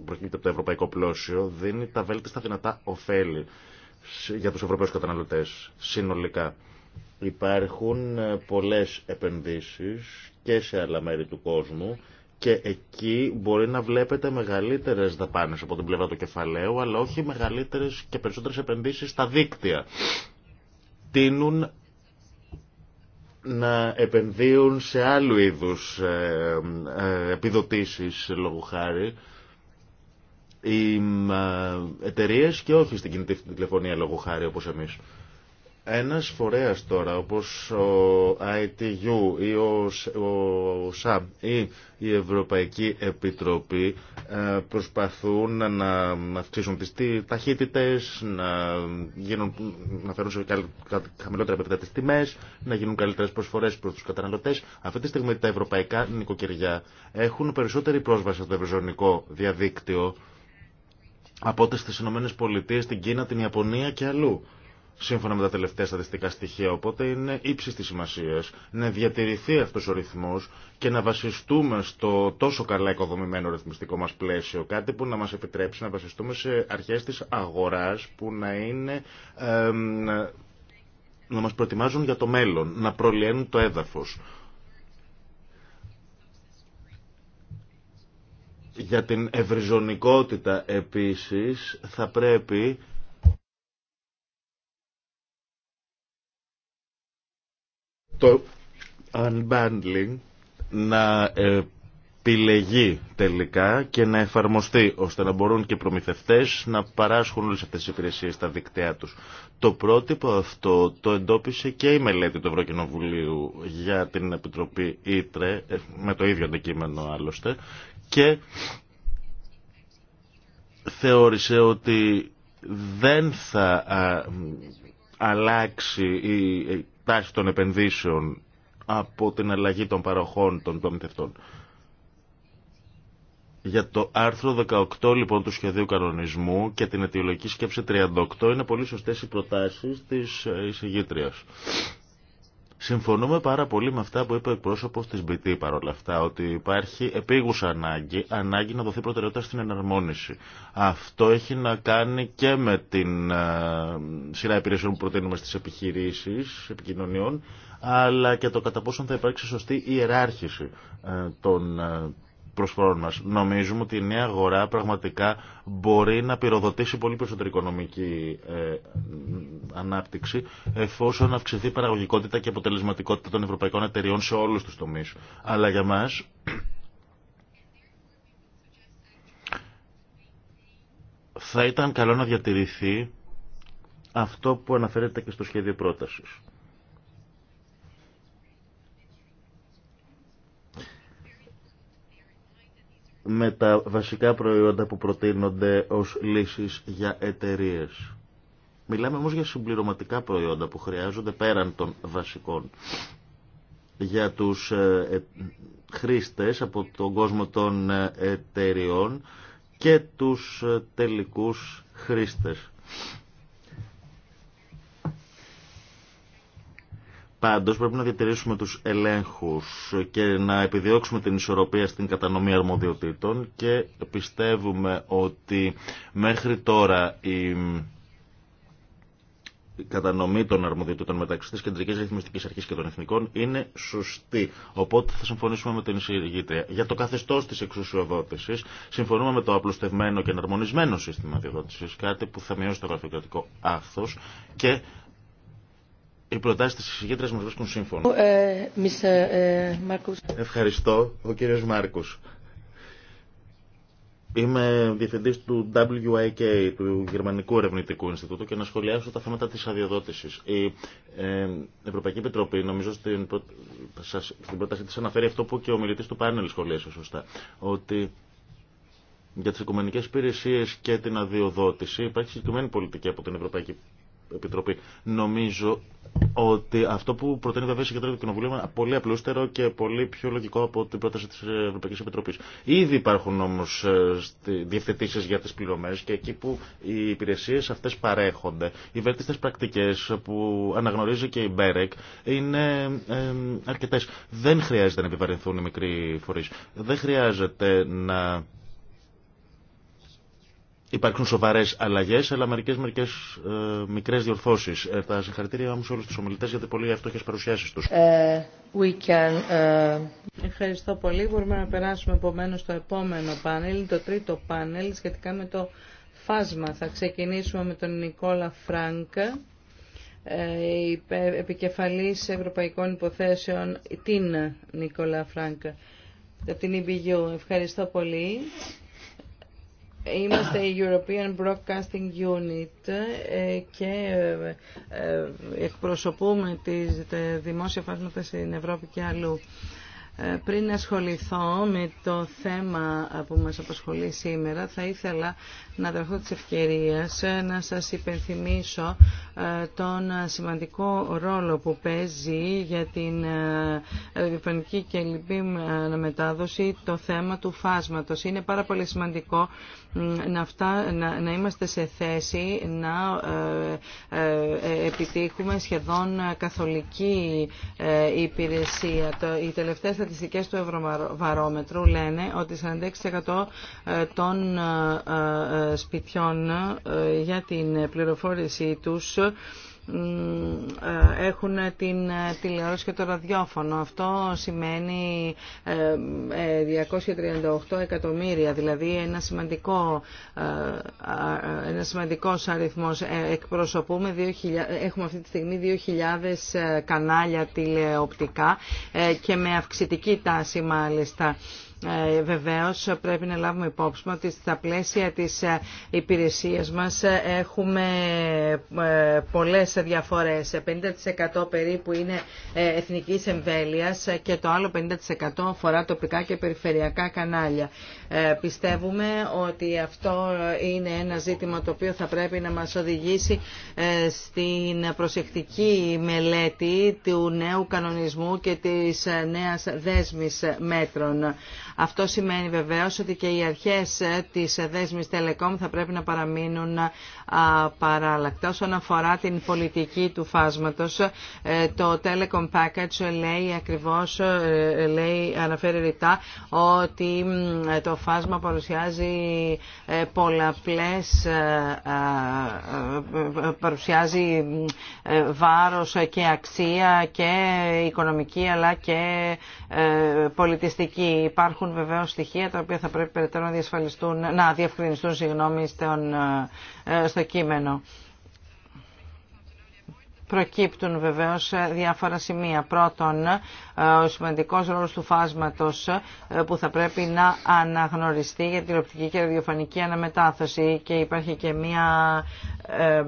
προκύπτει από το ευρωπαϊκό πλώσιο δίνει τα βέλτιστα δυνατά ωφέλη για τους ευρωπαίους καταναλωτές συνολικά. Υπάρχουν ε, πολλές επενδύσεις και σε άλλα μέρη του κόσμου και εκεί μπορεί να βλέπετε μεγαλύτερες δαπάνες από την πλευρά του κεφαλαίου αλλά όχι μεγαλύτερες και περισσότερες επενδύσεις στα δίκτυα. Τίνουν να επενδύουν σε άλλου είδους ε, ε, επιδοτήσεις λόγου χάρη οι ε, εταιρείε και όχι στην κινητή τηλεφωνία λόγου χάρη όπως εμείς. Ένας φορέας τώρα όπως ο ITU ή ο ΣΑΜ ή η Ευρωπαϊκή Επιτροπή ε, προσπαθούν να αυξήσουν τις ταχύτητες, να, γίνουν, να φέρουν σε χαμηλότερα επίπεδα τις τιμές, να γίνουν καλύτερες προσφορές προς τους καταναλωτές. Αυτή τη στιγμή τα ευρωπαϊκά νοικοκυριά έχουν περισσότερη πρόσβαση στο ευρωζωνικό διαδίκτυο από ό,τι στις ΗΠΑ, την Κίνα, την Ιαπωνία και αλλού σύμφωνα με τα τελευταία στατιστικά στοιχεία. Οπότε είναι ύψη τη σημασία να διατηρηθεί αυτό ο ρυθμό και να βασιστούμε στο τόσο καλά οικοδομημένο ρυθμιστικό μα πλαίσιο. Κάτι που να μα επιτρέψει να βασιστούμε σε αρχέ τη αγορά που να είναι. να μας προετοιμάζουν για το μέλλον, να προλυαίνουν το έδαφος. Για την ευρυζωνικότητα επίσης θα πρέπει το unbundling να επιλεγεί τελικά και να εφαρμοστεί ώστε να μπορούν και οι προμηθευτές να παράσχουν όλες αυτές τις υπηρεσίες στα δίκτυά τους. Το πρότυπο αυτό το εντόπισε και η μελέτη του Ευρωκοινοβουλίου για την Επιτροπή Ήτρε, ε, με το ίδιο αντικείμενο άλλωστε, και θεώρησε ότι δεν θα αλλάξει η τάση των επενδύσεων από την αλλαγή των παροχών των προμηθευτών. Για το άρθρο 18 λοιπόν του σχεδίου κανονισμού και την αιτιολογική σκέψη 38 είναι πολύ σωστές οι προτάσεις της ε, εισηγήτριας. Συμφωνούμε πάρα πολύ με αυτά που είπε ο εκπρόσωπο τη BT παρόλα αυτά, ότι υπάρχει επίγουσα ανάγκη, ανάγκη να δοθεί προτεραιότητα στην εναρμόνιση. Αυτό έχει να κάνει και με την ε, σειρά υπηρεσιών που προτείνουμε στι επιχειρήσει επικοινωνιών, αλλά και το κατά πόσον θα υπάρξει σωστή ιεράρχηση ε, των ε, προσφορών Νομίζουμε ότι η νέα αγορά πραγματικά μπορεί να πυροδοτήσει πολύ περισσότερη οικονομική ε, ανάπτυξη εφόσον αυξηθεί η παραγωγικότητα και αποτελεσματικότητα των ευρωπαϊκών εταιριών σε όλους τους τομείς. Αλλά για μας θα ήταν καλό να διατηρηθεί αυτό που αναφέρεται και στο σχέδιο πρότασης. με τα βασικά προϊόντα που προτείνονται ως λύσεις για εταιρείε. Μιλάμε όμως για συμπληρωματικά προϊόντα που χρειάζονται πέραν των βασικών. Για τους ε, ε, χρήστες από τον κόσμο των ε, εταιριών και τους τελικούς χρήστες. Πάντως πρέπει να διατηρήσουμε τους ελέγχους και να επιδιώξουμε την ισορροπία στην κατανομή αρμοδιοτήτων και πιστεύουμε ότι μέχρι τώρα η κατανομή των αρμοδιοτήτων μεταξύ τη Κεντρική Ρυθμιστική Αρχή και των Εθνικών είναι σωστή. Οπότε θα συμφωνήσουμε με την εισηγήτρια. Για το καθεστώ τη εξουσιοδότηση, συμφωνούμε με το απλουστευμένο και εναρμονισμένο σύστημα διοδότηση, κάτι που θα μειώσει το γραφειοκρατικό άχθο και οι προτάσει τη ηγέτρια μα βρίσκουν σύμφωνο. Ε, ε, ε, Ευχαριστώ, ο κύριο Μάρκο. Είμαι διευθυντή του WIK, του Γερμανικού Ερευνητικού Ινστιτούτου, και να σχολιάσω τα θέματα τη αδειοδότηση. Η Ευρωπαϊκή Επιτροπή, νομίζω, στην, σας, στην πρόταση τη αναφέρει αυτό που και ο μιλητή του πάνελ σχολίασε σωστά. Ότι για τι οικουμενικέ υπηρεσίε και την αδειοδότηση υπάρχει συγκεκριμένη πολιτική από την Ευρωπαϊκή Επιτροπή. Νομίζω ότι αυτό που προτείνει βέβαια η Συγκεντρία του είναι πολύ απλούστερο και πολύ πιο λογικό από την πρόταση τη Ευρωπαϊκή Επιτροπή. Ήδη υπάρχουν όμω ε, διευθετήσει για τι πληρωμέ και εκεί που οι υπηρεσίε αυτέ παρέχονται, οι βέλτιστε πρακτικέ που αναγνωρίζει και η Μπέρεκ είναι ε, αρκετέ. Δεν χρειάζεται να επιβαρυνθούν οι μικροί φορεί. Δεν χρειάζεται να Υπάρχουν σοβαρέ αλλαγέ, αλλά μερικέ μερικές, ε, μικρέ διορθώσει. Ε, τα συγχαρητήριά μου σε όλου του ομιλητέ για τι πολύ εύστοχε παρουσιάσει του. Ε, ε, Ευχαριστώ πολύ. Μπορούμε να περάσουμε επομένω στο επόμενο πάνελ, το τρίτο πάνελ σχετικά με το φάσμα. Θα ξεκινήσουμε με τον Νικόλα Φράγκ, ε, επικεφαλής Ευρωπαϊκών Υποθέσεων, την Νικόλα Φράγκ, από την EBU. Ευχαριστώ πολύ. Είμαστε η European Broadcasting Unit ε, και ε, ε, εκπροσωπούμε τις δημόσια φάσματα στην Ευρώπη και αλλού. Πριν ασχοληθώ με το θέμα που μας απασχολεί σήμερα, θα ήθελα να δραχθώ της ευκαιρίας να σας υπενθυμίσω τον σημαντικό ρόλο που παίζει για την ραδιοφωνική και λυπή αναμετάδοση το θέμα του φάσματος. Είναι πάρα πολύ σημαντικό να, να, να είμαστε σε θέση να ε, ε, ε, επιτύχουμε σχεδόν καθολική υπηρεσία. Οι τελευταίες στατιστικές του Ευρωβαρόμετρου λένε ότι 46% των σπιτιών για την πληροφόρησή τους ε, έχουν την ε, τηλεόραση και το ραδιόφωνο. Αυτό σημαίνει 238 ε, εκατομμύρια, δηλαδή ένα σημαντικό, ένα σημαντικός αριθμός. Εκπροσωπούμε, 2000, έχουμε αυτή τη στιγμή 2.000 κανάλια τηλεοπτικά και με αυξητική τάση μάλιστα. Ε, βεβαίως πρέπει να λάβουμε υπόψη ότι στα πλαίσια της ε, υπηρεσίας μας ε, έχουμε πολλές διαφορές. 50% περίπου είναι εθνικής εμβέλειας και το άλλο 50% αφορά τοπικά και περιφερειακά κανάλια. Πιστεύουμε ότι αυτό είναι ένα ζήτημα το οποίο θα πρέπει να μας οδηγήσει στην προσεκτική μελέτη του νέου κανονισμού και της νέας δέσμης μέτρων. Αυτό σημαίνει βεβαίω ότι και οι αρχές της δέσμη Telecom θα πρέπει να παραμείνουν παράλλακτα. Όσον αφορά την πολιτική του φάσματος, ε, το Telecom Package λέει ακριβώς, ε, αναφέρει ρητά ότι το φάσμα παρουσιάζει ε, πολλαπλές, παρουσιάζει βάρος και αξία και οικονομική αλλά και πολιτιστική. Υπάρχουν Υπάρχουν βεβαίως στοιχεία τα οποία θα πρέπει περαιτέρω να, διασφαλιστούν, να διευκρινιστούν συγγνώμη, στον, ε, στο κείμενο προκύπτουν βεβαίως διάφορα σημεία. Πρώτον, ε, ο σημαντικός ρόλος του φάσματος ε, που θα πρέπει να αναγνωριστεί για τηλεοπτική και ραδιοφωνική αναμετάθεση και υπάρχει και μία, ε,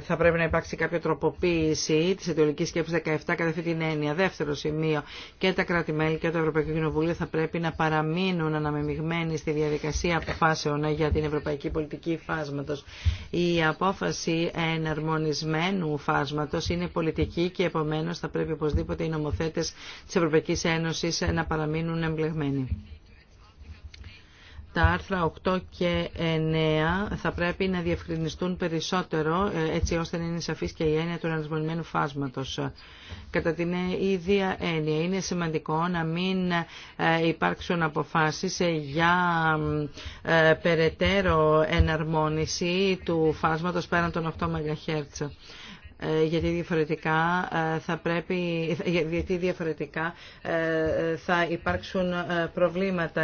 θα πρέπει να υπάρξει κάποια τροποποίηση της αιτιολογικής σκέψης 17 κατά αυτή την έννοια. Δεύτερο σημείο, και τα κράτη-μέλη και το Ευρωπαϊκό Κοινοβούλιο θα πρέπει να παραμείνουν αναμεμειγμένοι στη διαδικασία αποφάσεων για την ευρωπαϊκή πολιτική φάσματος. Η απόφαση εναρμονισμένου φάσματος είναι πολιτική και επομένως θα πρέπει οπωσδήποτε οι νομοθέτες της Ευρωπαϊκής Ένωσης να παραμείνουν εμπλεγμένοι. Τα άρθρα 8 και 9 θα πρέπει να διευκρινιστούν περισσότερο ε, έτσι ώστε να είναι σαφής και η έννοια του ανασμονημένου φάσματος. Κατά την ίδια έννοια είναι σημαντικό να μην ε, υπάρξουν αποφάσεις για ε, περαιτέρω εναρμόνιση του φάσματος πέραν των 8 MHz. Ε, γιατί διαφορετικά ε, θα πρέπει, ε, γιατί διαφορετικά θα υπάρξουν προβλήματα.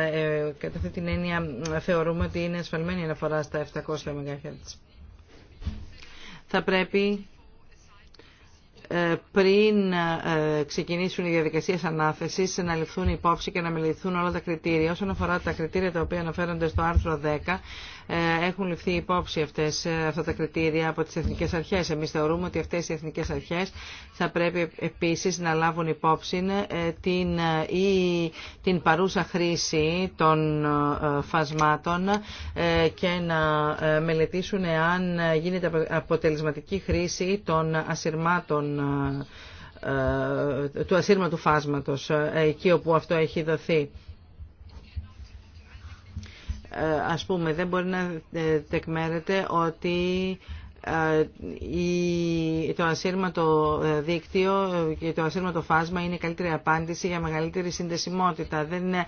Κατά αυτή την έννοια θεωρούμε ότι είναι ασφαλμένη η αναφορά στα 700 MHz. Θα πρέπει ε, πριν ε, ξεκινήσουν οι διαδικασίες ανάθεσης να ληφθούν υπόψη και να μελετηθούν όλα τα κριτήρια. Όσον αφορά τα κριτήρια τα οποία αναφέρονται στο άρθρο 10, ε, έχουν ληφθεί υπόψη αυτές, αυτά τα κριτήρια από τις εθνικές αρχές. Εμείς θεωρούμε ότι αυτές οι εθνικές αρχές θα πρέπει επίσης να λάβουν υπόψη την, ή, την παρούσα χρήση των φασμάτων και να μελετήσουν εάν γίνεται αποτελεσματική χρήση των ασυρμάτων ε, ε, του ασύρματου φάσματος ε, εκεί όπου αυτό έχει δοθεί ας πούμε δεν μπορεί να τεκμέρεται ότι το ασύρματο ε, δίκτυο και ε, το ασύρματο φάσμα είναι η καλύτερη απάντηση για μεγαλύτερη συνδεσιμότητα. Δεν ε,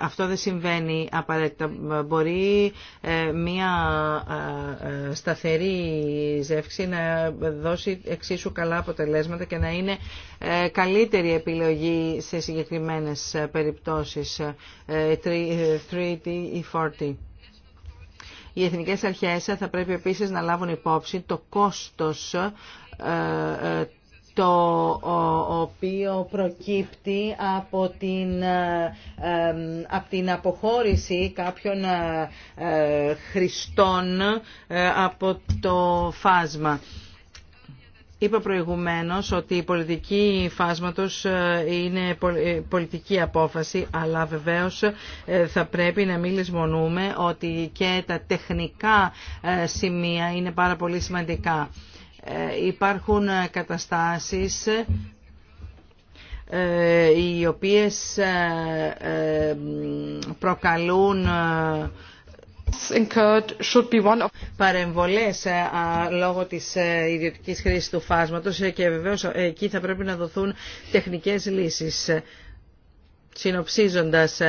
αυτό δεν συμβαίνει απαραίτητα. Μπορεί μια σταθερή ζεύξη να δώσει εξίσου καλά αποτελέσματα και να είναι καλύτερη επιλογή σε συγκεκριμένες περιπτώσεις 3, 3D ή 4D. Οι εθνικές αρχές θα πρέπει επίσης να λάβουν υπόψη το κόστος ε, ε, το οποίο προκύπτει από την, ε, από την αποχώρηση κάποιων χρηστών από το φάσμα. Είπα προηγουμένως ότι η πολιτική φάσματος ε, είναι ε, πολιτική απόφαση, αλλά βεβαίως ε, θα πρέπει να μην λησμονούμε ότι και τα τεχνικά σημεία είναι πάρα πολύ σημαντικά. Υπάρχουν καταστάσεις οι οποίες προκαλούν παρεμβολές ε, λόγω της ε, ιδιωτικής χρήσης του φάσματος ε, και βεβαίως εκεί θα πρέπει να δοθούν τεχνικές λύσεις. Συνοψίζοντας,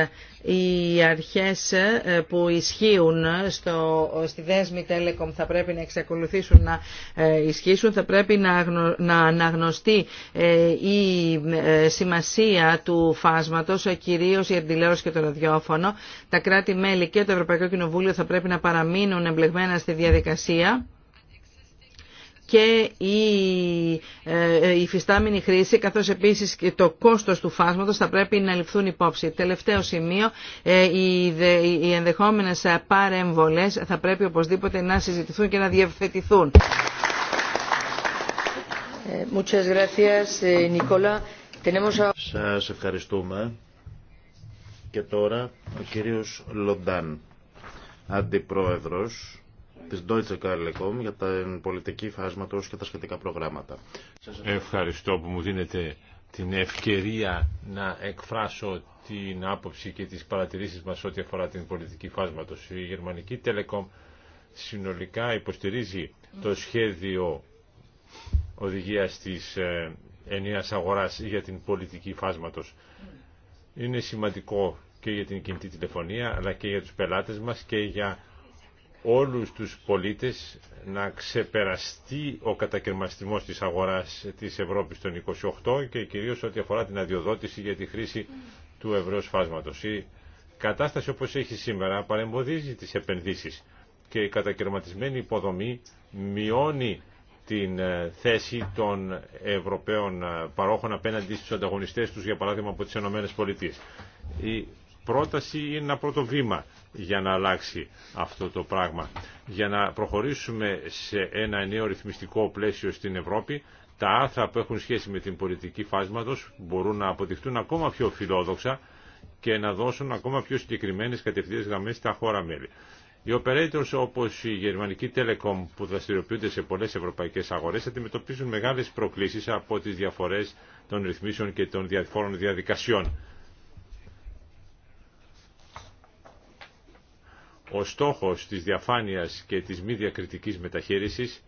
οι αρχές ε, που ισχύουν στο, στη δέσμη Telecom θα πρέπει να εξακολουθήσουν να ε, ισχύσουν, θα πρέπει να, να αναγνωστεί ε, η σημασία του φάσματος, κυρίως η αντιλέωση και το ραδιόφωνο. Τα κράτη-μέλη και το Ευρωπαϊκό Κοινοβούλιο θα πρέπει να παραμείνουν εμπλεγμένα στη διαδικασία και η ε, ε, φυστάμινη χρήση καθώς επίσης και το κόστος του φάσματος θα πρέπει να ληφθούν υπόψη. Τελευταίο σημείο, ε, οι ενδεχόμενες παρεμβολές θα πρέπει οπωσδήποτε να συζητηθούν και να διευθετηθούν. Σας ευχαριστούμε. Και τώρα ο κύριος Λοντάν, αντιπρόεδρος της Deutsche Telekom για την ε, πολιτική φάσματος και τα σχετικά προγράμματα. Ευχαριστώ που μου δίνετε την ευκαιρία να εκφράσω την άποψη και τις παρατηρήσεις μας ό,τι αφορά την πολιτική φάσματος. Η γερμανική Telekom συνολικά υποστηρίζει το σχέδιο οδηγίας της ε, ενιαίας αγοράς για την πολιτική φάσματος. Είναι σημαντικό και για την κινητή τηλεφωνία αλλά και για τους πελάτες μας και για όλους τους πολίτες να ξεπεραστεί ο κατακαιρματισμός της αγοράς της Ευρώπης των 28 και κυρίως ό,τι αφορά την αδειοδότηση για τη χρήση του ευρώ φάσματος. Η κατάσταση όπως έχει σήμερα παρεμποδίζει τις επενδύσεις και η κατακαιρματισμένη υποδομή μειώνει την ε, θέση των Ευρωπαίων ε, παρόχων απέναντι στους ανταγωνιστές τους, για παράδειγμα από τις ΗΠΑ. Η πρόταση είναι ένα πρώτο βήμα για να αλλάξει αυτό το πράγμα. Για να προχωρήσουμε σε ένα νέο ρυθμιστικό πλαίσιο στην Ευρώπη, τα άρθρα που έχουν σχέση με την πολιτική φάσματος μπορούν να αποδειχτούν ακόμα πιο φιλόδοξα και να δώσουν ακόμα πιο συγκεκριμένες κατευθείαν γραμμές στα χώρα μέλη. Οι operators όπως η γερμανική Telecom που δραστηριοποιούνται σε πολλές ευρωπαϊκές αγορές αντιμετωπίζουν μεγάλες προκλήσεις από τις διαφορές των ρυθμίσεων και των διαφόρων διαδικασιών. ο στόχος της διαφάνειας και της μη διακριτικής μεταχείρισης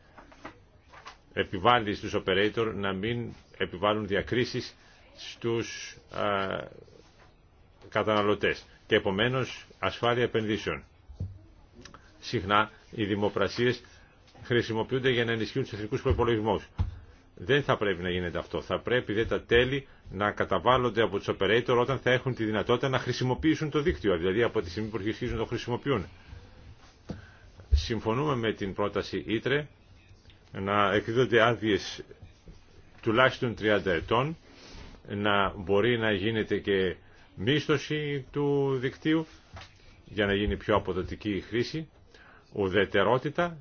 επιβάλλει στους operator να μην επιβάλλουν διακρίσεις στους α, καταναλωτές και επομένως ασφάλεια επενδύσεων. Συχνά οι δημοπρασίες χρησιμοποιούνται για να ενισχύουν τους εθνικούς προπολογισμούς. Δεν θα πρέπει να γίνεται αυτό. Θα πρέπει δε τα τέλη να καταβάλλονται από του operator όταν θα έχουν τη δυνατότητα να χρησιμοποιήσουν το δίκτυο, δηλαδή από τη στιγμή που αρχίζουν να το χρησιμοποιούν. Συμφωνούμε με την πρόταση Ήτρε να εκδίδονται άδειε τουλάχιστον 30 ετών, να μπορεί να γίνεται και μίσθωση του δικτύου για να γίνει πιο αποδοτική η χρήση, ουδετερότητα,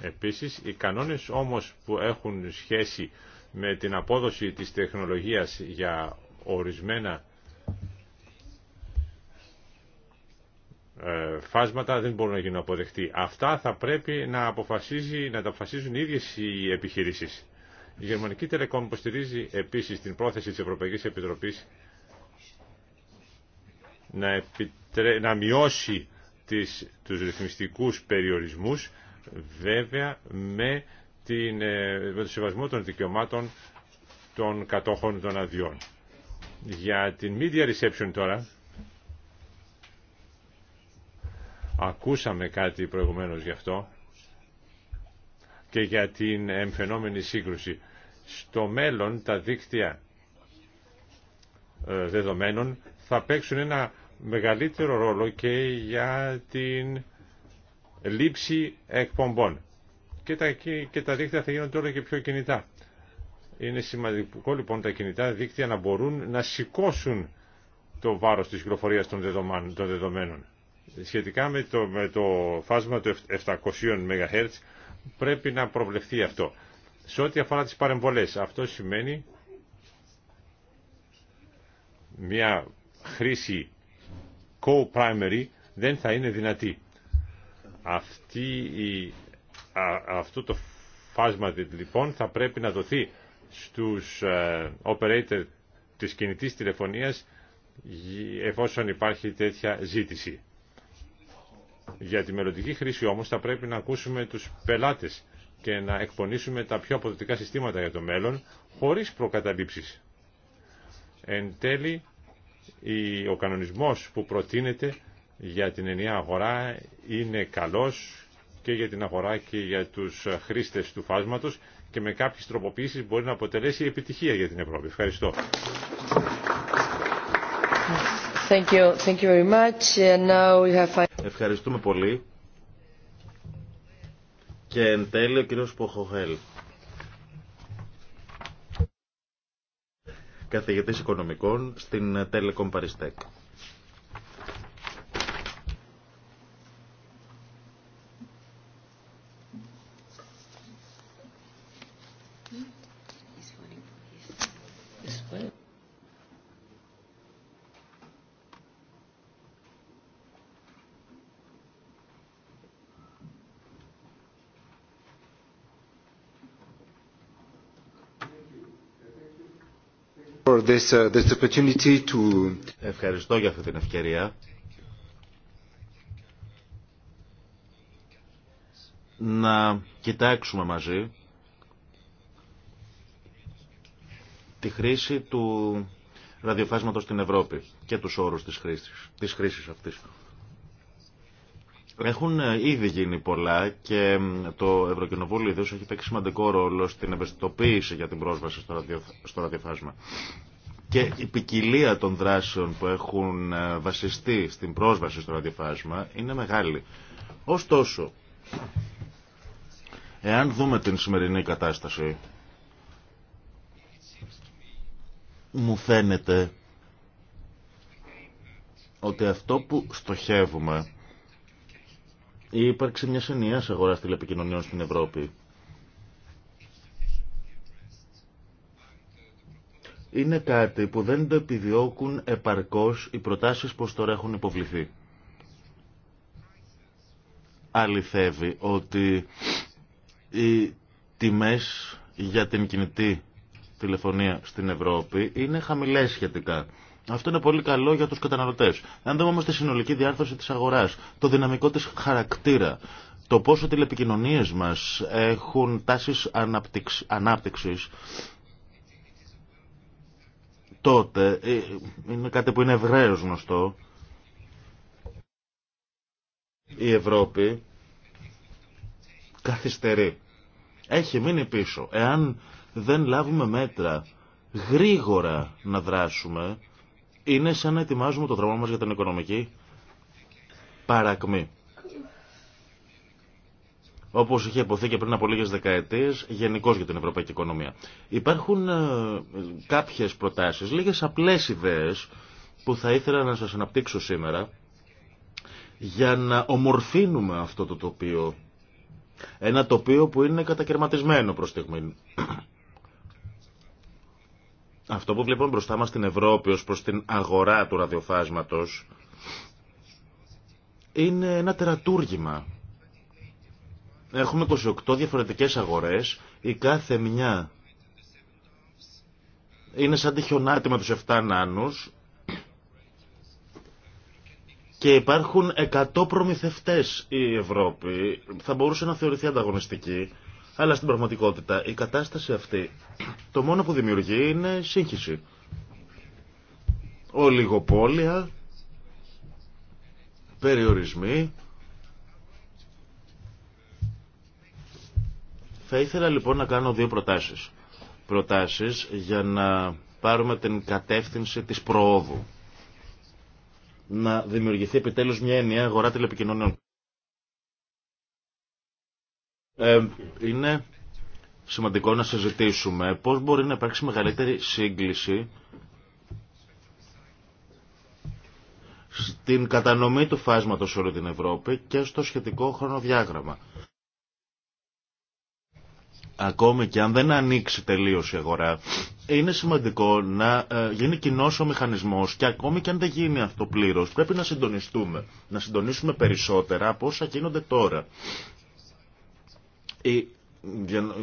επίσης οι κανόνες όμως που έχουν σχέση με την απόδοση της τεχνολογίας για ορισμένα ε, φάσματα δεν μπορούν να γίνουν αποδεκτοί. Αυτά θα πρέπει να, αποφασίζει, να τα αποφασίζουν οι ίδιες οι επιχειρήσεις. Η Γερμανική Τελεκόμ υποστηρίζει επίσης την πρόθεση της Ευρωπαϊκής Επιτροπής να, επιτρέ... να μειώσει τις... τους ρυθμιστικούς περιορισμούς βέβαια με την, ε, με το σεβασμό των δικαιωμάτων των κατόχων των αδειών. Για την media reception τώρα, ακούσαμε κάτι προηγουμένως γι' αυτό και για την εμφαινόμενη σύγκρουση. Στο μέλλον τα δίκτυα ε, δεδομένων θα παίξουν ένα μεγαλύτερο ρόλο και για την λήψη εκπομπών και τα, και δίκτυα θα γίνονται όλο και πιο κινητά. Είναι σημαντικό λοιπόν τα κινητά δίκτυα να μπορούν να σηκώσουν το βάρος της κυκλοφορίας των δεδομένων. Σχετικά με το, με το φάσμα του 700 MHz πρέπει να προβλεφθεί αυτό. Σε ό,τι αφορά τις παρεμβολές, αυτό σημαίνει μια χρήση co-primary δεν θα είναι δυνατή. Αυτή η αυτό το φάσμα λοιπόν θα πρέπει να δοθεί στους ε, operator της κινητής τηλεφωνίας εφόσον υπάρχει τέτοια ζήτηση. Για τη μελλοντική χρήση όμως θα πρέπει να ακούσουμε τους πελάτες και να εκπονήσουμε τα πιο αποδοτικά συστήματα για το μέλλον χωρίς προκαταλήψεις. Εν τέλει, ο κανονισμός που προτείνεται για την ενιαία αγορά είναι καλός και για την αγορά και για τους χρήστες του φάσματος και με κάποιες τροποποιήσεις μπορεί να αποτελέσει επιτυχία για την Ευρώπη. Ευχαριστώ. Thank you. Thank you very much. And now we have... Ευχαριστούμε πολύ. Και εν τέλει ο κύριος Ποχοχέλ. Καθηγητής Οικονομικών στην Telecom Tech. Uh, Ευχαριστώ για αυτή την ευκαιρία. Να κοιτάξουμε μαζί τη χρήση του ραδιοφάσματος στην Ευρώπη και τους όρους της χρήσης, της αυτής. Έχουν ε, ήδη γίνει πολλά και το Ευρωκοινοβούλιο ιδίως έχει παίξει σημαντικό ρόλο στην ευαισθητοποίηση για την πρόσβαση στο, ραδιοφάσμα και η ποικιλία των δράσεων που έχουν ε, βασιστεί στην πρόσβαση στο ραδιοφάσμα είναι μεγάλη. Ωστόσο, εάν δούμε την σημερινή κατάσταση, μου φαίνεται ότι αυτό που στοχεύουμε η ύπαρξη μιας ενιαίας αγοράς τηλεπικοινωνιών στην Ευρώπη είναι κάτι που δεν το επιδιώκουν επαρκώς οι προτάσεις που τώρα έχουν υποβληθεί. Αληθεύει ότι οι τιμές για την κινητή τηλεφωνία στην Ευρώπη είναι χαμηλές σχετικά. Αυτό είναι πολύ καλό για τους καταναλωτές. Αν δούμε όμως τη συνολική διάρθρωση της αγοράς, το δυναμικό της χαρακτήρα, το πόσο τηλεπικοινωνίες μας έχουν τάσεις ανάπτυξης τότε ε, είναι κάτι που είναι ευρέως γνωστό. Η Ευρώπη καθυστερεί. Έχει μείνει πίσω. Εάν δεν λάβουμε μέτρα γρήγορα να δράσουμε, είναι σαν να ετοιμάζουμε το δρόμο μας για την οικονομική παρακμή. ...όπως είχε υποθεί και πριν από λίγες δεκαετίες... γενικώ για την ευρωπαϊκή οικονομία. Υπάρχουν ε, κάποιες προτάσεις, λίγες απλές ιδέες... που θα ήθελα να σας αναπτύξω σήμερα για να ομορφύνουμε αυτό το τοπίο. Ένα τοπίο που είναι κατακαιρματισμένο προς στιγμή. Αυτό που βλέπουμε μπροστά μας στην Ευρώπη ως προς την αγορά του ραδιοφάσματος είναι ένα τερατούργημα Έχουμε 28 διαφορετικές αγορές, η κάθε μια είναι σαν τη χιονάτη με τους 7 νάνους και υπάρχουν 100 προμηθευτές η Ευρώπη. Θα μπορούσε να θεωρηθεί ανταγωνιστική, αλλά στην πραγματικότητα η κατάσταση αυτή το μόνο που δημιουργεί είναι σύγχυση. Ολιγοπόλια, περιορισμοί Θα ήθελα λοιπόν να κάνω δύο προτάσεις. Προτάσεις για να πάρουμε την κατεύθυνση της προόδου. Να δημιουργηθεί επιτέλους μια ενιαία αγορά τηλεπικοινωνιών. Ε, είναι σημαντικό να συζητήσουμε πώς μπορεί να υπάρξει μεγαλύτερη σύγκληση στην κατανομή του φάσματος όλη την Ευρώπη και στο σχετικό χρονοδιάγραμμα ακόμη και αν δεν ανοίξει τελείως η αγορά, είναι σημαντικό να ε, γίνει κοινό ο μηχανισμός και ακόμη και αν δεν γίνει αυτό πλήρω, πρέπει να συντονιστούμε, να συντονίσουμε περισσότερα από όσα γίνονται τώρα. Η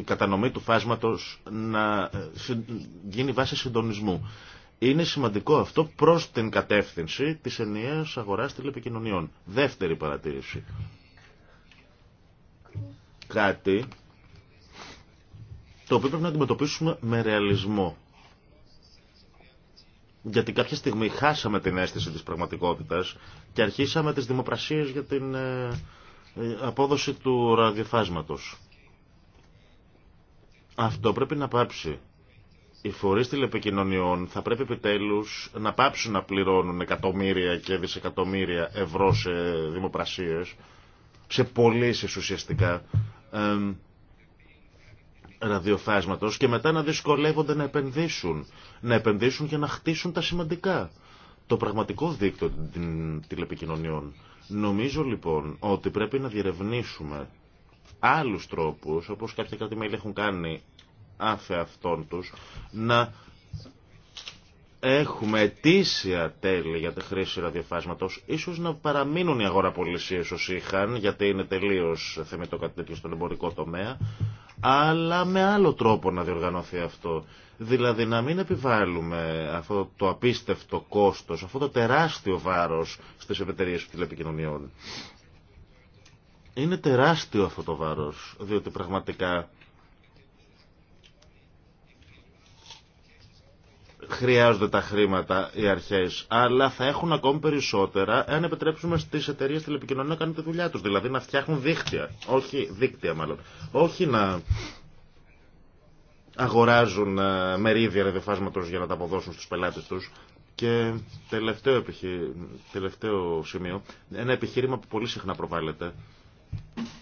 κατανομή του φάσματος να ε, γίνει βάση συντονισμού. Είναι σημαντικό αυτό προ την κατεύθυνση της ενιαία αγοράς τηλεπικοινωνιών. Δεύτερη παρατήρηση. Κάτι το οποίο πρέπει να αντιμετωπίσουμε με ρεαλισμό. Γιατί κάποια στιγμή χάσαμε την αίσθηση της πραγματικότητας και αρχίσαμε τις δημοπρασίες για την ε, ε, απόδοση του ραδιοφάσματος. Αυτό πρέπει να πάψει. Οι φορείς τηλεπικοινωνιών θα πρέπει επιτέλους να πάψουν να πληρώνουν εκατομμύρια και δισεκατομμύρια ευρώ σε δημοπρασίες, σε πωλήσει ουσιαστικά, ραδιοφάσματος και μετά να δυσκολεύονται να επενδύσουν. Να επενδύσουν και να χτίσουν τα σημαντικά. Το πραγματικό δίκτυο των τηλεπικοινωνιών. Νομίζω λοιπόν ότι πρέπει να διερευνήσουμε άλλους τρόπους, όπως κάποια κράτη μέλη έχουν κάνει άφε αυτών τους, να έχουμε αιτήσια τέλη για τη χρήση ραδιοφάσματος, ίσως να παραμείνουν οι αγοραπολισίες όσοι είχαν, γιατί είναι τελείως θεμητό κάτι τέτοιο στον εμπορικό τομέα, αλλά με άλλο τρόπο να διοργανωθεί αυτό. Δηλαδή να μην επιβάλλουμε αυτό το απίστευτο κόστος, αυτό το τεράστιο βάρος στις εταιρείε τηλεπικοινωνιών. Είναι τεράστιο αυτό το βάρος, διότι πραγματικά χρειάζονται τα χρήματα οι αρχές, αλλά θα έχουν ακόμη περισσότερα αν επιτρέψουμε στις εταιρείες τηλεπικοινωνία να κάνουν τη δουλειά τους, δηλαδή να φτιάχνουν δίκτυα, όχι δίκτυα μάλλον, όχι να αγοράζουν ε, μερίδια ρεδιοφάσματο για να τα αποδώσουν στους πελάτες τους. Και τελευταίο, επιχει... τελευταίο σημείο, ένα επιχείρημα που πολύ συχνά προβάλλεται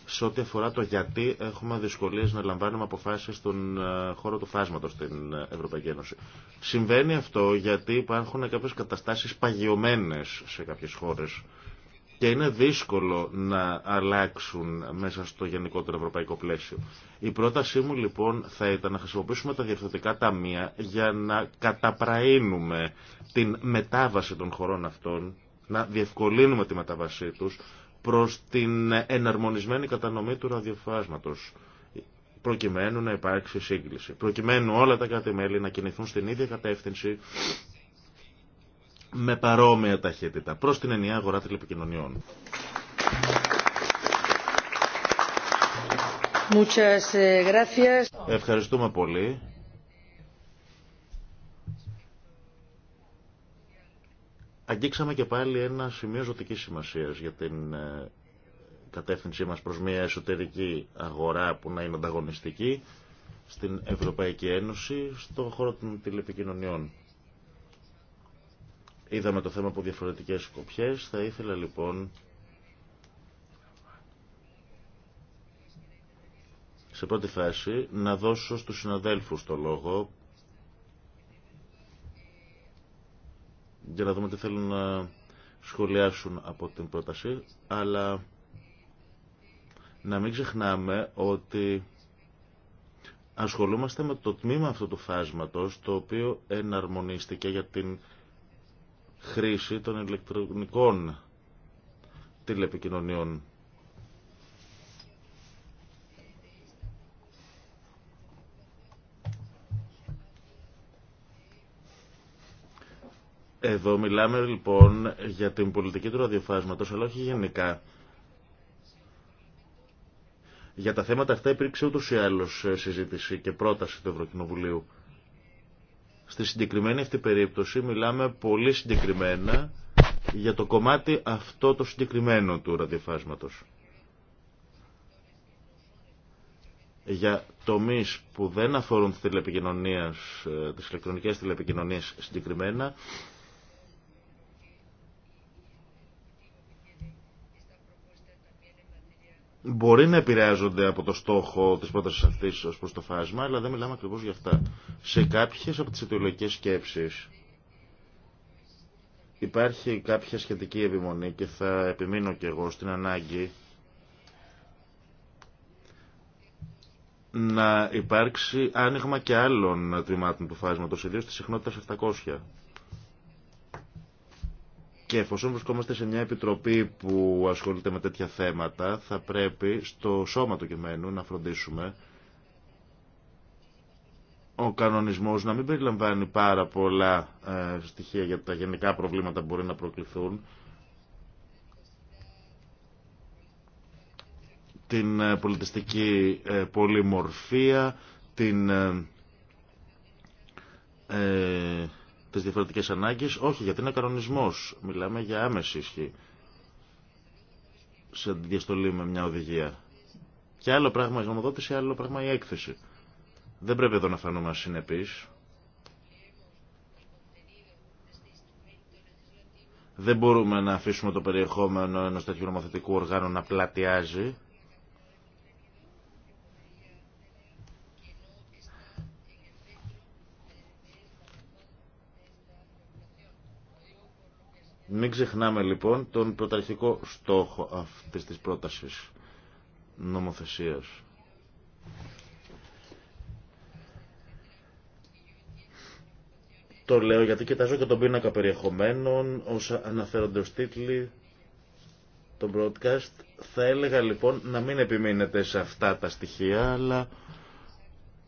σε ό,τι αφορά το γιατί έχουμε δυσκολίες να λαμβάνουμε αποφάσεις στον ε, χώρο του φάσματος στην Ευρωπαϊκή Ένωση. Συμβαίνει αυτό γιατί υπάρχουν κάποιες καταστάσεις παγιωμένες σε κάποιες χώρες και είναι δύσκολο να αλλάξουν μέσα στο γενικότερο ευρωπαϊκό πλαίσιο. Η πρότασή μου λοιπόν θα ήταν να χρησιμοποιήσουμε τα διευθυντικά ταμεία για να καταπραίνουμε την μετάβαση των χωρών αυτών, να διευκολύνουμε τη μετάβασή τους, προς την εναρμονισμένη κατανομή του ραδιοφάσματος προκειμένου να υπάρξει σύγκληση, προκειμένου όλα τα κράτη-μέλη να κινηθούν στην ίδια κατεύθυνση με παρόμοια ταχύτητα προς την ενιαία αγορά τηλεπικοινωνιών. Eh, Ευχαριστούμε πολύ. Αγγίξαμε και πάλι ένα σημείο ζωτική σημασία για την ε, κατεύθυνσή μας προ μια εσωτερική αγορά που να είναι ανταγωνιστική στην Ευρωπαϊκή Ένωση, στον χώρο των τηλεπικοινωνιών. Είδαμε το θέμα από διαφορετικές σκοπιές. Θα ήθελα λοιπόν σε πρώτη φάση να δώσω στους συναδέλφους το λόγο για να δούμε τι θέλουν να σχολιάσουν από την πρόταση, αλλά να μην ξεχνάμε ότι ασχολούμαστε με το τμήμα αυτού του φάσματος, το οποίο εναρμονίστηκε για την χρήση των ηλεκτρονικών τηλεπικοινωνιών. Εδώ μιλάμε λοιπόν για την πολιτική του ραδιοφάσματος, αλλά όχι γενικά. Για τα θέματα αυτά υπήρξε ούτως ή άλλως ε, συζήτηση και πρόταση του Ευρωκοινοβουλίου. Στη συγκεκριμένη αυτή περίπτωση μιλάμε πολύ συγκεκριμένα για το κομμάτι αυτό το συγκεκριμένο του ραδιοφάσματος. για τομείς που δεν αφορούν τις ε, τις ηλεκτρονικές τηλεπικοινωνίες συγκεκριμένα, μπορεί να επηρεάζονται από το στόχο της πρόταση αυτή ω προς το φάσμα, αλλά δεν μιλάμε ακριβώ για αυτά. Σε κάποιε από τι αιτιολογικέ σκέψει υπάρχει κάποια σχετική επιμονή και θα επιμείνω και εγώ στην ανάγκη να υπάρξει άνοιγμα και άλλων τμήματων του φάσματος, ιδίως της συχνότητας 700. Και εφόσον βρισκόμαστε σε μια επιτροπή που ασχολείται με τέτοια θέματα, θα πρέπει στο σώμα του κειμένου να φροντίσουμε ο κανονισμός να μην περιλαμβάνει πάρα πολλά ε, στοιχεία για τα γενικά προβλήματα που μπορεί να προκληθούν. Την ε, πολιτιστική ε, πολυμορφία, την τις διαφορετικές ανάγκες, όχι γιατί είναι κανονισμός, μιλάμε για άμεση ισχύ σε διαστολή με μια οδηγία. Και άλλο πράγμα η γνωμοδότηση, άλλο πράγμα η έκθεση. Δεν πρέπει εδώ να φανούμε ασυνεπείς. Δεν μπορούμε να αφήσουμε το περιεχόμενο ενός τέτοιου νομοθετικού οργάνου να πλατιάζει Μην ξεχνάμε λοιπόν τον πρωταρχικό στόχο αυτής της πρότασης νομοθεσίας. Το λέω γιατί κοιτάζω και τον πίνακα περιεχομένων όσα αναφέρονται ως τίτλοι τον broadcast. Θα έλεγα λοιπόν να μην επιμείνετε σε αυτά τα στοιχεία, αλλά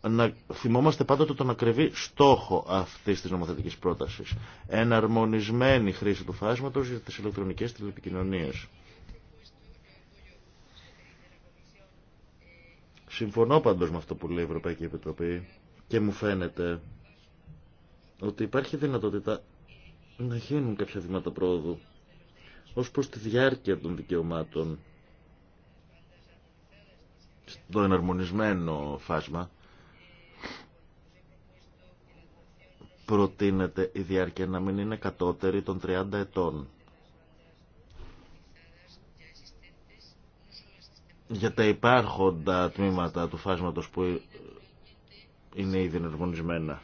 να θυμόμαστε πάντοτε τον ακριβή στόχο αυτής της νομοθετικής πρότασης. Εναρμονισμένη χρήση του φάσματος για τις ηλεκτρονικές τηλεπικοινωνίες. Συμφωνώ πάντως με αυτό που λέει η Ευρωπαϊκή Επιτροπή και μου φαίνεται ότι υπάρχει δυνατότητα να γίνουν κάποια βήματα πρόοδου ως προς τη διάρκεια των δικαιωμάτων στο εναρμονισμένο φάσμα προτείνεται η διάρκεια να μην είναι κατώτερη των 30 ετών. Για τα υπάρχοντα τμήματα του φάσματος που είναι ήδη ενεργονισμένα.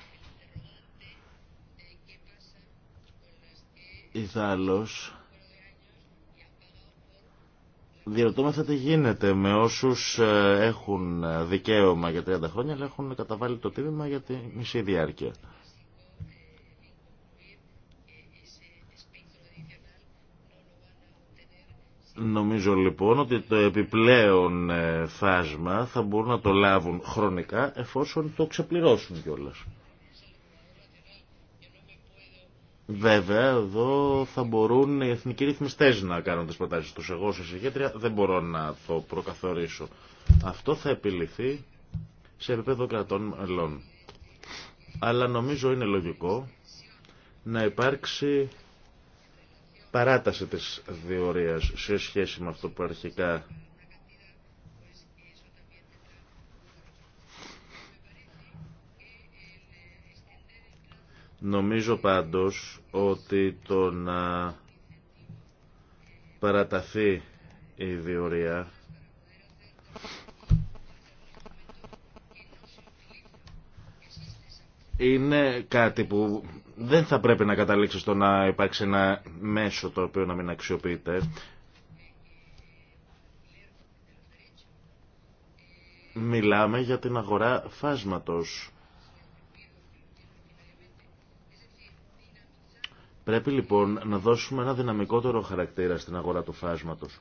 Ιδάλλως, διερωτώμεθα τι γίνεται με όσους ε, έχουν δικαίωμα για 30 χρόνια αλλά έχουν καταβάλει το τίμημα για τη μισή διάρκεια. Νομίζω λοιπόν ότι το επιπλέον φάσμα ε, θα μπορούν να το λάβουν χρονικά εφόσον το ξεπληρώσουν κιόλα. Βέβαια, εδώ θα μπορούν οι εθνικοί ρυθμιστέ να κάνουν τι προτάσεις τους. Εγώ, σε συγχέτρια, δεν μπορώ να το προκαθορίσω. Αυτό θα επιληθεί σε επίπεδο κρατών μελών. Αλλά νομίζω είναι λογικό να υπάρξει παράταση της διορίας σε σχέση με αυτό που αρχικά Νομίζω πάντως ότι το να παραταθεί η διορία είναι κάτι που δεν θα πρέπει να καταλήξει στο να υπάρξει ένα μέσο το οποίο να μην αξιοποιείται. Μιλάμε για την αγορά φάσματος. Πρέπει λοιπόν να δώσουμε ένα δυναμικότερο χαρακτήρα στην αγορά του φάσματος.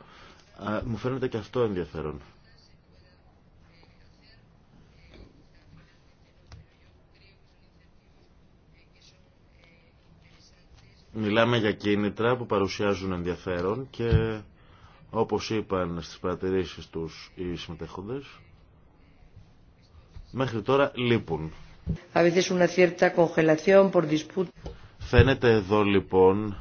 Μου φαίνεται και αυτό ενδιαφέρον. Μιλάμε για κίνητρα που παρουσιάζουν ενδιαφέρον και όπως είπαν στις παρατηρήσεις τους οι συμμετέχοντες, μέχρι τώρα λείπουν. Φαίνεται εδώ λοιπόν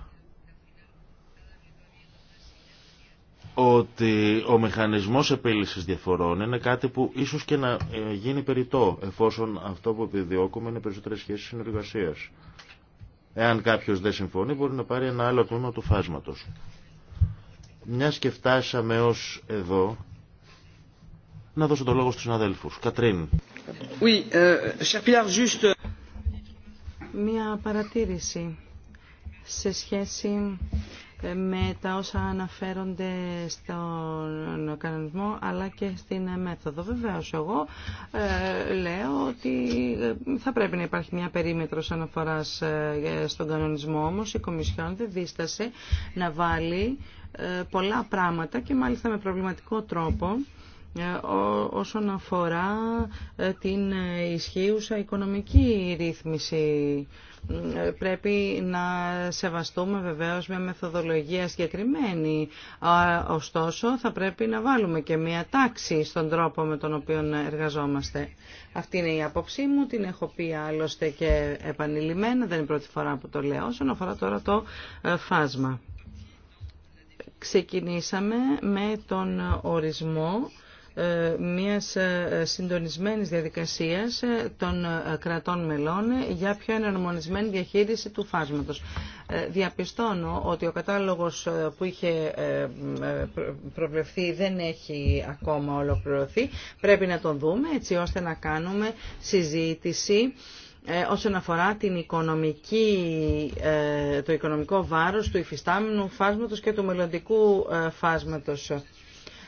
ότι ο μηχανισμός επίλυσης διαφορών είναι κάτι που ίσως και να ε, γίνει περιττό εφόσον αυτό που επιδιώκουμε είναι περισσότερες σχέσεις συνεργασίας. Εάν κάποιος δεν συμφωνεί μπορεί να πάρει ένα άλλο τόνο του φάσματος. Μια και φτάσαμε ως εδώ, να δώσω το λόγο στους συναδέλφους. Κατρίν. Oui, euh, Μία παρατήρηση σε σχέση με τα όσα αναφέρονται στον κανονισμό αλλά και στην μέθοδο. Βεβαίω, εγώ ε, λέω ότι ε, θα πρέπει να υπάρχει μια περίμετρος αναφοράς ε, στον κανονισμό όμως η Κομισιόν δεν δίστασε να βάλει πολλά πράγματα και μάλιστα με προβληματικό τρόπο ε, όσον αφορά ε, την ισχύουσα οικονομική ρύθμιση. Ε, πρέπει να σεβαστούμε βεβαίως μια μεθοδολογία συγκεκριμένη. Ωστόσο θα πρέπει να βάλουμε και μια τάξη στον τρόπο με τον οποίο εργαζόμαστε. Αυτή είναι η άποψή μου, την έχω πει άλλωστε και επανειλημμένα, δεν είναι η πρώτη φορά που το λέω, όσον αφορά τώρα το φάσμα. Ξεκινήσαμε με τον ορισμό ε, μιας ε, συντονισμένης διαδικασίας ε, των κρατών μελών για πιο εναρμονισμένη διαχείριση του φάσματος. Διαπιστώνω ότι ο κατάλογος που είχε προβλεφθεί δεν έχει ακόμα ολοκληρωθεί. Πρέπει να τον δούμε έτσι ώστε να κάνουμε συζήτηση όσον αφορά την οικονομική, το οικονομικό βάρος του υφιστάμενου φάσματος και του μελλοντικού φάσματος.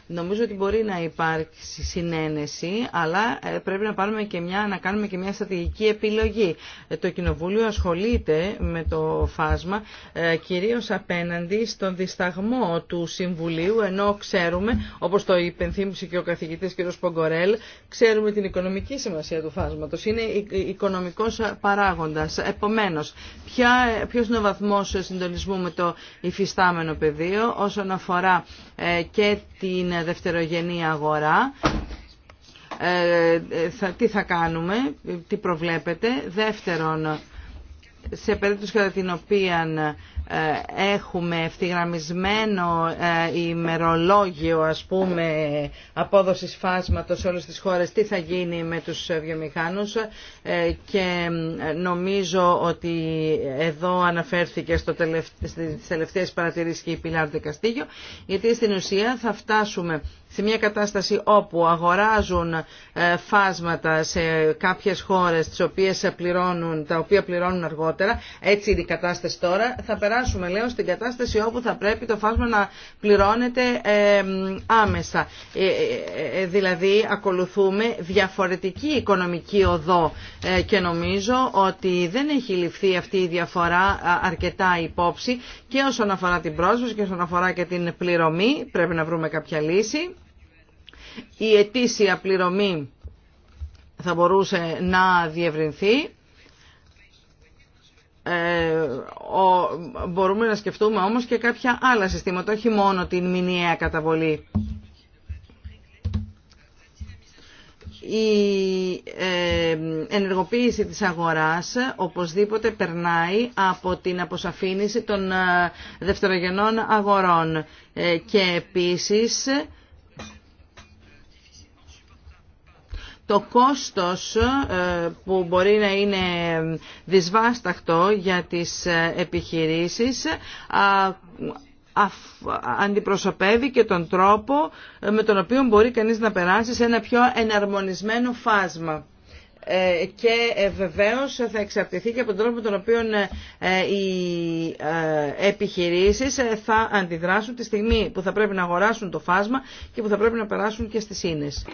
Νομίζω ότι μπορεί να υπάρξει συνένεση, αλλά ε, πρέπει να, πάρουμε και μια, να κάνουμε και μια στρατηγική επιλογή. Ε, το Κοινοβούλιο ασχολείται με το φάσμα ε, κυρίως απέναντι στον δισταγμό του Συμβουλίου, ενώ ξέρουμε, όπως το υπενθύμισε και ο καθηγητής κ. Πογκορέλ, ξέρουμε την οικονομική σημασία του φάσματος. Είναι οικονομικός παράγοντα. Επομένως, ποιο είναι ο βαθμός συντονισμού με το υφιστάμενο πεδίο όσον αφορά και την δευτερογενή αγορά. Ε, ε, τι θα κάνουμε, τι προβλέπετε. Δεύτερον, σε περίπτωση κατά την οποία ε, έχουμε ευθυγραμμισμένο ε, ημερολόγιο ας πούμε απόδοσης φάσματος σε όλες τις χώρες τι θα γίνει με τους βιομηχάνους ε, και νομίζω ότι εδώ αναφέρθηκε στο τελευταίε στις τελευταίες παρατηρήσεις και η Πιλάρ Καστίγιο γιατί στην ουσία θα φτάσουμε σε μια κατάσταση όπου αγοράζουν ε, φάσματα σε κάποιες χώρες τις οποίες τα οποία πληρώνουν αργότερα, έτσι είναι η κατάσταση τώρα, θα περάσουμε λέω στην κατάσταση όπου θα πρέπει το φάσμα να πληρώνεται ε, άμεσα. Ε, δηλαδή ακολουθούμε διαφορετική οικονομική οδό και νομίζω ότι δεν έχει ληφθεί αυτή η διαφορά αρκετά υπόψη και όσον αφορά την πρόσβαση και όσον αφορά και την πληρωμή πρέπει να βρούμε κάποια λύση η ετήσια πληρωμή θα μπορούσε να διευρυνθεί. Ε, μπορούμε να σκεφτούμε όμως και κάποια άλλα συστήματα, όχι μόνο την μηνιαία καταβολή. η ε, ενεργοποίηση της αγοράς οπωσδήποτε περνάει από την αποσαφήνιση των ε, δευτερογενών αγορών και επίσης το κόστος ε, που μπορεί να είναι δυσβάσταχτο για τις ε, επιχειρήσεις αντιπροσωπεύει και τον τρόπο ε, με τον οποίο μπορεί κανείς να περάσει σε ένα πιο εναρμονισμένο φάσμα και βεβαίως θα εξαρτηθεί και από τον τρόπο με τον οποίο οι επιχειρήσεις θα αντιδράσουν τη στιγμή που θα πρέπει να αγοράσουν το φάσμα και που θα πρέπει να περάσουν και στις ίνες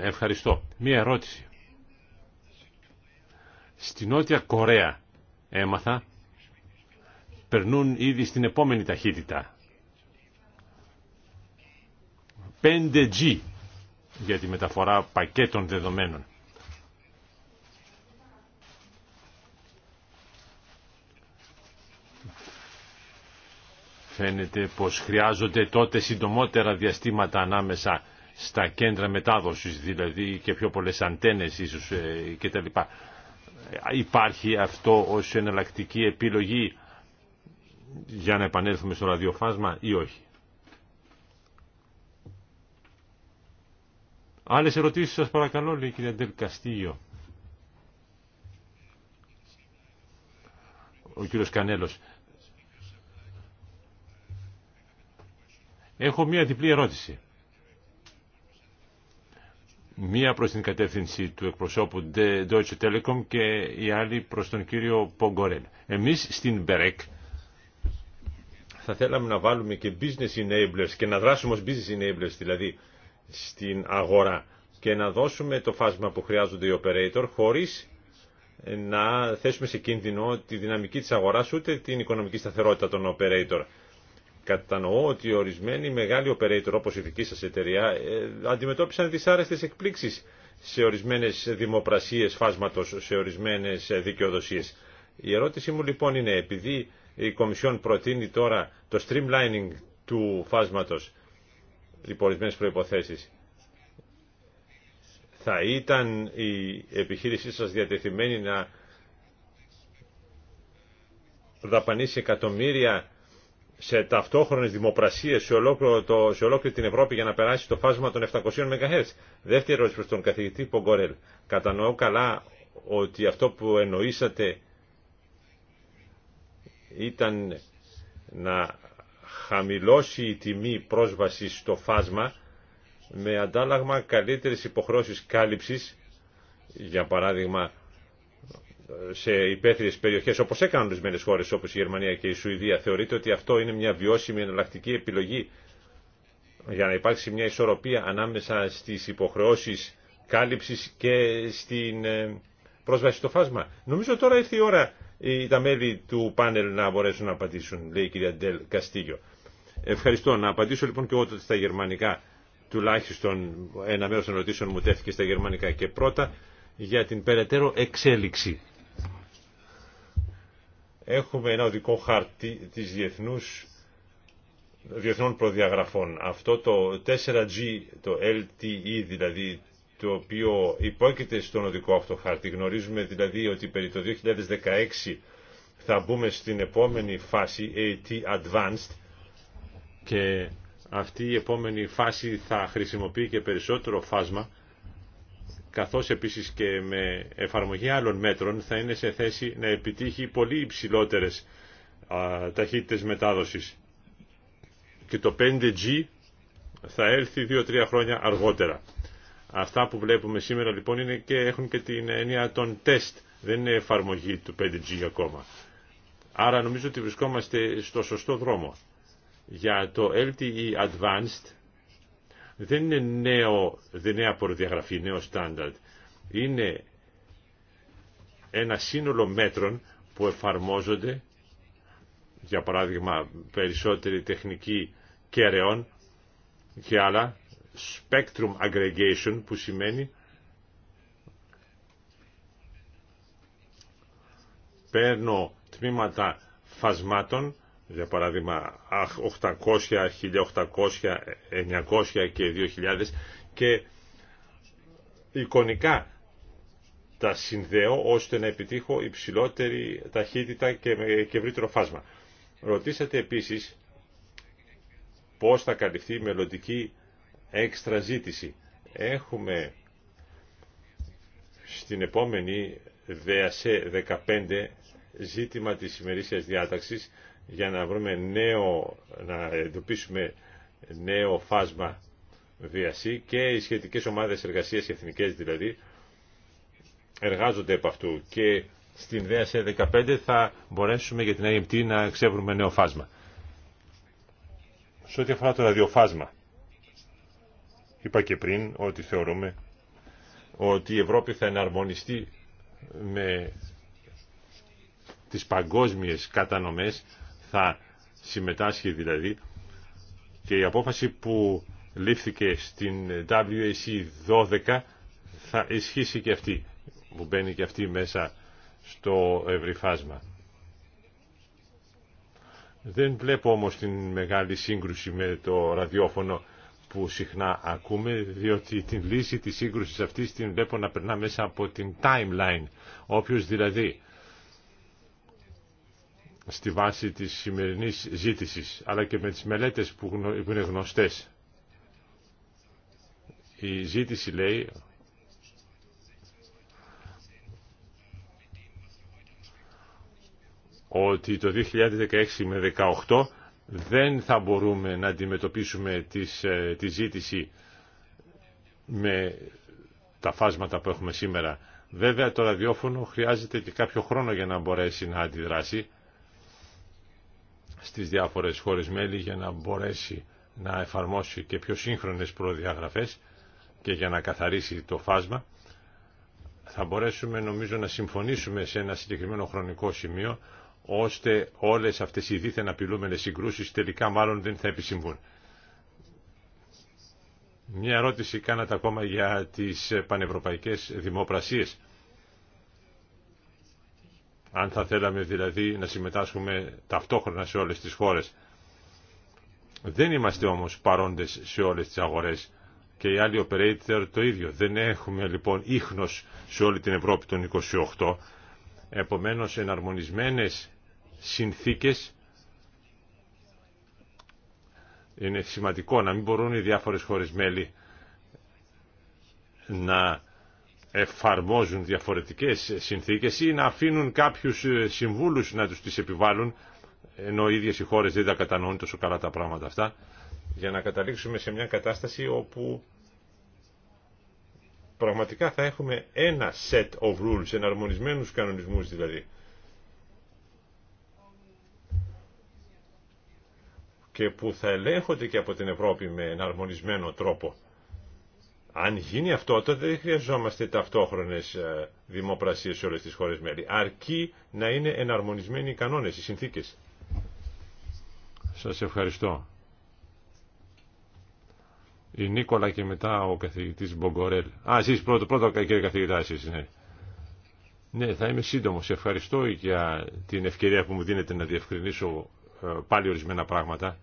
ευχαριστώ. Μία ερώτηση. Στη Νότια Κορέα έμαθα περνούν ήδη στην επόμενη ταχύτητα. 5G για τη μεταφορά πακέτων δεδομένων. Φαίνεται πως χρειάζονται τότε συντομότερα διαστήματα ανάμεσα στα κέντρα μετάδοσης, δηλαδή και πιο πολλές αντένες ίσως ε, και λοιπά. Υπάρχει αυτό ως εναλλακτική επιλογή για να επανέλθουμε στο ραδιοφάσμα ή όχι. Άλλες ερωτήσεις σας παρακαλώ, λέει η κυρία Ντελ Καστίγιο. Ο κύριος Κανέλος. Έχω μία διπλή ερώτηση. Μία προς την κατεύθυνση του εκπροσώπου Deutsche Telekom και η άλλη προς τον κύριο Πογκορέλ. Εμείς στην Μπερέκ θα θέλαμε να βάλουμε και business enablers και να δράσουμε ως business enablers δηλαδή στην αγορά και να δώσουμε το φάσμα που χρειάζονται οι operator χωρίς να θέσουμε σε κίνδυνο τη δυναμική της αγοράς ούτε την οικονομική σταθερότητα των operator. Κατανοώ ότι ορισμένοι μεγάλοι operator όπως η δική σας εταιρεία ε, αντιμετώπισαν δυσάρεστες εκπλήξεις σε ορισμένες δημοπρασίες φάσματος, σε ορισμένες δικαιοδοσίες. Η ερώτησή μου λοιπόν είναι, επειδή η Κομισιόν προτείνει τώρα το streamlining του φάσματος υπό ορισμένε προϋποθέσεις, θα ήταν η επιχείρησή σας διατεθειμένη να δαπανίσει εκατομμύρια σε ταυτόχρονες δημοπρασίες σε, το, σε ολόκληρη την Ευρώπη για να περάσει το φάσμα των 700 MHz. Δεύτερη ερώτηση προς τον καθηγητή Πογκορέλ. Κατανοώ καλά ότι αυτό που εννοήσατε ήταν να χαμηλώσει η τιμή πρόσβασης στο φάσμα με αντάλλαγμα καλύτερες υποχρώσεις κάλυψης, για παράδειγμα σε υπαίθριε περιοχέ όπω έκαναν ορισμένε χώρε όπω η Γερμανία και η Σουηδία, θεωρείτε ότι αυτό είναι μια βιώσιμη εναλλακτική επιλογή για να υπάρξει μια ισορροπία ανάμεσα στι υποχρεώσει κάλυψη και στην ε, πρόσβαση στο φάσμα. Νομίζω τώρα ήρθε η ώρα τα μέλη του πάνελ να μπορέσουν να απαντήσουν, λέει η κυρία Ντέλ Καστίγιο. Ευχαριστώ. Να απαντήσω λοιπόν και εγώ στα γερμανικά. Τουλάχιστον ένα μέρο των ερωτήσεων μου τέθηκε στα γερμανικά και πρώτα για την περαιτέρω εξέλιξη Έχουμε ένα οδικό χάρτη της διεθνούς διεθνών προδιαγραφών. Αυτό το 4G, το LTE δηλαδή, το οποίο υπόκειται στον οδικό αυτό χάρτη. Γνωρίζουμε δηλαδή ότι περί το 2016 θα μπούμε στην επόμενη φάση, AT Advanced, και αυτή η επόμενη φάση θα χρησιμοποιεί και περισσότερο φάσμα καθώς επίσης και με εφαρμογή άλλων μέτρων θα είναι σε θέση να επιτύχει πολύ υψηλότερες ταχύτητες μετάδοσης. Και το 5G θα έλθει 2-3 χρόνια αργότερα. Αυτά που βλέπουμε σήμερα λοιπόν είναι και έχουν και την έννοια των τεστ. Δεν είναι εφαρμογή του 5G ακόμα. Άρα νομίζω ότι βρισκόμαστε στο σωστό δρόμο. Για το LTE Advanced δεν είναι νέο, δεν νέα προδιαγραφή, νέο στάνταρτ. Είναι ένα σύνολο μέτρων που εφαρμόζονται, για παράδειγμα περισσότερη τεχνική κεραιών και άλλα, spectrum aggregation που σημαίνει παίρνω τμήματα φασμάτων για παράδειγμα 800, 1800, 900 και 2000 και εικονικά τα συνδέω ώστε να επιτύχω υψηλότερη ταχύτητα και ευρύτερο φάσμα. Ρωτήσατε επίσης πώς θα καλυφθεί η μελλοντική έξτρα ζήτηση. Έχουμε στην επόμενη ΔΕΑΣΕ 15 ζήτημα της ημερήσιας διάταξης για να βρούμε νέο, να εντοπίσουμε νέο φάσμα βίαση και οι σχετικές ομάδες εργασίας, οι εθνικές δηλαδή, εργάζονται από αυτού και στην ΔΕΑΣΕ 15 θα μπορέσουμε για την IMT να ξεύρουμε νέο φάσμα. Σε ό,τι αφορά το ραδιοφάσμα, είπα και πριν ότι θεωρούμε ότι η Ευρώπη θα εναρμονιστεί με τις παγκόσμιες κατανομές θα συμμετάσχει δηλαδή και η απόφαση που λήφθηκε στην WAC 12 θα ισχύσει και αυτή που μπαίνει και αυτή μέσα στο ευρυφάσμα. Δεν βλέπω όμως την μεγάλη σύγκρουση με το ραδιόφωνο που συχνά ακούμε, διότι την λύση της σύγκρουσης αυτής την βλέπω να περνά μέσα από την timeline. Όποιος δηλαδή στη βάση της σημερινής ζήτησης, αλλά και με τις μελέτες που είναι γνωστές. Η ζήτηση λέει ότι το 2016 με 2018 δεν θα μπορούμε να αντιμετωπίσουμε τις, ε, τη ζήτηση με τα φάσματα που έχουμε σήμερα. Βέβαια το ραδιόφωνο χρειάζεται και κάποιο χρόνο για να μπορέσει να αντιδράσει στις διάφορες χώρες μέλη για να μπορέσει να εφαρμόσει και πιο σύγχρονες προδιαγραφές και για να καθαρίσει το φάσμα θα μπορέσουμε νομίζω να συμφωνήσουμε σε ένα συγκεκριμένο χρονικό σημείο ώστε όλες αυτές οι δίθεν απειλούμενες συγκρούσεις τελικά μάλλον δεν θα επισυμβούν. Μια ερώτηση κάνατε ακόμα για τις πανευρωπαϊκές δημοπρασίες αν θα θέλαμε δηλαδή να συμμετάσχουμε ταυτόχρονα σε όλες τις χώρες. Δεν είμαστε όμως παρόντες σε όλες τις αγορές και οι άλλοι operator το ίδιο. Δεν έχουμε λοιπόν ίχνος σε όλη την Ευρώπη των 28. Επομένως εναρμονισμένες συνθήκες είναι σημαντικό να μην μπορούν οι διάφορες χώρες μέλη να εφαρμόζουν διαφορετικές συνθήκες ή να αφήνουν κάποιους ε, συμβούλους να τους τις επιβάλλουν ενώ οι ίδιες οι χώρες δεν τα κατανοούν τόσο καλά τα πράγματα αυτά για να καταλήξουμε σε μια κατάσταση όπου πραγματικά θα έχουμε ένα set of rules, εναρμονισμένους κανονισμούς δηλαδή. και που θα ελέγχονται και από την Ευρώπη με εναρμονισμένο τρόπο. Αν γίνει αυτό, τότε δεν χρειαζόμαστε ταυτόχρονε ε, δημοπρασίες σε όλες τις χώρες μέλη. Αρκεί να είναι εναρμονισμένοι οι κανόνες, οι συνθήκες. Σας ευχαριστώ. Η Νίκολα και μετά ο καθηγητής Μπογκορέλ. Α, εσεί πρώτο, πρώτο κύριε καθηγητά, εσείς, ναι. Ναι, θα είμαι σύντομος. Ευχαριστώ για την ευκαιρία που μου δίνετε να διευκρινίσω ε, πάλι ορισμένα πράγματα.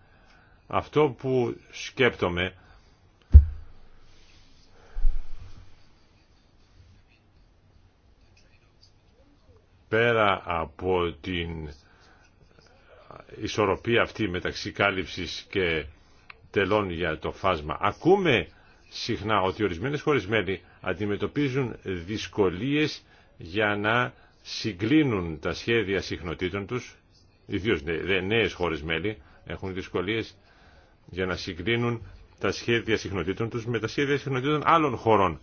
Αυτό που σκέπτομαι πέρα από την ισορροπία αυτή μεταξύ κάλυψης και τελών για το φάσμα. Ακούμε συχνά ότι ορισμένες χωρισμένοι μέλη αντιμετωπίζουν δυσκολίες για να συγκλίνουν τα σχέδια συχνοτήτων τους, ιδίως νέες χώρες μέλη έχουν δυσκολίες για να συγκλίνουν τα σχέδια συχνοτήτων τους με τα σχέδια συχνοτήτων άλλων χωρών,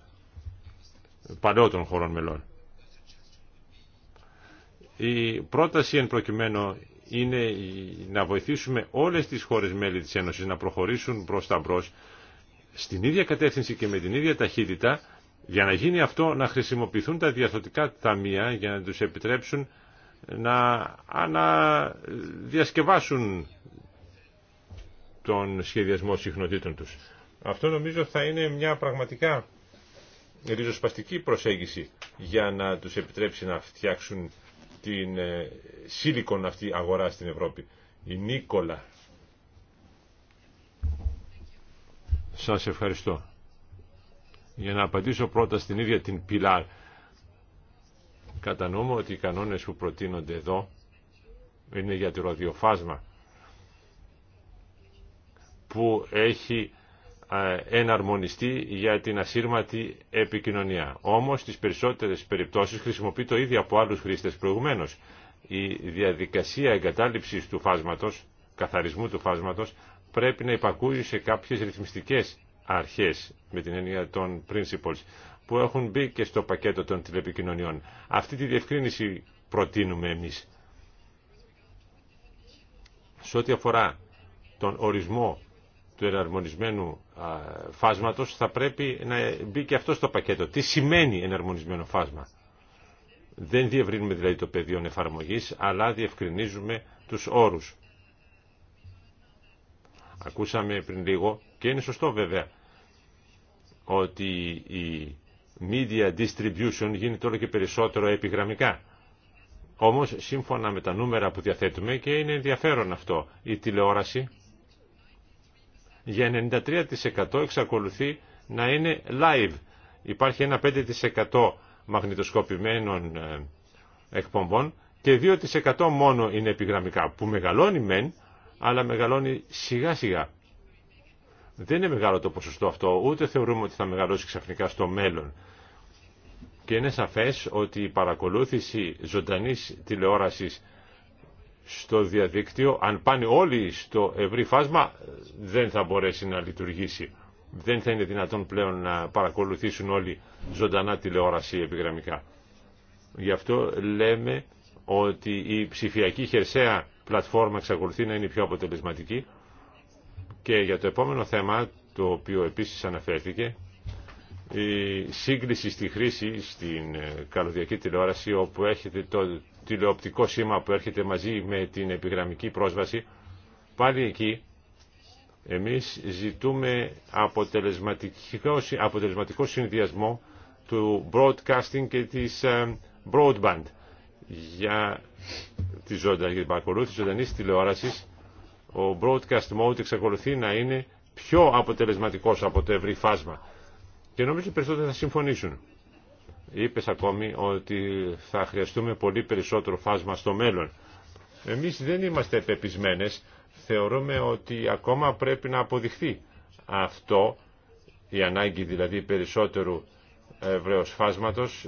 παλαιότερων χωρών μελών. Η πρόταση εν προκειμένου είναι να βοηθήσουμε όλες τις χώρες μέλη της Ένωσης να προχωρήσουν προς τα μπρος στην ίδια κατεύθυνση και με την ίδια ταχύτητα για να γίνει αυτό να χρησιμοποιηθούν τα διαθωτικά ταμεία για να τους επιτρέψουν να αναδιασκευάσουν τον σχεδιασμό συχνοτήτων τους. Αυτό νομίζω θα είναι μια πραγματικά ριζοσπαστική προσέγγιση για να τους επιτρέψει να φτιάξουν την σίλικον ε, αυτή αγορά στην Ευρώπη. Η Νίκολα. Σας ευχαριστώ. Για να απαντήσω πρώτα στην ίδια την Πιλάρ. Κατανοούμε ότι οι κανόνες που προτείνονται εδώ είναι για το ροδιοφάσμα. που έχει εναρμονιστεί για την ασύρματη επικοινωνία. Όμως στις περισσότερες περιπτώσεις χρησιμοποιεί το ίδιο από άλλους χρήστες προηγουμένως. Η διαδικασία εγκατάλειψης του φάσματος, καθαρισμού του φάσματος, πρέπει να υπακούει σε κάποιες ρυθμιστικές αρχές, με την έννοια των principles, που έχουν μπει και στο πακέτο των τηλεπικοινωνιών. Αυτή τη διευκρίνηση προτείνουμε εμείς. Σε ό,τι αφορά τον ορισμό του εναρμονισμένου φάσματος θα πρέπει να μπει και αυτό στο πακέτο. Τι σημαίνει εναρμονισμένο φάσμα. Δεν διευρύνουμε δηλαδή το πεδίο εφαρμογής, αλλά διευκρινίζουμε τους όρους. Ακούσαμε πριν λίγο, και είναι σωστό βέβαια, ότι η media distribution γίνεται όλο και περισσότερο επιγραμμικά. Όμως, σύμφωνα με τα νούμερα που διαθέτουμε, και είναι ενδιαφέρον αυτό, η τηλεόραση για 93% εξακολουθεί να είναι live. Υπάρχει ένα 5% μαγνητοσκοπημένων ε, εκπομπών και 2% μόνο είναι επιγραμμικά, που μεγαλώνει μεν, αλλά μεγαλώνει σιγά σιγά. Δεν είναι μεγάλο το ποσοστό αυτό, ούτε θεωρούμε ότι θα μεγαλώσει ξαφνικά στο μέλλον. Και είναι σαφές ότι η παρακολούθηση ζωντανής τηλεόρασης στο διαδίκτυο, αν πάνε όλοι στο ευρύ φάσμα, δεν θα μπορέσει να λειτουργήσει. Δεν θα είναι δυνατόν πλέον να παρακολουθήσουν όλοι ζωντανά τηλεόραση επιγραμμικά. Γι' αυτό λέμε ότι η ψηφιακή χερσαία πλατφόρμα εξακολουθεί να είναι πιο αποτελεσματική και για το επόμενο θέμα, το οποίο επίσης αναφέρθηκε, η σύγκριση στη χρήση στην ε, καλωδιακή τηλεόραση όπου έχετε το τηλεοπτικό σήμα που έρχεται μαζί με την επιγραμμική πρόσβαση, πάλι εκεί εμείς ζητούμε αποτελεσματικό, συνδυασμό του broadcasting και της ε, broadband για τη ζωντανή την παρακολούθηση ζωντανής τηλεόρασης ο broadcast mode εξακολουθεί να είναι πιο αποτελεσματικός από το ευρύ φάσμα και νομίζω ότι περισσότερο θα συμφωνήσουν είπες ακόμη ότι θα χρειαστούμε πολύ περισσότερο φάσμα στο μέλλον. Εμείς δεν είμαστε επεπισμένες, θεωρούμε ότι ακόμα πρέπει να αποδειχθεί αυτό, η ανάγκη δηλαδή περισσότερου ευρέως φάσματος.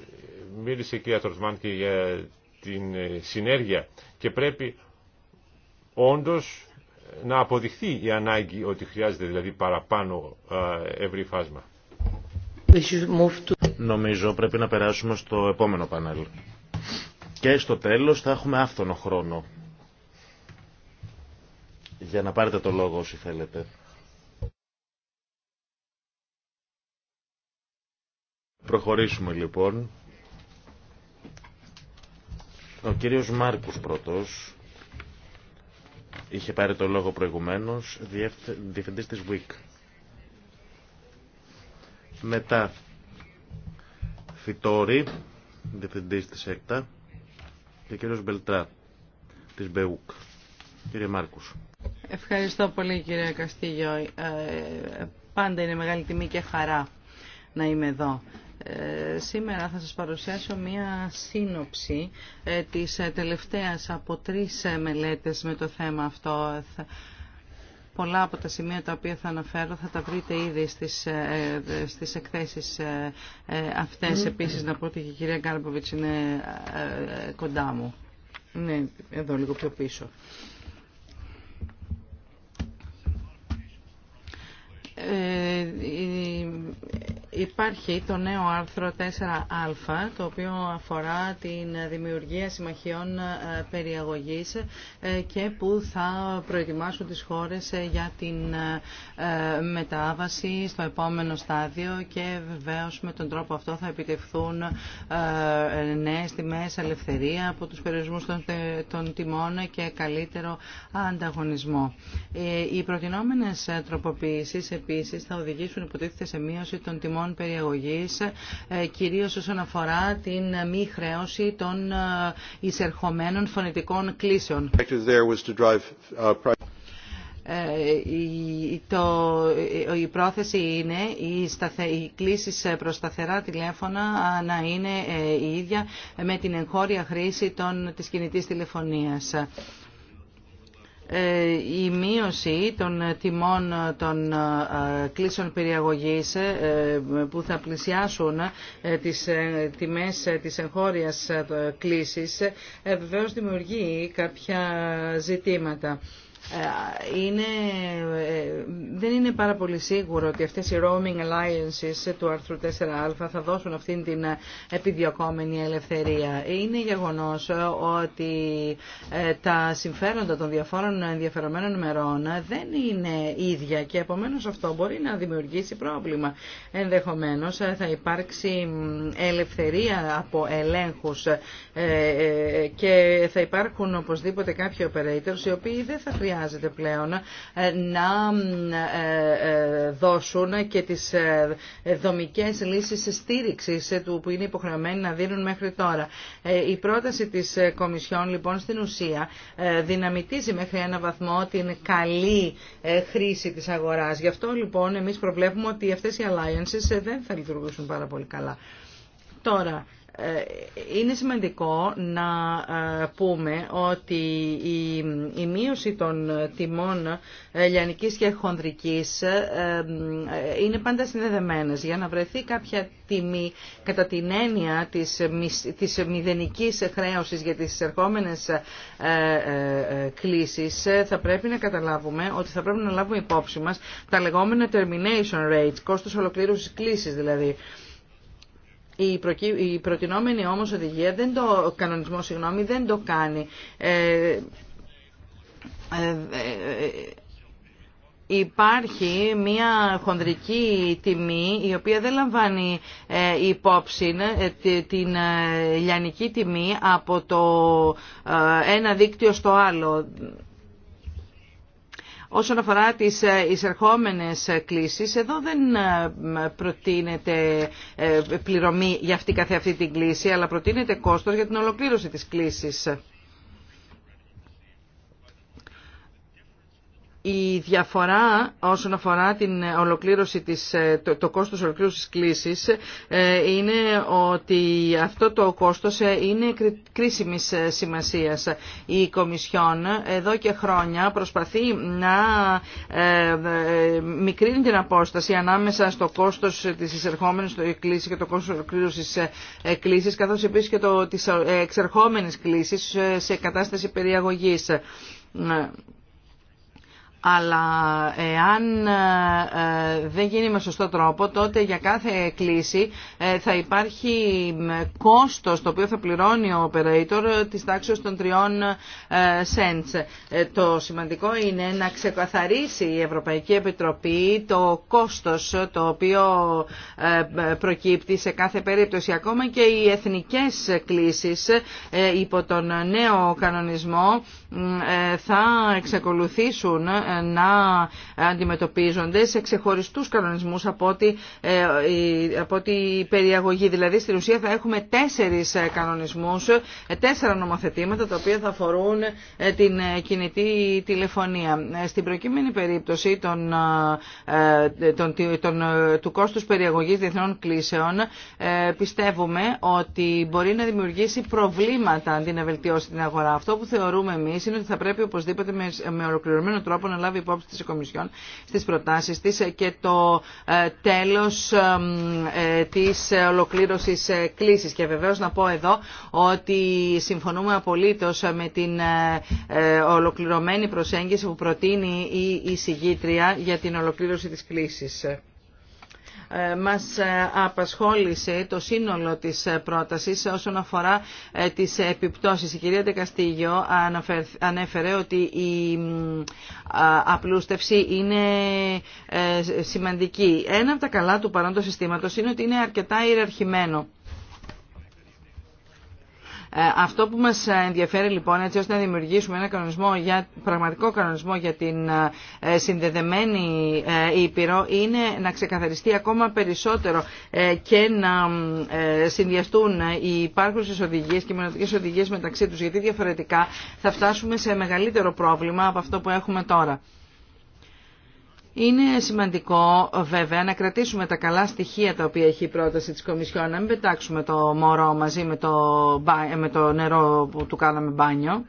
Μίλησε η κυρία και για την ε, συνέργεια και πρέπει όντως να αποδειχθεί η ανάγκη ότι χρειάζεται δηλαδή παραπάνω ε, ευρύ φάσμα. Νομίζω πρέπει να περάσουμε στο επόμενο πανέλ. Και στο τέλος θα έχουμε άφθονο χρόνο. Για να πάρετε το λόγο όσοι θέλετε. Προχωρήσουμε λοιπόν. Ο κύριος Μάρκους πρώτος είχε πάρει το λόγο προηγουμένως, διευθυντής της WIC. Μετά Φιτόρη, διευθυντής της ΕΚΤΑ και κύριος Μπελτρά της ΜΠΕΟΚ. Κύριε Μάρκους. Ευχαριστώ πολύ κύριε Καστίγιο. Ε, πάντα είναι μεγάλη τιμή και χαρά να είμαι εδώ. Ε, σήμερα θα σας παρουσιάσω μία σύνοψη ε, της ε, τελευταίας από τρεις ε, μελέτες με το θέμα αυτό. Πολλά από τα σημεία τα οποία θα αναφέρω θα τα βρείτε ήδη στις, ε, ε, στις εκθέσεις ε, αυτές. Επίσης να πω ότι η κυρία Γκάρμποβιτς είναι κοντά μου. Ναι, εδώ λίγο πιο πίσω. Υπάρχει το νέο άρθρο 4α, το οποίο αφορά την δημιουργία συμμαχιών ε, περιαγωγής ε, και που θα προετοιμάσουν τις χώρες ε, για την μετάβαση στο επόμενο στάδιο και βεβαίως με τον τρόπο αυτό θα επιτευχθούν νέες τιμές ελευθερία από τους περιορισμούς των τιμών και καλύτερο ανταγωνισμό. Οι προτινόμενες τροποποιήσεις επίσης θα οδηγήσουν υποτίθεται σε μείωση των τιμών κυρίω περιεγωγής, ε, κυρίως όσον αφορά την μη χρέωση των ε, εισερχομένων φωνητικών κλήσεων. Uh, ε, το, η πρόθεση είναι οι, σταθε, οι κλήσεις προς σταθερά τηλέφωνα να είναι η ίδια με την εγχώρια χρήση των, της κινητής τηλεφωνίας. Ε, η μείωση των τιμών των ε, κλίσεων περιαγωγής ε, που θα πλησιάσουν τις τιμές της εγχώριας κλίσης βεβαίως δημιουργεί κάποια ζητήματα. Ε, είναι, ε, δεν είναι πάρα πολύ σίγουρο ότι αυτές οι roaming alliances του άρθρου 4α θα δώσουν αυτήν την ε, επιδιωκόμενη ελευθερία. Είναι γεγονός ότι τα συμφέροντα των διαφόρων ενδιαφερομένων μερών δεν είναι ίδια και επομένως αυτό μπορεί να δημιουργήσει πρόβλημα. Ενδεχομένως θα υπάρξει ελευθερία από ελέγχους και θα υπάρχουν οπωσδήποτε κάποιοι operators οι οποίοι δεν θα χρειάζονται χρειάζεται πλέον ε, να ε, ε, δώσουν και τις δομικές λύσεις στήριξης του που είναι υποχρεωμένοι να δίνουν μέχρι τώρα. Η πρόταση της Κομισιόν λοιπόν στην ουσία δυναμητίζει μέχρι ένα βαθμό την καλή χρήση της αγοράς. Γι' αυτό λοιπόν εμείς προβλέπουμε ότι αυτές οι alliances δεν θα λειτουργήσουν πάρα πολύ καλά. Τώρα, ε, είναι σημαντικό να ε, πούμε ότι η, η μείωση των τιμών λιανικής και χονδρικής ε, είναι πάντα συνδεδεμένες. Για να βρεθεί κάποια τιμή κατά την έννοια της, της μηδενικής χρέωσης για τις ερχόμενες κλήσεις θα πρέπει να καταλάβουμε ότι θα πρέπει να λάβουμε υπόψη μας τα λεγόμενα termination rates, κόστος ολοκλήρωσης κλήσης δηλαδή. Η, προτινόμενη όμως οδηγία, δεν το... κανονισμό συγγνώμη, δεν το κάνει. Ε, ε, ε, υπάρχει μία χονδρική τιμή η οποία δεν λαμβάνει υπόψη την λιανική τιμή από το ένα δίκτυο στο άλλο. Όσον αφορά τις ε, εισερχόμενες ε, κλήσεις, εδώ δεν ε, προτείνεται πληρωμή για αυτή καθε αυτή την κλήση, αλλά προτείνεται κόστος για την ολοκλήρωση της κλήσης. η διαφορά όσον αφορά την ολοκλήρωση της, το, το κόστος ολοκλήρωσης κλήσης ε, είναι ότι αυτό το κόστος ε, είναι κρίσιμης ε, σημασίας. Η Κομισιόν εδώ και χρόνια προσπαθεί να μικρύνει την απόσταση ανάμεσα στο κόστος της εισερχόμενης κλήσης και το κόστος ολοκλήρωσης κλήσης καθώς επίσης και το, της εξερχόμενης κλήσης σε κατάσταση περιαγωγής αλλά εάν ε, δεν γίνει με σωστό τρόπο, τότε για κάθε κλίση ε, θα υπάρχει κόστος το οποίο θα πληρώνει ο operator της τάξης των τριών ε, cents. Το σημαντικό είναι να ξεκαθαρίσει η Ευρωπαϊκή Επιτροπή το κόστος το οποίο προκύπτει σε κάθε περίπτωση. Ακόμα και οι εθνικές κλήσεις υπό τον νέο κανονισμό θα εξακολουθήσουν να αντιμετωπίζονται σε ξεχωριστούς κανονισμούς από ό,τι, ε, από περιαγωγή. Δηλαδή στην ουσία θα έχουμε τέσσερις ε, κανονισμούς, ε, τέσσερα νομοθετήματα τα οποία θα αφορούν την κινητή τηλεφωνία. Στην προκείμενη περίπτωση των, του κόστους περιαγωγής διεθνών κλίσεων πιστεύουμε ότι μπορεί να δημιουργήσει προβλήματα αντί να βελτιώσει την αγορά. Αυτό που θεωρούμε εμείς είναι ότι θα πρέπει οπωσδήποτε με, με ολοκληρωμένο τρόπο λάβει υπόψη της Κομισιόν στις προτάσεις της και το ε, τέλος ε, της ολοκλήρωσης ε, κλήσης. Και βεβαίως να πω εδώ ότι συμφωνούμε απολύτως με την ολοκληρωμένη προσέγγιση που προτείνει η εισηγήτρια για την ολοκλήρωση της κλήσης. Ε, μας ε, απασχόλησε το σύνολο της ε, πρότασης όσον αφορά τις επιπτώσεις. Η κυρία Ντεκαστήγιο ανέφερε ότι η απλούστευση είναι σημαντική. Ένα από τα καλά του παρόντο συστήματος είναι ότι είναι αρκετά ιεραρχημένο. Ε, αυτό που μας ενδιαφέρει λοιπόν έτσι ώστε να δημιουργήσουμε ένα κανονισμό για, πραγματικό κανονισμό για την ε, συνδεδεμένη ε, Ήπειρο είναι να ξεκαθαριστεί ακόμα περισσότερο και να συνδυαστούν οι υπάρχουσες οδηγίες και οι μοναδικές οδηγίες μεταξύ τους γιατί διαφορετικά θα φτάσουμε σε μεγαλύτερο πρόβλημα από αυτό που έχουμε τώρα. Είναι σημαντικό βέβαια να κρατήσουμε τα καλά στοιχεία τα οποία έχει η πρόταση της Κομισιόν, να μην πετάξουμε το μωρό μαζί με το, με το νερό που του κάναμε μπάνιο.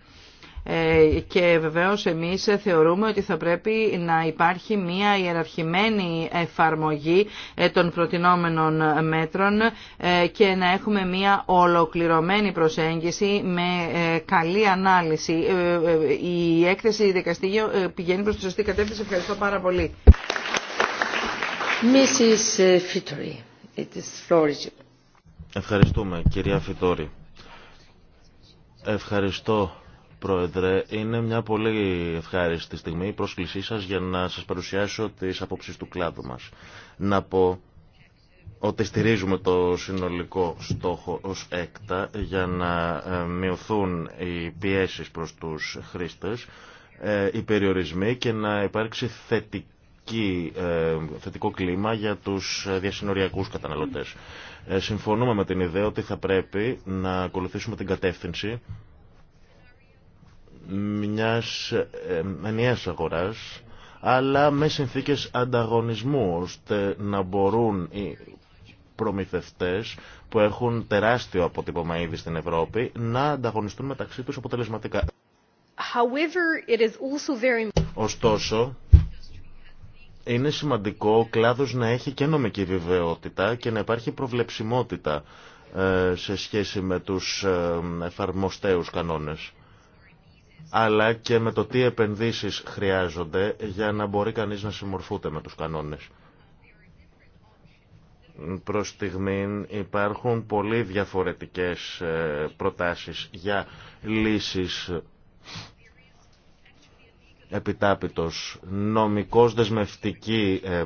Ε, και βεβαίως εμείς θεωρούμε ότι θα πρέπει να υπάρχει μια ιεραρχημένη εφαρμογή ε, των προτινόμενων μέτρων ε, και να έχουμε μια ολοκληρωμένη προσέγγιση με καλή ανάλυση. Η έκθεση δικαστήριο πηγαίνει προς τη σωστή κατεύθυνση. Ευχαριστώ πάρα πολύ. Ευχαριστούμε κυρία Φιτόρη. Ευχαριστώ Πρόεδρε. Είναι μια πολύ ευχάριστη στιγμή η πρόσκλησή σας για να σας παρουσιάσω τις απόψεις του κλάδου μας. Να πω ότι στηρίζουμε το συνολικό στόχο ως έκτα για να ε, μειωθούν οι πιέσεις προς τους χρήστες, ε, οι περιορισμοί και να υπάρξει θετική ε, θετικό κλίμα για τους διασυνοριακούς καταναλωτές. συμφωνούμε με την ιδέα ότι θα πρέπει να ακολουθήσουμε την κατεύθυνση μιας ε, ενιαίας αγοράς, αλλά με συνθήκες ανταγωνισμού, ώστε να μπορούν οι προμηθευτές που έχουν τεράστιο αποτύπωμα ήδη στην Ευρώπη να ανταγωνιστούν μεταξύ τους αποτελεσματικά. Ωστόσο, είναι σημαντικό ο κλάδος να έχει και νομική βεβαιότητα και να υπάρχει προβλεψιμότητα ε, σε σχέση με τους ε, εφαρμοστέους κανόνες αλλά και με το τι επενδύσεις χρειάζονται για να μπορεί κανείς να συμμορφούται με τους κανόνες. Προς στιγμήν υπάρχουν πολύ διαφορετικές ε, προτάσεις για λύσεις επιτάπητος, νομικός δεσμευτική ε,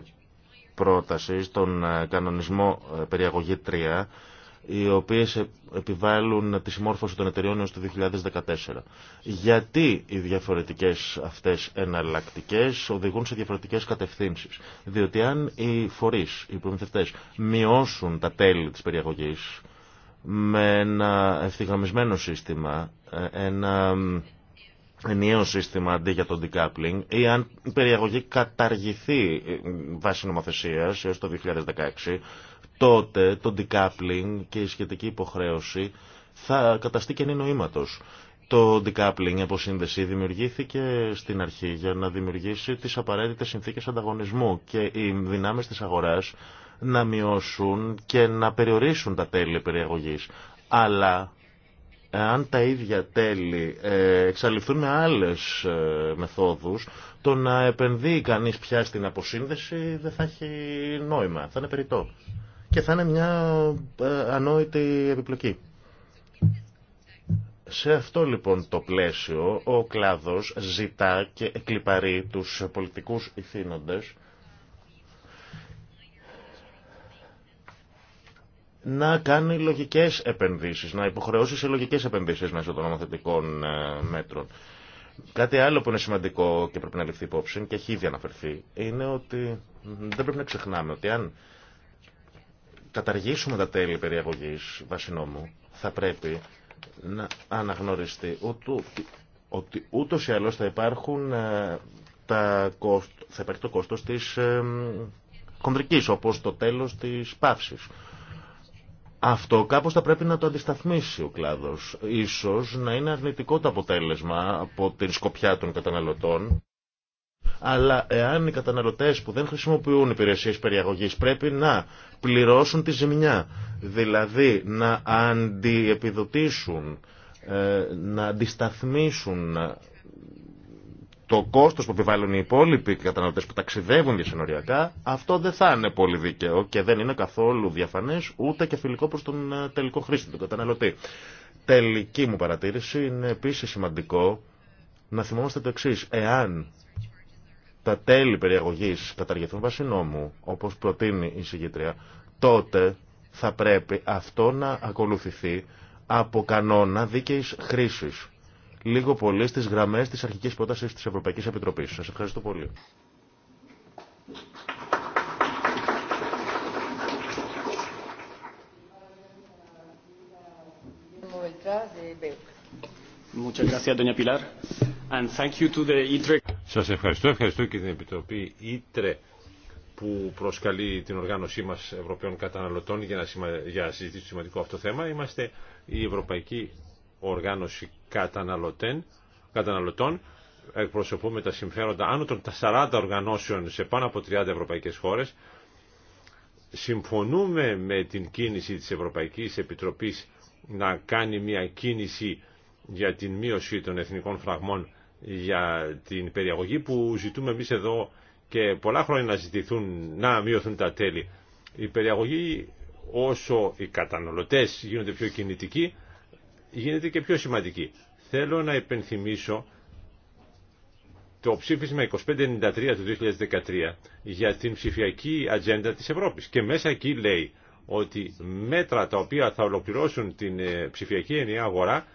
πρόταση στον ε, κανονισμό περιαγωγή 3 οι οποίες επιβάλλουν τη συμμόρφωση των εταιριών έως το 2014. Γιατί οι διαφορετικές αυτές εναλλακτικές οδηγούν σε διαφορετικές κατευθύνσεις. Διότι αν οι φορείς, οι προμηθευτές, μειώσουν τα τέλη της περιαγωγής με ένα ευθυγραμμισμένο σύστημα, ε, ένα ενιαίο σύστημα αντί για το decoupling ή αν η περιαγωγή καταργηθεί ε, βάση νομοθεσία έω το 2016, τότε το decoupling και η σχετική υποχρέωση θα καταστεί καινή νοήματος. Το decoupling, η αποσύνδεση, δημιουργήθηκε στην αρχή για να δημιουργήσει τις απαραίτητες συνθήκες ανταγωνισμού και οι δυνάμεις της αγοράς να μειώσουν και να περιορίσουν τα τέλη περιεγωγής. Αλλά αν τα ίδια τέλη ε, εξαλειφθούν με άλλες ε, μεθόδους, το να επενδύει κανείς πια στην αποσύνδεση δεν θα έχει νόημα, θα είναι περιττό και θα είναι μια ε, ανόητη επιπλοκή. Σε αυτό λοιπόν το πλαίσιο ο κλάδος ζητά και εκλυπαρεί τους πολιτικούς ηθήνοντες να κάνει λογικές επενδύσεις, να υποχρεώσει σε λογικές επενδύσεις μέσω των νομοθετικών ε, μέτρων. Κάτι άλλο που είναι σημαντικό και πρέπει να ληφθεί υπόψη και έχει ήδη αναφερθεί είναι ότι δεν πρέπει να ξεχνάμε ότι αν καταργήσουμε τα τέλη περιαγωγής βασινόμου, θα πρέπει να αναγνωριστεί ότι ούτως ή άλλως θα υπάρχουν ε, τα θα υπάρχει το κόστος της ε, όπως το τέλος της παύσης. Αυτό κάπως θα πρέπει να το αντισταθμίσει ο κλάδος. Ίσως να είναι αρνητικό το αποτέλεσμα από την σκοπιά των καταναλωτών αλλά εάν οι καταναλωτέ που δεν χρησιμοποιούν υπηρεσίε περιαγωγή πρέπει να πληρώσουν τη ζημιά, δηλαδή να αντιεπιδοτήσουν, ε, να αντισταθμίσουν το κόστος που επιβάλλουν οι υπόλοιποι καταναλωτές που ταξιδεύουν διασυνοριακά, αυτό δεν θα είναι πολύ δίκαιο και δεν είναι καθόλου διαφανές ούτε και φιλικό προς τον ε, τελικό χρήστη, τον καταναλωτή. Τελική μου παρατήρηση είναι επίσης σημαντικό να θυμόμαστε το εξή. Εάν τα τέλη περιαγωγής καταργηθούν βάσει νόμου, όπως προτείνει η συγκήτρια, τότε θα πρέπει αυτό να ακολουθηθεί από κανόνα δίκαιης χρήσης. Λίγο πολύ στις γραμμές της αρχικής πρότασης της Ευρωπαϊκής Επιτροπής. Σας ευχαριστώ πολύ. Σας ευχαριστώ. Ευχαριστώ και την Επιτροπή Ήτρε που προσκαλεί την οργάνωσή μας Ευρωπαίων Καταναλωτών για να, σημα... για να συζητήσει το σημαντικό αυτό θέμα. Είμαστε η Ευρωπαϊκή Οργάνωση Καταναλωτών. Καταναλωτών. Εκπροσωπούμε τα συμφέροντα άνω των 40 οργανώσεων σε πάνω από 30 ευρωπαϊκές χώρες. Συμφωνούμε με την κίνηση της Ευρωπαϊκής Επιτροπής να κάνει μια κίνηση για την μείωση των εθνικών φραγμών για την περιαγωγή που ζητούμε εμείς εδώ και πολλά χρόνια να ζητηθούν να μειωθούν τα τέλη. Η περιαγωγή όσο οι καταναλωτές γίνονται πιο κινητικοί γίνεται και πιο σημαντική. Θέλω να επενθυμίσω το ψήφισμα 2593 του 2013 για την ψηφιακή ατζέντα της Ευρώπης και μέσα εκεί λέει ότι μέτρα τα οποία θα ολοκληρώσουν την ε, ψηφιακή ενιαία αγορά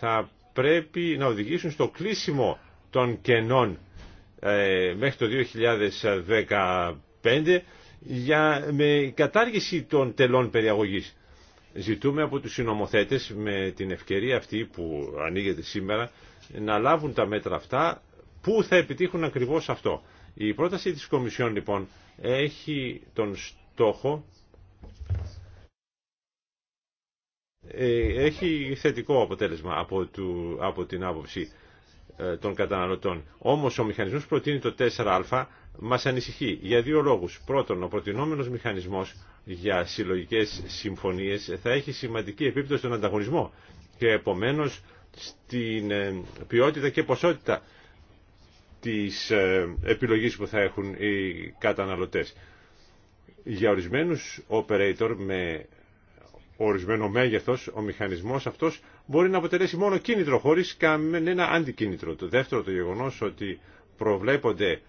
θα πρέπει να οδηγήσουν στο κλείσιμο των κενών ε, μέχρι το 2015 για, με κατάργηση των τελών περιαγωγής. Ζητούμε από τους συνομοθέτες με την ευκαιρία αυτή που ανοίγεται σήμερα να λάβουν τα μέτρα αυτά που θα επιτύχουν ακριβώς αυτό. Η πρόταση της Κομισιόν λοιπόν έχει τον στόχο Ε, έχει θετικό αποτέλεσμα από, του, από την άποψη ε, των καταναλωτών. Όμως ο μηχανισμός προτείνει το 4α μας ανησυχεί για δύο λόγους. Πρώτον, ο προτινόμενος μηχανισμός για συλλογικές συμφωνίες θα έχει σημαντική επίπτωση στον ανταγωνισμό και επομένως στην ε, ποιότητα και ποσότητα της επιλογής που θα έχουν οι καταναλωτές. Για ορισμένους operator με ορισμένο μέγεθος, ο μηχανισμός αυτός μπορεί να αποτελέσει μόνο κίνητρο χωρίς κανένα αντικίνητρο. Το δεύτερο το γεγονός ότι προβλέπονται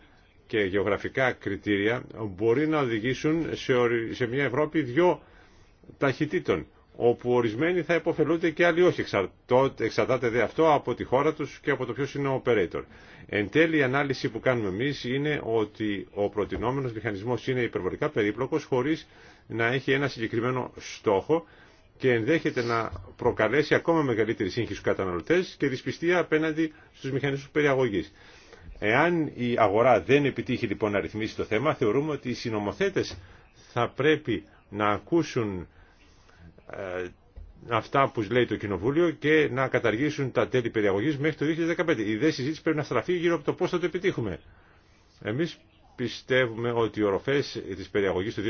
και γεωγραφικά κριτήρια μπορεί να οδηγήσουν σε μια Ευρώπη δυο ταχυτήτων όπου ορισμένοι θα υποφελούνται και άλλοι όχι. Εξαρτάται δε αυτό από τη χώρα τους και από το ποιος είναι ο operator. Εν τέλει η ανάλυση που κάνουμε εμείς είναι ότι ο προτινόμενος μηχανισμός είναι υπερβολικά περίπλοκος χωρίς να έχει ένα συγκεκριμένο στόχο και ενδέχεται να προκαλέσει ακόμα μεγαλύτερη σύγχυση στους καταναλωτές και δυσπιστία απέναντι στους μηχανισμούς περιαγωγής. Εάν η αγορά δεν επιτύχει λοιπόν να ρυθμίσει το θέμα, θεωρούμε ότι οι συνομοθέτες θα πρέπει να ακούσουν ε, αυτά που λέει το Κοινοβούλιο και να καταργήσουν τα τέλη περιαγωγή μέχρι το 2015. Η δε συζήτηση πρέπει να στραφεί γύρω από το πώ θα το επιτύχουμε. Εμείς πιστεύουμε ότι οι οροφέ της περιαγωγή του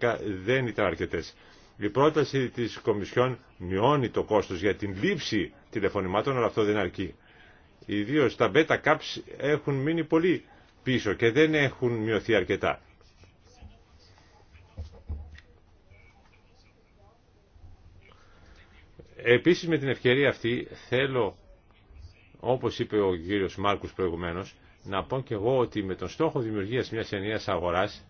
2012 δεν ήταν αρκετές. Η πρόταση της Κομισιόν μειώνει το κόστος για την λήψη τηλεφωνημάτων, αλλά αυτό δεν αρκεί. Ιδίω τα beta caps έχουν μείνει πολύ πίσω και δεν έχουν μειωθεί αρκετά. Επίσης με την ευκαιρία αυτή θέλω, όπως είπε ο κύριος Μάρκους προηγουμένως, να πω και εγώ ότι με τον στόχο δημιουργίας μιας ενιαίας αγοράς,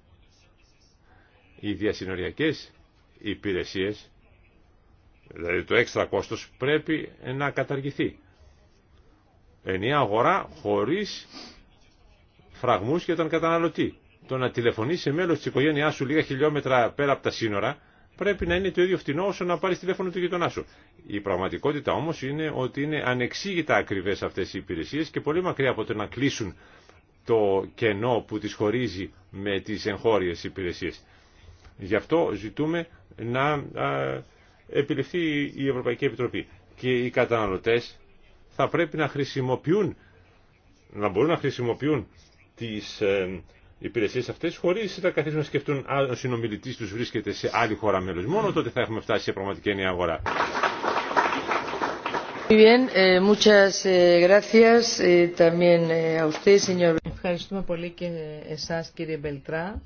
οι διασυνοριακές υπηρεσίες, δηλαδή το έξτρα κόστος, πρέπει να καταργηθεί. Ενιαία αγορά χωρίς φραγμούς για τον καταναλωτή. Το να σε μέλος της οικογένειάς σου λίγα χιλιόμετρα πέρα από τα σύνορα, πρέπει να είναι το ίδιο φτηνό όσο να πάρει τηλέφωνο του γειτονά σου. Η πραγματικότητα όμω είναι ότι είναι ανεξήγητα ακριβέ αυτέ οι υπηρεσίε και πολύ μακριά από το να κλείσουν το κενό που τις χωρίζει με τις εγχώριες υπηρεσίες. Γι' αυτό ζητούμε να επιληφθεί η Ευρωπαϊκή Επιτροπή. Και οι καταναλωτές θα πρέπει να χρησιμοποιούν, να μπορούν να χρησιμοποιούν τις ε, υπηρεσίε αυτέ χωρί. να καθίσουν να σκεφτούν αν ο συνομιλητής του βρίσκεται σε άλλη χώρα μέλο Μόνο τότε θα έχουμε φτάσει σε πραγματική ενιαία αγορά. Ευχαριστούμε πολύ και εσάς κύριε Μπελτρά.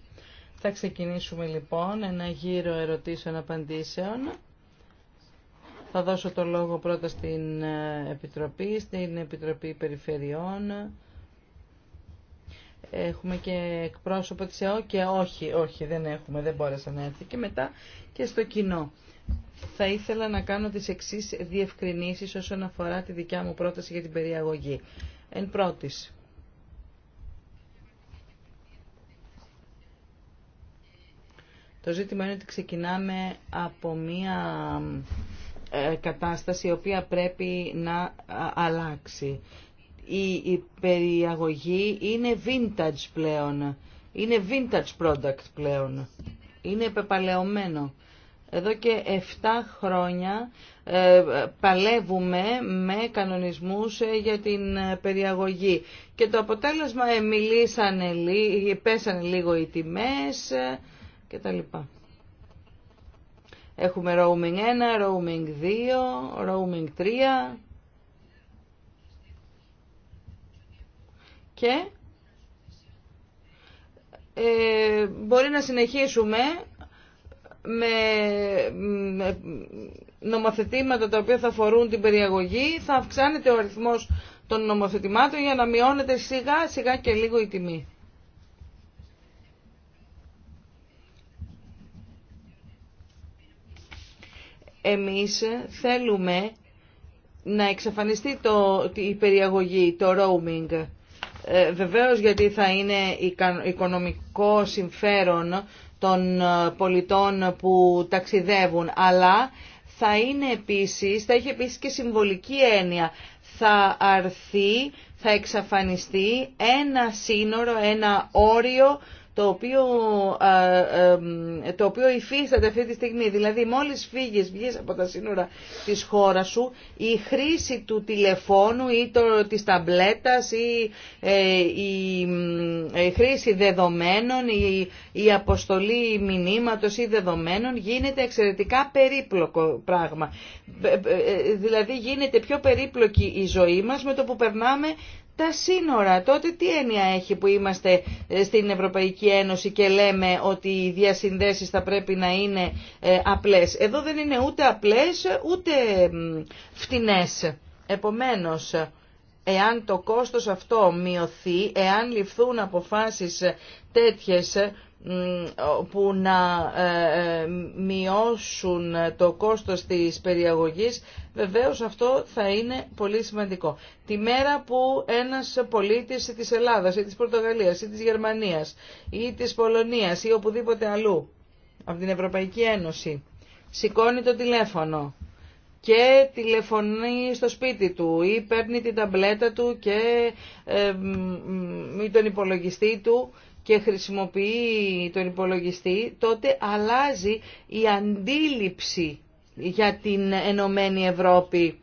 Θα ξεκινήσουμε λοιπόν ένα γύρο ερωτήσεων-απαντήσεων. Θα δώσω το λόγο πρώτα στην ε, Επιτροπή, στην Επιτροπή Περιφερειών Έχουμε και εκπρόσωπο της ΕΟ και όχι, όχι δεν έχουμε, δεν μπόρεσα να έρθει και μετά και στο κοινό. Θα ήθελα να κάνω τις εξής διευκρινήσεις όσον αφορά τη δικιά μου πρόταση για την περιαγωγή. Εν πρώτης, Το ζήτημα είναι ότι ξεκινάμε από μία ε, κατάσταση η οποία πρέπει να αλλάξει η περιαγωγή είναι vintage πλέον. Είναι vintage product πλέον. Είναι επεπαλαιωμένο. Εδώ και 7 χρόνια ε, παλεύουμε με κανονισμούς ε, για την ε, περιαγωγή. Και το αποτέλεσμα μιλήσανε, πέσανε λίγο οι τιμές και τα λοιπά. Έχουμε roaming 1, roaming 2, roaming 3 και ε, μπορεί να συνεχίσουμε με νομοθετήματα τα οποία θα αφορούν την περιαγωγή, θα αυξάνεται ο αριθμός των νομοθετημάτων για να μειώνεται σιγά σιγά και λίγο η τιμή. Εμείς θέλουμε να εξαφανιστεί το, η περιαγωγή, το roaming ε, βεβαίως γιατί θα είναι οικονομικό συμφέρον των ε, πολιτών που ταξιδεύουν, αλλά θα είναι επίσης, θα έχει επίσης και συμβολική έννοια. Θα αρθεί, θα εξαφανιστεί ένα σύνορο, ένα όριο το οποίο, το οποίο υφίσταται αυτή τη στιγμή. Δηλαδή μόλις φύγεις, βγεις από τα σύνορα της χώρας σου, η χρήση του τηλεφώνου ή το, της ταμπλέτας ή ε, η, ε, η χρήση δεδομένων, η, η αποστολή μηνύματος ή δεδομένων γίνεται εξαιρετικά περίπλοκο πράγμα. Ε, δηλαδή γίνεται πιο περίπλοκη η ζωή μας με το που περνάμε τα σύνορα. Τότε τι έννοια έχει που είμαστε ε, στην Ευρωπαϊκή Ένωση και λέμε ότι οι διασυνδέσεις θα πρέπει να είναι ε, απλές. Εδώ δεν είναι ούτε απλές ούτε φτηνές. Επομένως, εάν το κόστος αυτό μειωθεί, εάν ληφθούν αποφάσεις τέτοιες που να ε, ε, μειώσουν το κόστος της περιαγωγής, βεβαίως αυτό θα είναι πολύ σημαντικό. Τη μέρα που ένας πολίτης της Ελλάδας ή της Πορτογαλίας ή της Γερμανίας ή της Πολωνίας ή οπουδήποτε αλλού από την Ευρωπαϊκή Ένωση σηκώνει το τηλέφωνο και τηλεφωνεί στο σπίτι του ή παίρνει την ταμπλέτα του και ε, τον υπολογιστή του και χρησιμοποιεί τον υπολογιστή, τότε αλλάζει η αντίληψη για την Ενωμένη Ευρώπη.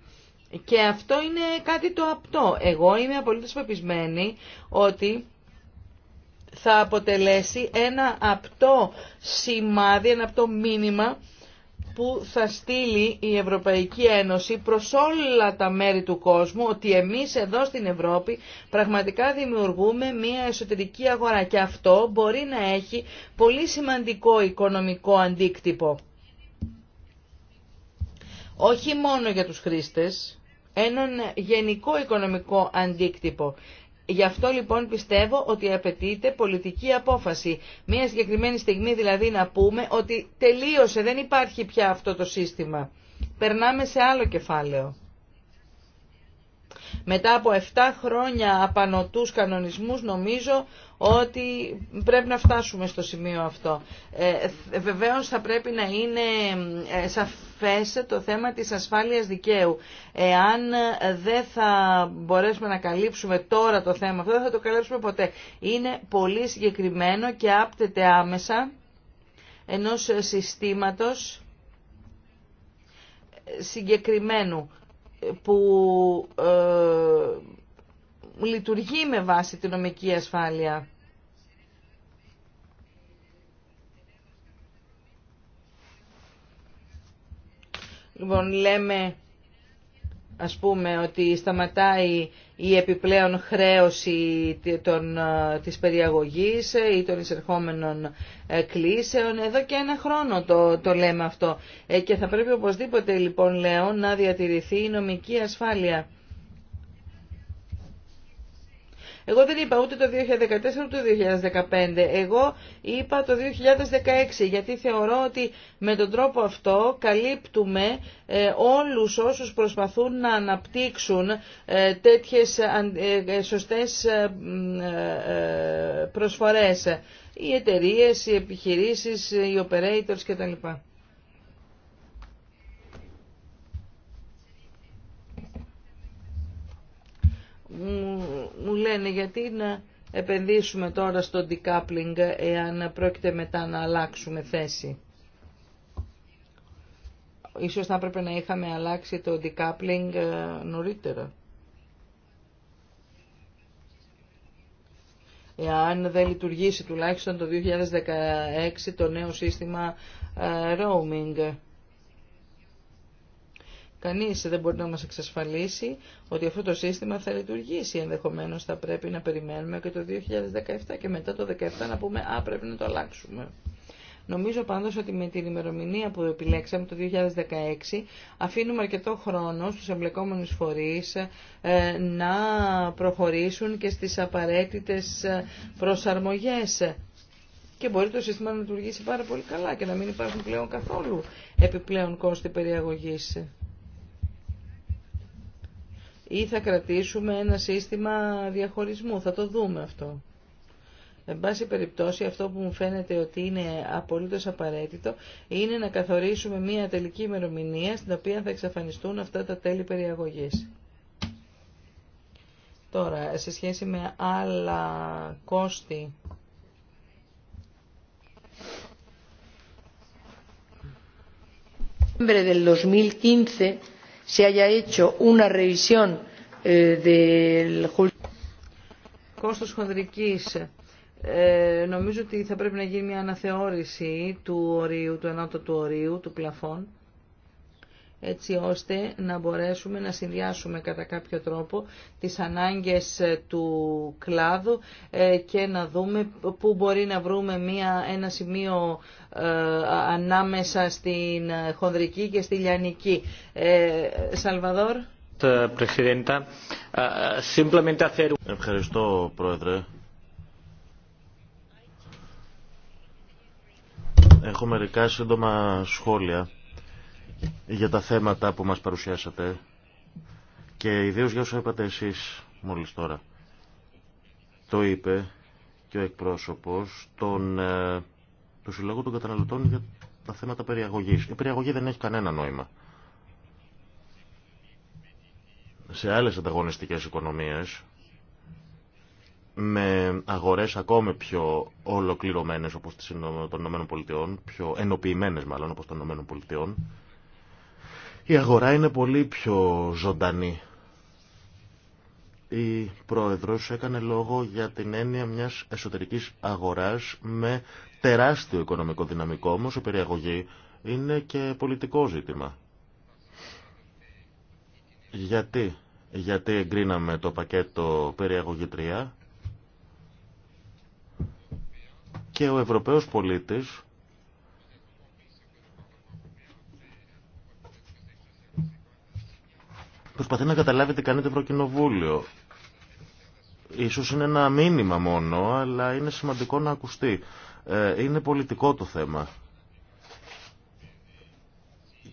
Και αυτό είναι κάτι το απτό. Εγώ είμαι απολύτως πεπισμένη ότι θα αποτελέσει ένα απτό σημάδι, ένα απτό μήνυμα που θα στείλει η Ευρωπαϊκή Ένωση προς όλα τα μέρη του κόσμου ότι εμείς εδώ στην Ευρώπη πραγματικά δημιουργούμε μια εσωτερική αγορά και αυτό μπορεί να έχει πολύ σημαντικό οικονομικό αντίκτυπο. Όχι μόνο για τους χρήστες, έναν γενικό οικονομικό αντίκτυπο. Γι' αυτό λοιπόν πιστεύω ότι απαιτείται πολιτική απόφαση. Μία συγκεκριμένη στιγμή δηλαδή να πούμε ότι τελείωσε, δεν υπάρχει πια αυτό το σύστημα. Περνάμε σε άλλο κεφάλαιο. Μετά από 7 χρόνια απανοτούς κανονισμούς νομίζω ότι πρέπει να φτάσουμε στο σημείο αυτό. Ε, ε βεβαίως θα πρέπει να είναι ε, σαφές το θέμα της ασφάλειας δικαίου. Εάν ε, δεν θα μπορέσουμε να καλύψουμε τώρα το θέμα αυτό, δεν θα το καλύψουμε ποτέ. Είναι πολύ συγκεκριμένο και άπτεται άμεσα ενός συστήματος συγκεκριμένου που ε, λειτουργεί με βάση την νομική ασφάλεια. Λοιπόν, λέμε ας πούμε ότι σταματάει η επιπλέον χρέωση των, ε, της περιαγωγής ή των εισερχόμενων ε, κλήσεων. Εδώ και ένα χρόνο το, το λέμε αυτό. Ε, και θα πρέπει οπωσδήποτε λοιπόν λέω να διατηρηθεί η νομική ασφάλεια. Εγώ δεν είπα ούτε το 2014 ούτε το 2015. Εγώ είπα το 2016 γιατί θεωρώ ότι με τον τρόπο αυτό καλύπτουμε ε, όλους όσους προσπαθούν να αναπτύξουν ε, τέτοιες ε, σωστές προσφορές. Οι εταιρείες, οι επιχειρήσεις, οι operators κτλ. μου, λένε γιατί να επενδύσουμε τώρα στο decoupling εάν πρόκειται μετά να αλλάξουμε θέση. Ίσως θα έπρεπε να είχαμε αλλάξει το decoupling ε, νωρίτερα. Εάν δεν λειτουργήσει τουλάχιστον το 2016 το νέο σύστημα ε, roaming. Κανείς δεν μπορεί να μας εξασφαλίσει ότι αυτό το σύστημα θα λειτουργήσει. Ενδεχομένως θα πρέπει να περιμένουμε και το 2017 και μετά το 2017 να πούμε «Α, πρέπει να το αλλάξουμε». Νομίζω πάντως ότι με την ημερομηνία που επιλέξαμε το 2016 αφήνουμε αρκετό χρόνο στους εμπλεκόμενους φορείς ε, να προχωρήσουν και στις απαραίτητες ε, προσαρμογές και μπορεί το σύστημα να λειτουργήσει πάρα πολύ καλά και να μην υπάρχουν πλέον καθόλου επιπλέον κόστη περιαγωγής ή θα κρατήσουμε ένα σύστημα διαχωρισμού. Θα το δούμε αυτό. Εν πάση περιπτώσει, αυτό που μου φαίνεται ότι είναι απολύτως απαραίτητο είναι να καθορίσουμε μια τελική ημερομηνία στην οποία θα εξαφανιστούν αυτά τα τέλη περιαγωγής. Τώρα, σε σχέση με άλλα κόστη del 2015 se haya hecho eh, κόστος χονδρική. Ε, νομίζω ότι θα πρέπει να γίνει μια αναθεώρηση του ορίου, του ενότητα του ορίου, του πλαφών έτσι ώστε να μπορέσουμε να συνδυάσουμε κατά κάποιο τρόπο τις ανάγκες ε, του κλάδου ε, και να δούμε πού μπορεί να βρούμε μια, ένα σημείο ε, ανάμεσα στην χονδρική και στη λιανική. Σαλβαδόρ. Ευχαριστώ, Πρόεδρε. Έχω μερικά σύντομα σχόλια για τα θέματα που μας παρουσιάσατε και ιδίως για όσα είπατε εσείς μόλις τώρα. Το είπε και ο εκπρόσωπος τον, ε, του Συλλόγου των Καταναλωτών για τα θέματα περιαγωγής. Η περιαγωγή δεν έχει κανένα νόημα. Σε άλλες ανταγωνιστικές οικονομίες με αγορές ακόμη πιο ολοκληρωμένες όπως των ΗΠΑ, πιο ενοποιημένες μάλλον όπως των ΗΠΑ, η αγορά είναι πολύ πιο ζωντανή. Η πρόεδρος έκανε λόγο για την έννοια μιας εσωτερικής αγοράς με τεράστιο οικονομικό δυναμικό, όμως η περιαγωγή είναι και πολιτικό ζήτημα. Γιατί, γιατί εγκρίναμε το πακέτο περιαγωγή 3 και ο Ευρωπαίος πολίτης Προσπαθεί να καταλάβει τι κάνει το Ευρωκοινοβούλιο. Ίσως είναι ένα μήνυμα μόνο, αλλά είναι σημαντικό να ακουστεί. Ε, είναι πολιτικό το θέμα.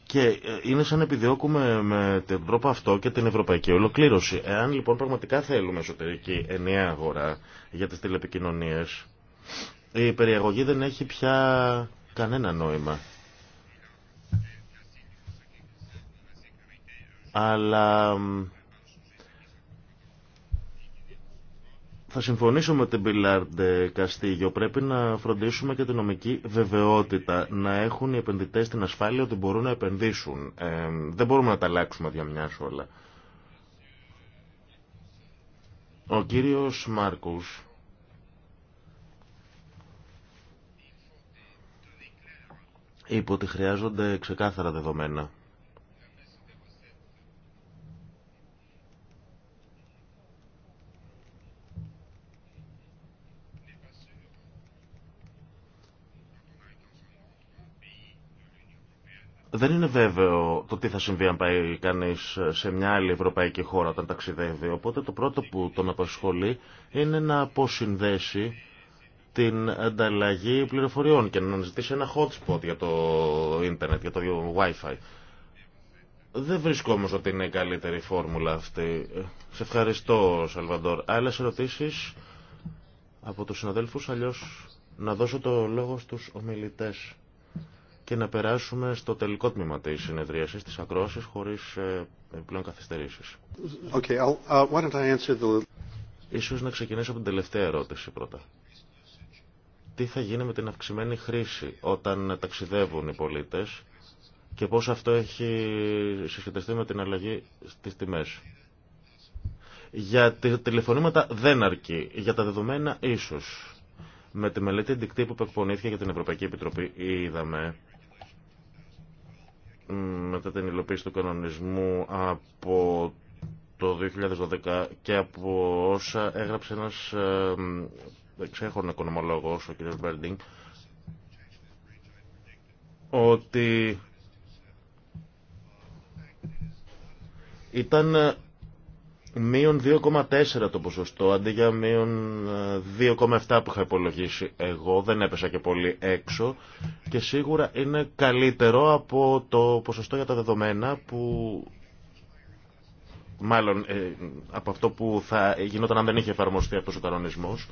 Και ε, είναι σαν να επιδιώκουμε με την τρόπο αυτό και την ευρωπαϊκή ολοκλήρωση. Εάν λοιπόν πραγματικά θέλουμε εσωτερική ενιαία αγορά για τις τηλεπικοινωνίες, η περιαγωγή δεν έχει πια κανένα νόημα. αλλά θα συμφωνήσω με την Πιλάρντε Καστίγιο. Πρέπει να φροντίσουμε και την νομική βεβαιότητα. Να έχουν οι επενδυτές την ασφάλεια ότι μπορούν να επενδύσουν. Ε, δεν μπορούμε να τα αλλάξουμε δια όλα. Ο κύριος Μάρκους είπε ότι χρειάζονται ξεκάθαρα δεδομένα. Δεν είναι βέβαιο το τι θα συμβεί αν πάει κανεί σε μια άλλη ευρωπαϊκή χώρα όταν ταξιδεύει. Οπότε το πρώτο που τον απασχολεί είναι να αποσυνδέσει την ανταλλαγή πληροφοριών και να αναζητήσει ένα hotspot για το ίντερνετ, για το wifi. Δεν βρίσκω όμω ότι είναι η καλύτερη φόρμουλα αυτή. Σε ευχαριστώ, Σαλβαντόρ. Άλλε ερωτήσεις από του συναδέλφου αλλιώ να δώσω το λόγο στου ομιλητές και να περάσουμε στο τελικό τμήμα της συνεδρίασης, της ακρόασης, χωρίς ε, πλέον καθυστερήσει. Okay, uh, Ίσως να ξεκινήσω από την τελευταία ερώτηση πρώτα. Τι θα γίνει με την αυξημένη χρήση όταν ταξιδεύουν οι πολίτες και πώς αυτό έχει συσχετιστεί με την αλλαγή στις τιμέ. Για τα τηλεφωνήματα δεν αρκεί. Για τα δεδομένα ίσω, Με τη μελέτη ενδεικτή που εκπονήθηκε για την Ευρωπαϊκή Επιτροπή είδαμε μετά την υλοποίηση του κανονισμού από το 2012 και από όσα έγραψε ένας ε, εξέχων οικονομολόγος, ο κ. Μπέρντινγκ, ότι ήταν μείον 2,4 το ποσοστό αντί για μείον 2,7 ε, που είχα υπολογίσει εγώ. Δεν έπεσα και πολύ έξω και σίγουρα είναι καλύτερο από το ποσοστό για τα δεδομένα που μάλλον ε, από αυτό που θα γινόταν αν δεν είχε εφαρμοστεί αυτός ο κανονισμός.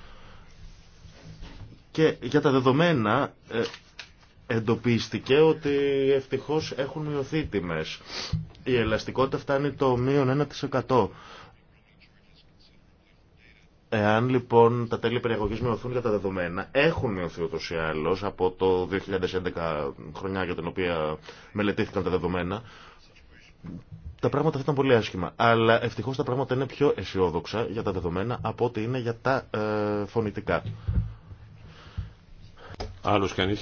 Και για τα δεδομένα ε, εντοπίστηκε ότι ευτυχώς έχουν μειωθεί τιμές. Η ελαστικότητα φτάνει το μείον 1%. Εάν λοιπόν τα τέλη περιεχογή μειωθούν για τα δεδομένα, έχουν μειωθεί ούτω ή άλλω από το 2011 χρονιά για την οποία μελετήθηκαν τα δεδομένα. Τα πράγματα θα ήταν πολύ άσχημα. Αλλά ευτυχώ τα πράγματα είναι πιο αισιόδοξα για τα δεδομένα από ό,τι είναι για τα ε, φωνητικά. Άλλο κανεί.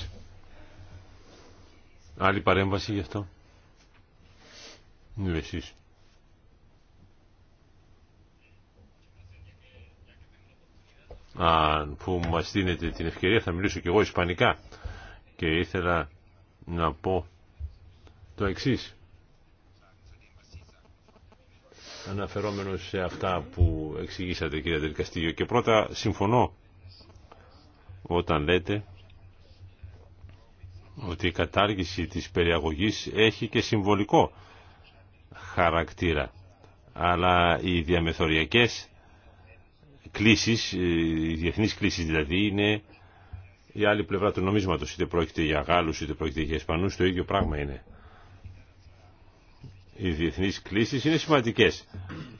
Άλλη παρέμβαση γι' αυτό. Εσείς. που μα δίνετε την ευκαιρία θα μιλήσω και εγώ ισπανικά και ήθελα να πω το εξή. αναφερόμενο σε αυτά που εξηγήσατε κύριε Τελικαστήγιο και πρώτα συμφωνώ όταν λέτε ότι η κατάργηση της περιαγωγής έχει και συμβολικό χαρακτήρα αλλά οι διαμεθοριακές κλήσεις, ε, οι διεθνείς κλήσεις δηλαδή, είναι η άλλη πλευρά του νομίσματος. Είτε πρόκειται για Γάλλους, είτε πρόκειται για Ισπανούς, το ίδιο πράγμα είναι. Οι διεθνείς κλήσεις είναι σημαντικές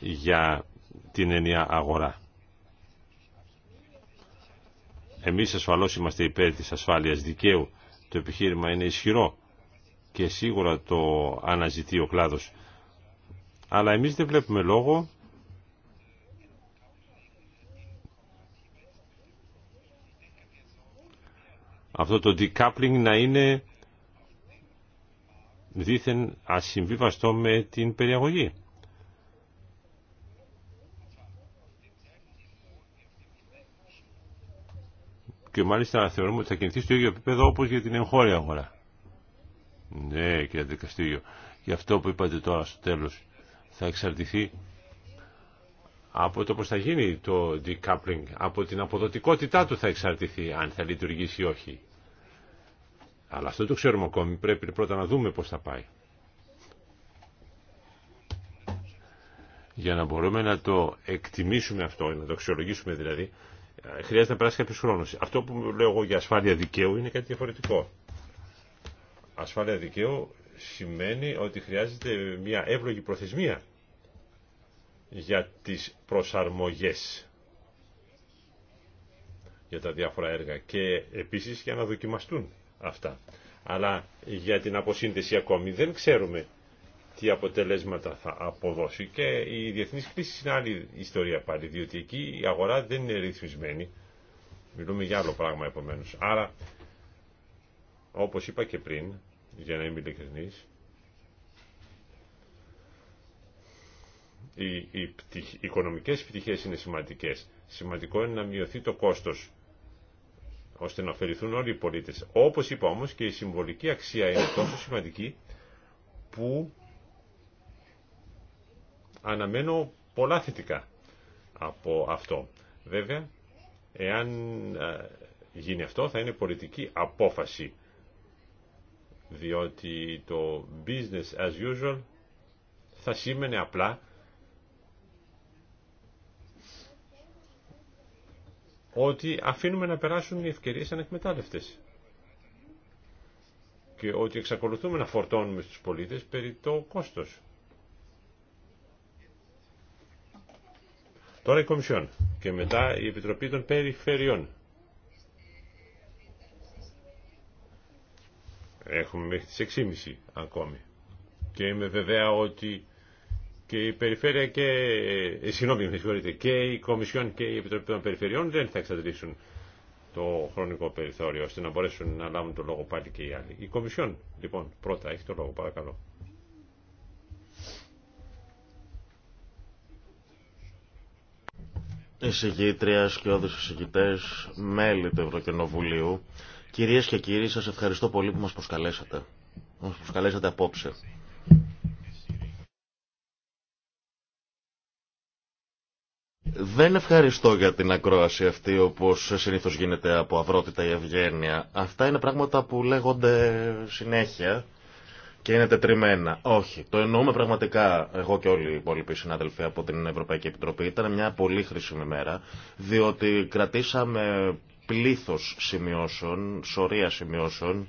για την ενιαία αγορά. Εμείς ασφαλώς είμαστε υπέρ της ασφάλειας δικαίου. Το επιχείρημα είναι ισχυρό και σίγουρα το αναζητεί ο κλάδος. Αλλά εμείς δεν βλέπουμε λόγο αυτό το decoupling να είναι δήθεν ασυμβίβαστο με την περιαγωγή. Και μάλιστα θεωρούμε ότι θα κινηθεί στο ίδιο επίπεδο όπως για την εγχώρια αγορά. Ναι, κύριε Δικαστήριο, γι' αυτό που είπατε τώρα στο τέλος θα εξαρτηθεί από το πώς θα γίνει το decoupling, από την αποδοτικότητά του θα εξαρτηθεί αν θα λειτουργήσει ή όχι. Αλλά αυτό το ξέρουμε ακόμη. Πρέπει πρώτα να δούμε πώς θα πάει. Για να μπορούμε να το εκτιμήσουμε αυτό, να το αξιολογήσουμε δηλαδή, ε, χρειάζεται να περάσει κάποιο χρόνο. Αυτό που λέω εγώ για ασφάλεια δικαίου είναι κάτι διαφορετικό. Ασφάλεια δικαίου σημαίνει ότι χρειάζεται μια εύλογη προθεσμία για τις προσαρμογές για τα διάφορα έργα και επίσης για να δοκιμαστούν αυτά. Αλλά για την αποσύνδεση ακόμη δεν ξέρουμε τι αποτελέσματα θα αποδώσει και η διεθνή κρίση είναι άλλη ιστορία πάλι, διότι εκεί η αγορά δεν είναι ρυθμισμένη. Μιλούμε για άλλο πράγμα επομένως. Άρα, όπως είπα και πριν, για να είμαι ειλικρινή, οι, οι, οι οικονομικές πτυχές είναι σημαντικές. Σημαντικό είναι να μειωθεί το κόστο ώστε να ωφεληθούν όλοι οι πολίτες. Όπως είπα όμω και η συμβολική αξία είναι τόσο σημαντική που αναμένω πολλά θετικά από αυτό. Βέβαια, εάν ε, γίνει αυτό θα είναι πολιτική απόφαση διότι το business as usual θα σήμαινε απλά ότι αφήνουμε να περάσουν οι ευκαιρίες ανεκμετάλλευτες και ότι εξακολουθούμε να φορτώνουμε στους πολίτες περί το κόστος. Τώρα η Κομισιόν και μετά η Επιτροπή των Περιφερειών. Έχουμε μέχρι τις 6.30 ακόμη. Και είμαι βεβαία ότι και η Περιφέρεια και, ε, ε, συγνώμη, με και η Κομισιόν και η Επιτροπή των Περιφερειών δεν θα εξαντλήσουν το χρονικό περιθώριο ώστε να μπορέσουν να λάβουν το λόγο πάλι και οι άλλοι. Η Κομισιόν, λοιπόν, πρώτα έχει το λόγο, παρακαλώ. Εισηγήτρια, σκιώδεις εισηγητές, μέλη του Ευρωκοινοβουλίου, κυρίες και κύριοι, σας ευχαριστώ πολύ που μας προσκαλέσατε. Μας προσκαλέσατε απόψε. Δεν ευχαριστώ για την ακρόαση αυτή όπως συνήθως γίνεται από αυρότητα ή ευγένεια. Αυτά είναι πράγματα που λέγονται συνέχεια και είναι τετριμένα. Όχι, το εννοούμε πραγματικά εγώ και όλοι οι υπόλοιποι συνάδελφοι από την Ευρωπαϊκή Επιτροπή. Ήταν μια πολύ χρήσιμη μέρα διότι κρατήσαμε πλήθος σημειώσεων, σωρία σημειώσεων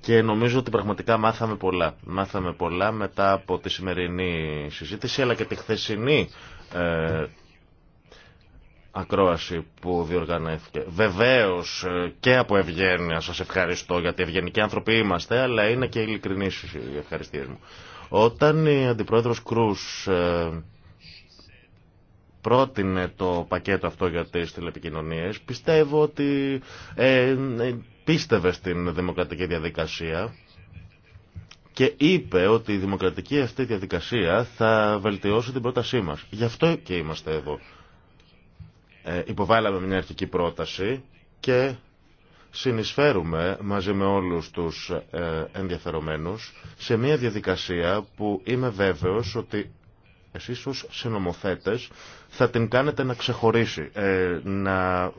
και νομίζω ότι πραγματικά μάθαμε πολλά. Μάθαμε πολλά μετά από τη σημερινή συζήτηση αλλά και τη χθεσινή ε, ακρόαση που διοργανώθηκε. Βεβαίω ε, και από ευγένεια σα ευχαριστώ γιατί ευγενικοί άνθρωποι είμαστε, αλλά είναι και ειλικρινεί οι ευχαριστίε μου. Όταν η αντιπρόεδρο Κρού ε, πρότεινε το πακέτο αυτό για τι τηλεπικοινωνίε, πιστεύω ότι ε, πίστευε στην δημοκρατική διαδικασία και είπε ότι η δημοκρατική αυτή διαδικασία θα βελτιώσει την πρότασή μας. Γι' αυτό και είμαστε εδώ. Ε, υποβάλαμε μια αρχική πρόταση και συνεισφέρουμε μαζί με όλους τους ε, ενδιαφερομένους σε μια διαδικασία που είμαι βέβαιος ότι εσείς ως συνομοθέτες θα την κάνετε να ξεχωρίσει, ε, να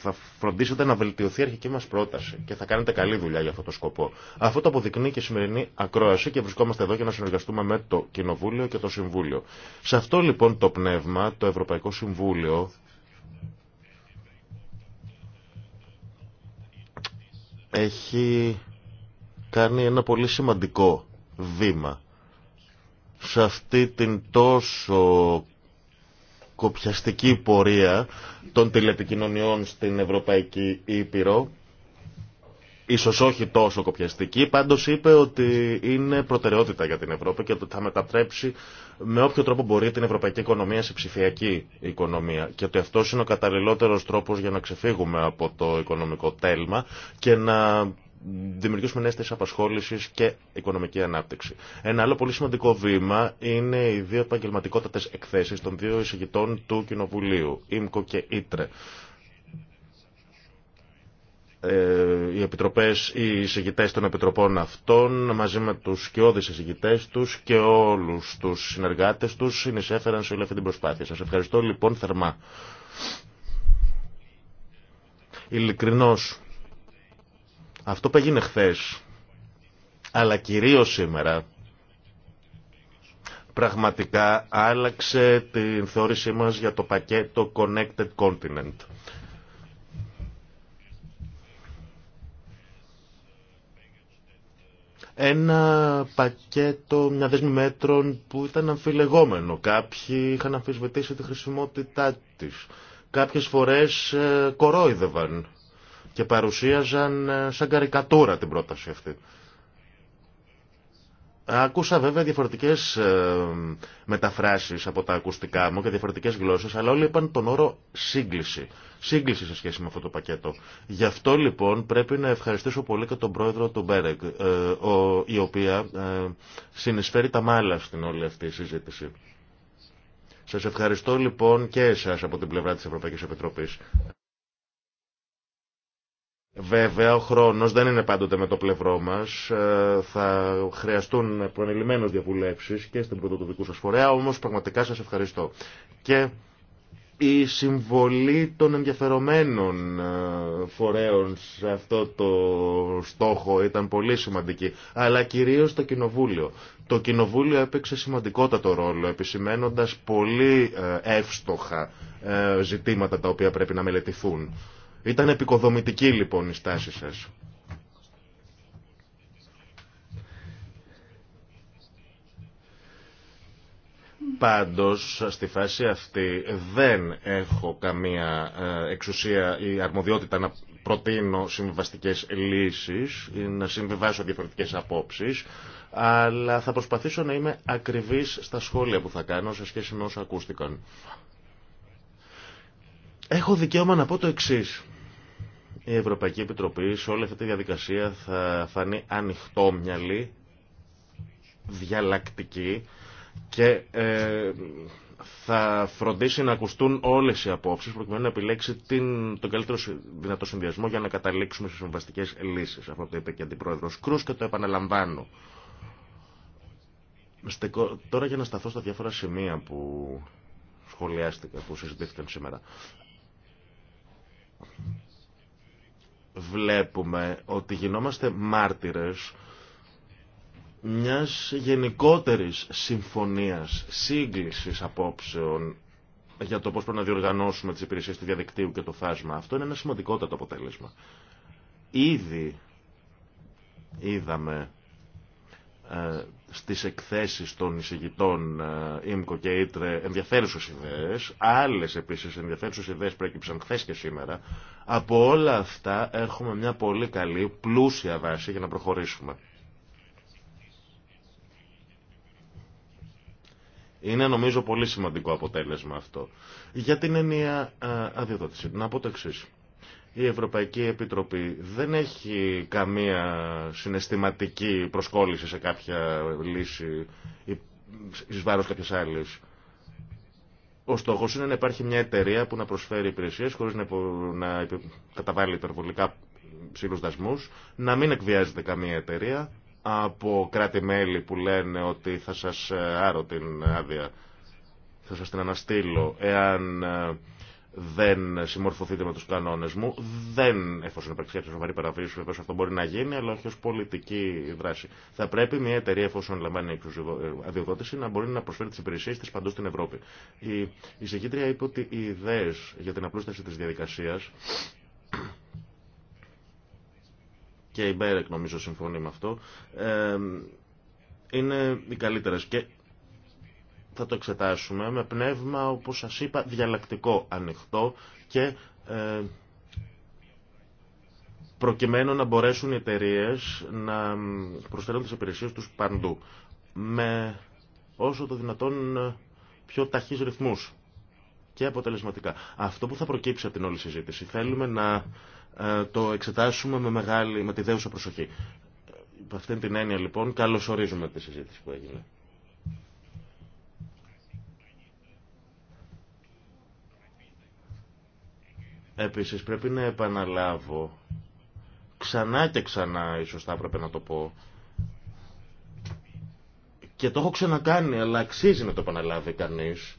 θα φροντίσετε να βελτιωθεί η αρχική μας πρόταση και θα κάνετε καλή δουλειά για αυτό το σκοπό. Αυτό το αποδεικνύει και η σημερινή ακρόαση και βρισκόμαστε εδώ για να συνεργαστούμε με το Κοινοβούλιο και το Συμβούλιο. Σε αυτό λοιπόν το πνεύμα το Ευρωπαϊκό Συμβούλιο έχει κάνει ένα πολύ σημαντικό βήμα σε αυτή την τόσο κοπιαστική πορεία των τηλεπικοινωνιών στην Ευρωπαϊκή Ήπειρο. Ίσως όχι τόσο κοπιαστική, πάντως είπε ότι είναι προτεραιότητα για την Ευρώπη και ότι θα μετατρέψει με όποιο τρόπο μπορεί την ευρωπαϊκή οικονομία σε ψηφιακή οικονομία και ότι αυτός είναι ο καταλληλότερος τρόπος για να ξεφύγουμε από το οικονομικό τέλμα και να δημιουργήσουμε νέε θέσει απασχόληση και οικονομική ανάπτυξη. Ένα άλλο πολύ σημαντικό βήμα είναι οι δύο επαγγελματικότατε εκθέσει των δύο εισηγητών του Κοινοβουλίου, ΙΜΚΟ και ΙΤΡΕ. Ε, οι επιτροπές, οι εισηγητές των επιτροπών αυτών μαζί με τους σκιώδεις εισηγητές τους και όλους τους συνεργάτες τους συνεισέφεραν σε όλη αυτή την προσπάθεια. Σας ευχαριστώ λοιπόν θερμά. Ειλικρινώς αυτό που έγινε χθε, αλλά κυρίως σήμερα, πραγματικά άλλαξε την θεώρησή μας για το πακέτο Connected Continent. ένα πακέτο, μια δέσμη μέτρων που ήταν αμφιλεγόμενο. Κάποιοι είχαν αμφισβητήσει τη χρησιμότητά της. Κάποιες φορές ε, κορόιδευαν και παρουσίαζαν ε, σαν καρικατούρα την πρόταση αυτή. Άκουσα βέβαια διαφορετικές ε, μεταφράσεις από τα ακουστικά μου και διαφορετικές γλώσσες, αλλά όλοι είπαν τον όρο σύγκληση. Σύγκληση σε σχέση με αυτό το πακέτο. Γι' αυτό λοιπόν πρέπει να ευχαριστήσω πολύ και τον πρόεδρο του Μπέρεκ, ε, η οποία συνεισφέρει τα μάλα στην όλη αυτή η συζήτηση. Σας ευχαριστώ λοιπόν και εσάς από την πλευρά της Ευρωπαϊκής Επιτροπής. Βέβαια, ο χρόνο δεν είναι πάντοτε με το πλευρό μα. Ε, θα χρειαστούν προανελημμένε διαβουλεύσει και στην πρωτοδοτικού σα φορέα, όμω πραγματικά σα ευχαριστώ. Και η συμβολή των ενδιαφερομένων ε, φορέων σε αυτό το στόχο ήταν πολύ σημαντική, αλλά κυρίως το Κοινοβούλιο. Το Κοινοβούλιο έπαιξε σημαντικότατο ρόλο, επισημένοντας πολύ ε, εύστοχα ζητήματα τα οποία πρέπει να μελετηθούν. Ήταν επικοδομητική λοιπόν η στάση σας. Πάντως, στη φάση αυτή δεν έχω καμία ε, εξουσία ή αρμοδιότητα να προτείνω συμβιβαστικές λύσεις ή να συμβιβάσω διαφορετικές απόψεις, αλλά θα προσπαθήσω να είμαι ακριβής στα σχόλια που θα κάνω σε σχέση με όσα ακούστηκαν. Έχω δικαίωμα να πω το εξή. Η Ευρωπαϊκή Επιτροπή σε όλη αυτή τη διαδικασία θα φανεί ανοιχτόμυαλη, διαλλακτική και ε, θα φροντίσει να ακουστούν όλες οι απόψεις προκειμένου να επιλέξει την, τον καλύτερο δυνατό συνδυασμό για να καταλήξουμε σε συμβαστικές λύσεις. Αυτό το είπε και αντιπρόεδρος Κρούς και το επαναλαμβάνω. Τώρα για να σταθώ στα διάφορα σημεία που σχολιάστηκα, που συζητήθηκαν σήμερα βλέπουμε ότι γινόμαστε μάρτυρες μιας γενικότερης συμφωνίας, σύγκλησης απόψεων για το πώς πρέπει να διοργανώσουμε τις υπηρεσίες του διαδικτύου και το φάσμα. Αυτό είναι ένα σημαντικότατο αποτέλεσμα. Ήδη είδαμε ε, στις εκθέσεις των εισηγητών ε, ΙΜΚΟ και ΙΤΡΕ ενδιαφέρουσες ιδέες, άλλες επίσης ενδιαφέρουσες ιδέες πρέκυψαν χθε και σήμερα. Από όλα αυτά έχουμε μια πολύ καλή, πλούσια βάση για να προχωρήσουμε. Είναι νομίζω πολύ σημαντικό αποτέλεσμα αυτό. Για την ενιαία ε, αδειοδότηση. Να πω το εξής η Ευρωπαϊκή Επιτροπή δεν έχει καμία συναισθηματική προσκόλληση σε κάποια λύση ή εις βάρος κάποιες άλλες. Ο στόχο είναι να υπάρχει μια εταιρεία που να προσφέρει υπηρεσίες χωρίς να, να καταβάλει υπερβολικά ψηλούς να μην εκβιάζεται καμία εταιρεία από κράτη-μέλη που λένε ότι θα σας άρω την άδεια, θα σα την αναστείλω εάν ε, δεν συμμορφωθείτε με τους κανόνες μου, δεν, εφόσον υπάρξει κάποια σοβαρή παραβίαση, βεβαίω αυτό μπορεί να γίνει, αλλά όχι ως πολιτική δράση. Θα πρέπει μια εταιρεία, εφόσον λαμβάνει αδειοδότηση, να μπορεί να προσφέρει τις υπηρεσίες της παντού στην Ευρώπη. Η εισηγήτρια είπε ότι οι ιδέες για την απλούσταση της διαδικασίας και η Μπέρεκ νομίζω συμφωνεί με αυτό, ε, είναι οι καλύτερες και θα το εξετάσουμε με πνεύμα, όπως σας είπα, διαλλακτικό, ανοιχτό και ε, προκειμένου να μπορέσουν οι εταιρείε να προσφέρουν τις υπηρεσίες τους παντού. Με όσο το δυνατόν πιο ταχύς ρυθμούς και αποτελεσματικά. Αυτό που θα προκύψει από την όλη συζήτηση θέλουμε να ε, το εξετάσουμε με, μεγάλη, με τη δέουσα προσοχή. Ε, υπ' αυτήν την έννοια λοιπόν καλωσορίζουμε τη συζήτηση που έγινε. Επίσης πρέπει να επαναλάβω, ξανά και ξανά ίσως θα έπρεπε να το πω, και το έχω ξανακάνει, αλλά αξίζει να το επαναλάβει κανείς,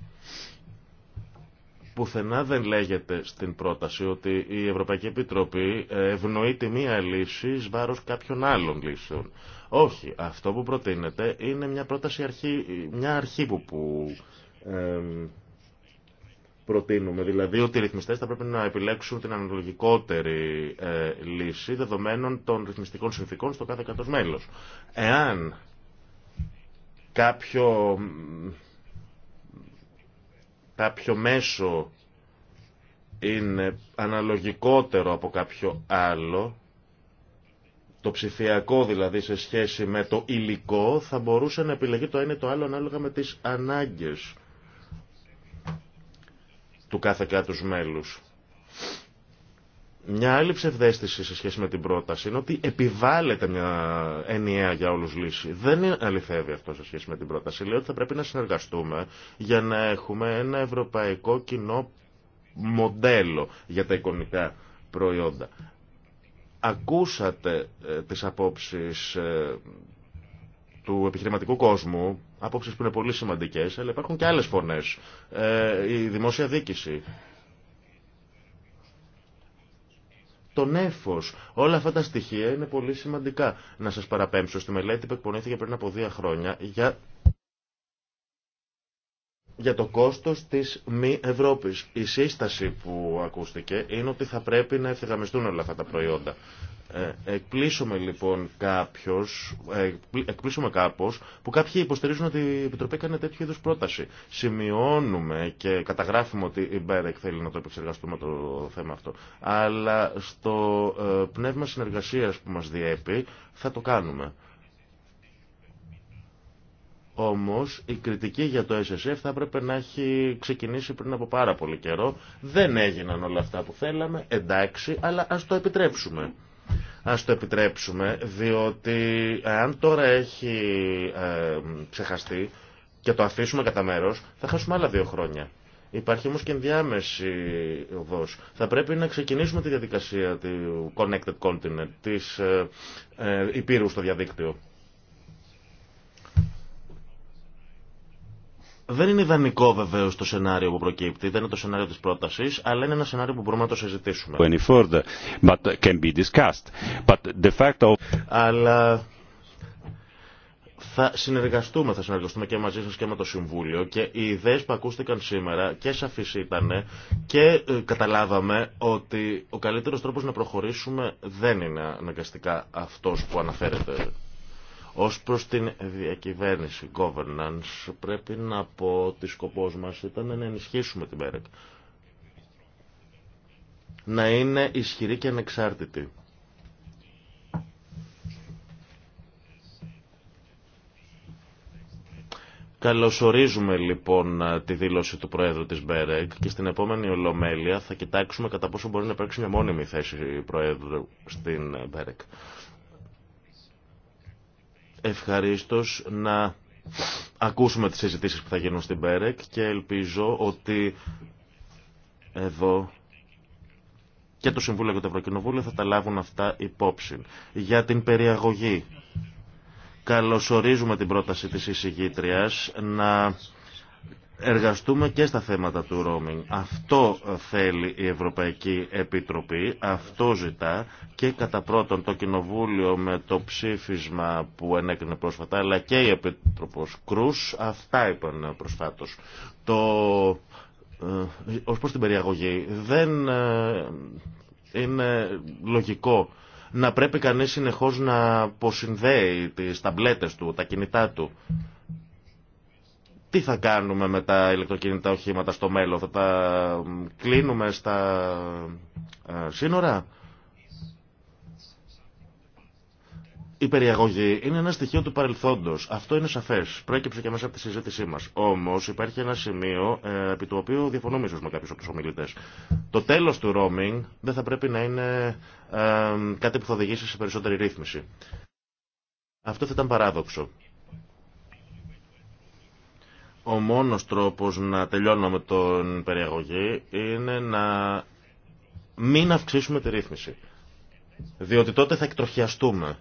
πουθενά δεν λέγεται στην πρόταση ότι η Ευρωπαϊκή Επιτροπή ευνοεί τη μία λύση εις βάρος κάποιων άλλων λύσεων. Όχι, αυτό που προτείνεται είναι μια πρόταση αρχή, μια αρχή που, που προτείνουμε. Δηλαδή ότι οι ρυθμιστές θα πρέπει να επιλέξουν την αναλογικότερη ε, λύση δεδομένων των ρυθμιστικών συνθήκων στο κάθε κατός Εάν κάποιο, κάποιο μέσο είναι αναλογικότερο από κάποιο άλλο, το ψηφιακό δηλαδή σε σχέση με το υλικό, θα μπορούσε να επιλεγεί το ένα ή το άλλο ανάλογα με τις ανάγκες του κάθε κράτου μέλου. Μια άλλη ψευδέστηση σε σχέση με την πρόταση είναι ότι επιβάλλεται μια ενιαία για όλους λύση. Δεν αληθεύει αυτό σε σχέση με την πρόταση. Λέει ότι θα πρέπει να συνεργαστούμε για να έχουμε ένα ευρωπαϊκό κοινό μοντέλο για τα εικονικά προϊόντα. Ακούσατε ε, τις απόψεις ε, του επιχειρηματικού κόσμου απόψεις που είναι πολύ σημαντικές, αλλά υπάρχουν και άλλες φωνές. Ε, η δημόσια δίκηση, το νέφος, όλα αυτά τα στοιχεία είναι πολύ σημαντικά. Να σας παραπέμψω στη μελέτη που εκπονήθηκε πριν από δύο χρόνια για για το κόστος της μη Ευρώπης. Η σύσταση που ακούστηκε είναι ότι θα πρέπει να ευθυγραμμιστούν όλα αυτά τα προϊόντα. Ε, εκπλήσουμε λοιπόν κάποιος, ε, εκπλήσουμε κάπως που κάποιοι υποστηρίζουν ότι η Επιτροπή έκανε τέτοιου είδους πρόταση. Σημειώνουμε και καταγράφουμε ότι η Μπέρεκ θέλει να το επεξεργαστούμε το θέμα αυτό. Αλλά στο ε, πνεύμα συνεργασίας που μας διέπει θα το κάνουμε. Όμως η κριτική για το SSF θα έπρεπε να έχει ξεκινήσει πριν από πάρα πολύ καιρό. Δεν έγιναν όλα αυτά που θέλαμε, εντάξει, αλλά ας το επιτρέψουμε. Ας το επιτρέψουμε, διότι αν τώρα έχει ε, ξεχαστεί και το αφήσουμε κατά μέρο, θα χάσουμε άλλα δύο χρόνια. Υπάρχει όμω και ενδιάμεση οδό. Θα πρέπει να ξεκινήσουμε τη διαδικασία του Connected Continent, τη ε, ε, υπήρου στο διαδίκτυο. Δεν είναι ιδανικό βεβαίω το σενάριο που προκύπτει, δεν είναι το σενάριο τη πρόταση, αλλά είναι ένα σενάριο που μπορούμε να το συζητήσουμε. Αλλά θα συνεργαστούμε, θα συνεργαστούμε και μαζί σας και με το Συμβούλιο και οι ιδέες που ακούστηκαν σήμερα και σαφείς ήταν και ε, καταλάβαμε ότι ο καλύτερος τρόπος να προχωρήσουμε δεν είναι αναγκαστικά αυτός που αναφέρεται ως προς την διακυβέρνηση, governance, πρέπει να πω ότι σκοπός μας ήταν να ενισχύσουμε την ΠΕΡΕΚ. Να είναι ισχυρή και ανεξάρτητη. Καλωσορίζουμε λοιπόν τη δήλωση του Προέδρου της Μπέρεκ και στην επόμενη Ολομέλεια θα κοιτάξουμε κατά πόσο μπορεί να υπάρξει μια μόνιμη θέση Προέδρου στην Μπέρεκ ευχαρίστως να ακούσουμε τις συζητήσεις που θα γίνουν στην ΠΕΡΕΚ και ελπίζω ότι εδώ και το Συμβούλιο και το Ευρωκοινοβούλιο θα τα λάβουν αυτά υπόψη. Για την περιαγωγή. Καλωσορίζουμε την πρόταση της εισηγήτριας να εργαστούμε και στα θέματα του roaming. Αυτό θέλει η Ευρωπαϊκή Επιτροπή, αυτό ζητά και κατά πρώτον το Κοινοβούλιο με το ψήφισμα που ενέκρινε πρόσφατα, αλλά και η Επίτροπος Κρούς, αυτά είπαν προσφάτως. Το, ε, ως προς την περιαγωγή, δεν ε, είναι λογικό να πρέπει κανείς συνεχώς να αποσυνδέει τις ταμπλέτες του, τα κινητά του τι θα κάνουμε με τα ηλεκτροκίνητα οχήματα στο μέλλον, θα τα κλείνουμε στα ε, σύνορα. Η περιαγωγή είναι ένα στοιχείο του παρελθόντος, Αυτό είναι σαφές, Προέκυψε και μέσα από τη συζήτησή μας. Όμως υπάρχει ένα σημείο ε, επί του οποίου διαφωνούμε ίσω με κάποιους από τους ομιλητές. Το τέλος του roaming δεν θα πρέπει να είναι ε, κάτι που θα οδηγήσει σε περισσότερη ρύθμιση. Αυτό θα ήταν παράδοξο. Ο μόνος τρόπος να τελειώνουμε τον περιαγωγή είναι να μην αυξήσουμε τη ρύθμιση. Διότι τότε θα εκτροχιαστούμε.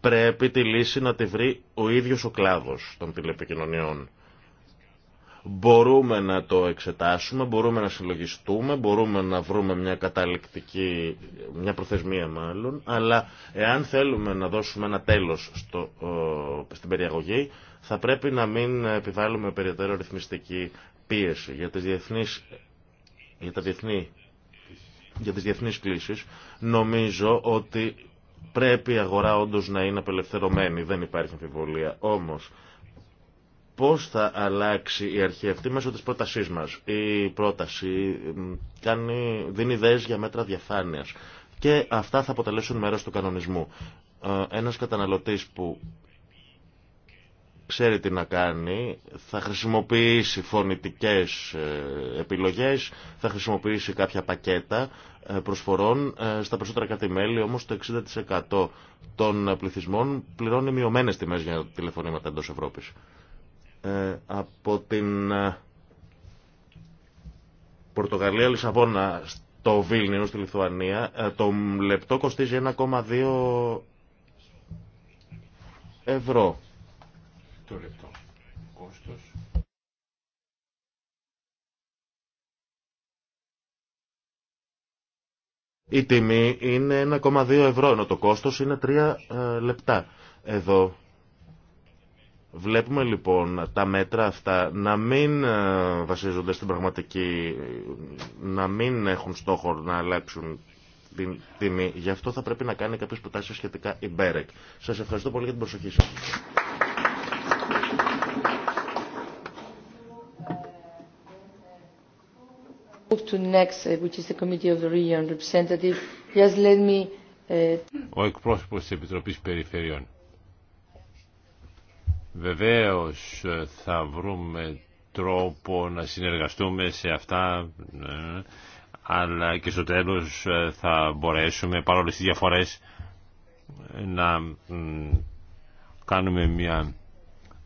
Πρέπει τη λύση να τη βρει ο ίδιος ο κλάδος των τηλεπικοινωνιών μπορούμε να το εξετάσουμε, μπορούμε να συλλογιστούμε, μπορούμε να βρούμε μια καταληκτική, μια προθεσμία μάλλον, αλλά εάν θέλουμε να δώσουμε ένα τέλος στο, στην περιαγωγή, θα πρέπει να μην επιβάλλουμε περαιτέρω ρυθμιστική πίεση για, τις διεθνείς, για τα διεθνή για τις διεθνείς κλήσεις, νομίζω ότι πρέπει η αγορά όντως να είναι απελευθερωμένη, δεν υπάρχει αμφιβολία. Όμως, πώς θα αλλάξει η αρχή αυτή μέσω της πρότασής μας. Η πρόταση κάνει, δίνει ιδέες για μέτρα διαφάνειας και αυτά θα αποτελέσουν μέρος του κανονισμού. Ε, ένας καταναλωτής που ξέρει τι να κάνει, θα χρησιμοποιήσει φωνητικές ε, επιλογές, θα χρησιμοποιήσει κάποια πακέτα ε, προσφορών. Στα περισσότερα κατημέλη όμως το 60% των πληθυσμών πληρώνει μειωμένες τιμές για τηλεφωνήματα εντός Ευρώπης. Ε, από την ε, Πορτογαλία Λισαβόνα στο Βίλνιο, στη Λιθουανία, ε, το λεπτό κοστίζει 1,2 ευρώ. Το λεπτό κόστος. Η τιμή είναι 1,2 ευρώ, ενώ το κόστος είναι 3 λεπτά. Εδώ Βλέπουμε λοιπόν τα μέτρα αυτά να μην ε, βασίζονται στην πραγματική, να μην έχουν στόχο να αλλάξουν την τιμή. Γι' αυτό θα πρέπει να κάνει κάποιες προτάσεις σχετικά η Μπέρεκ. Σας ευχαριστώ πολύ για την προσοχή σας. Uh, uh, Ο εκπρόσωπος της Επιτροπής Περιφερειών. Βεβαίως ε, θα βρούμε τρόπο να συνεργαστούμε σε αυτά ε, αλλά και στο τέλος ε, θα μπορέσουμε παρόλες τις διαφορές να κάνουμε μια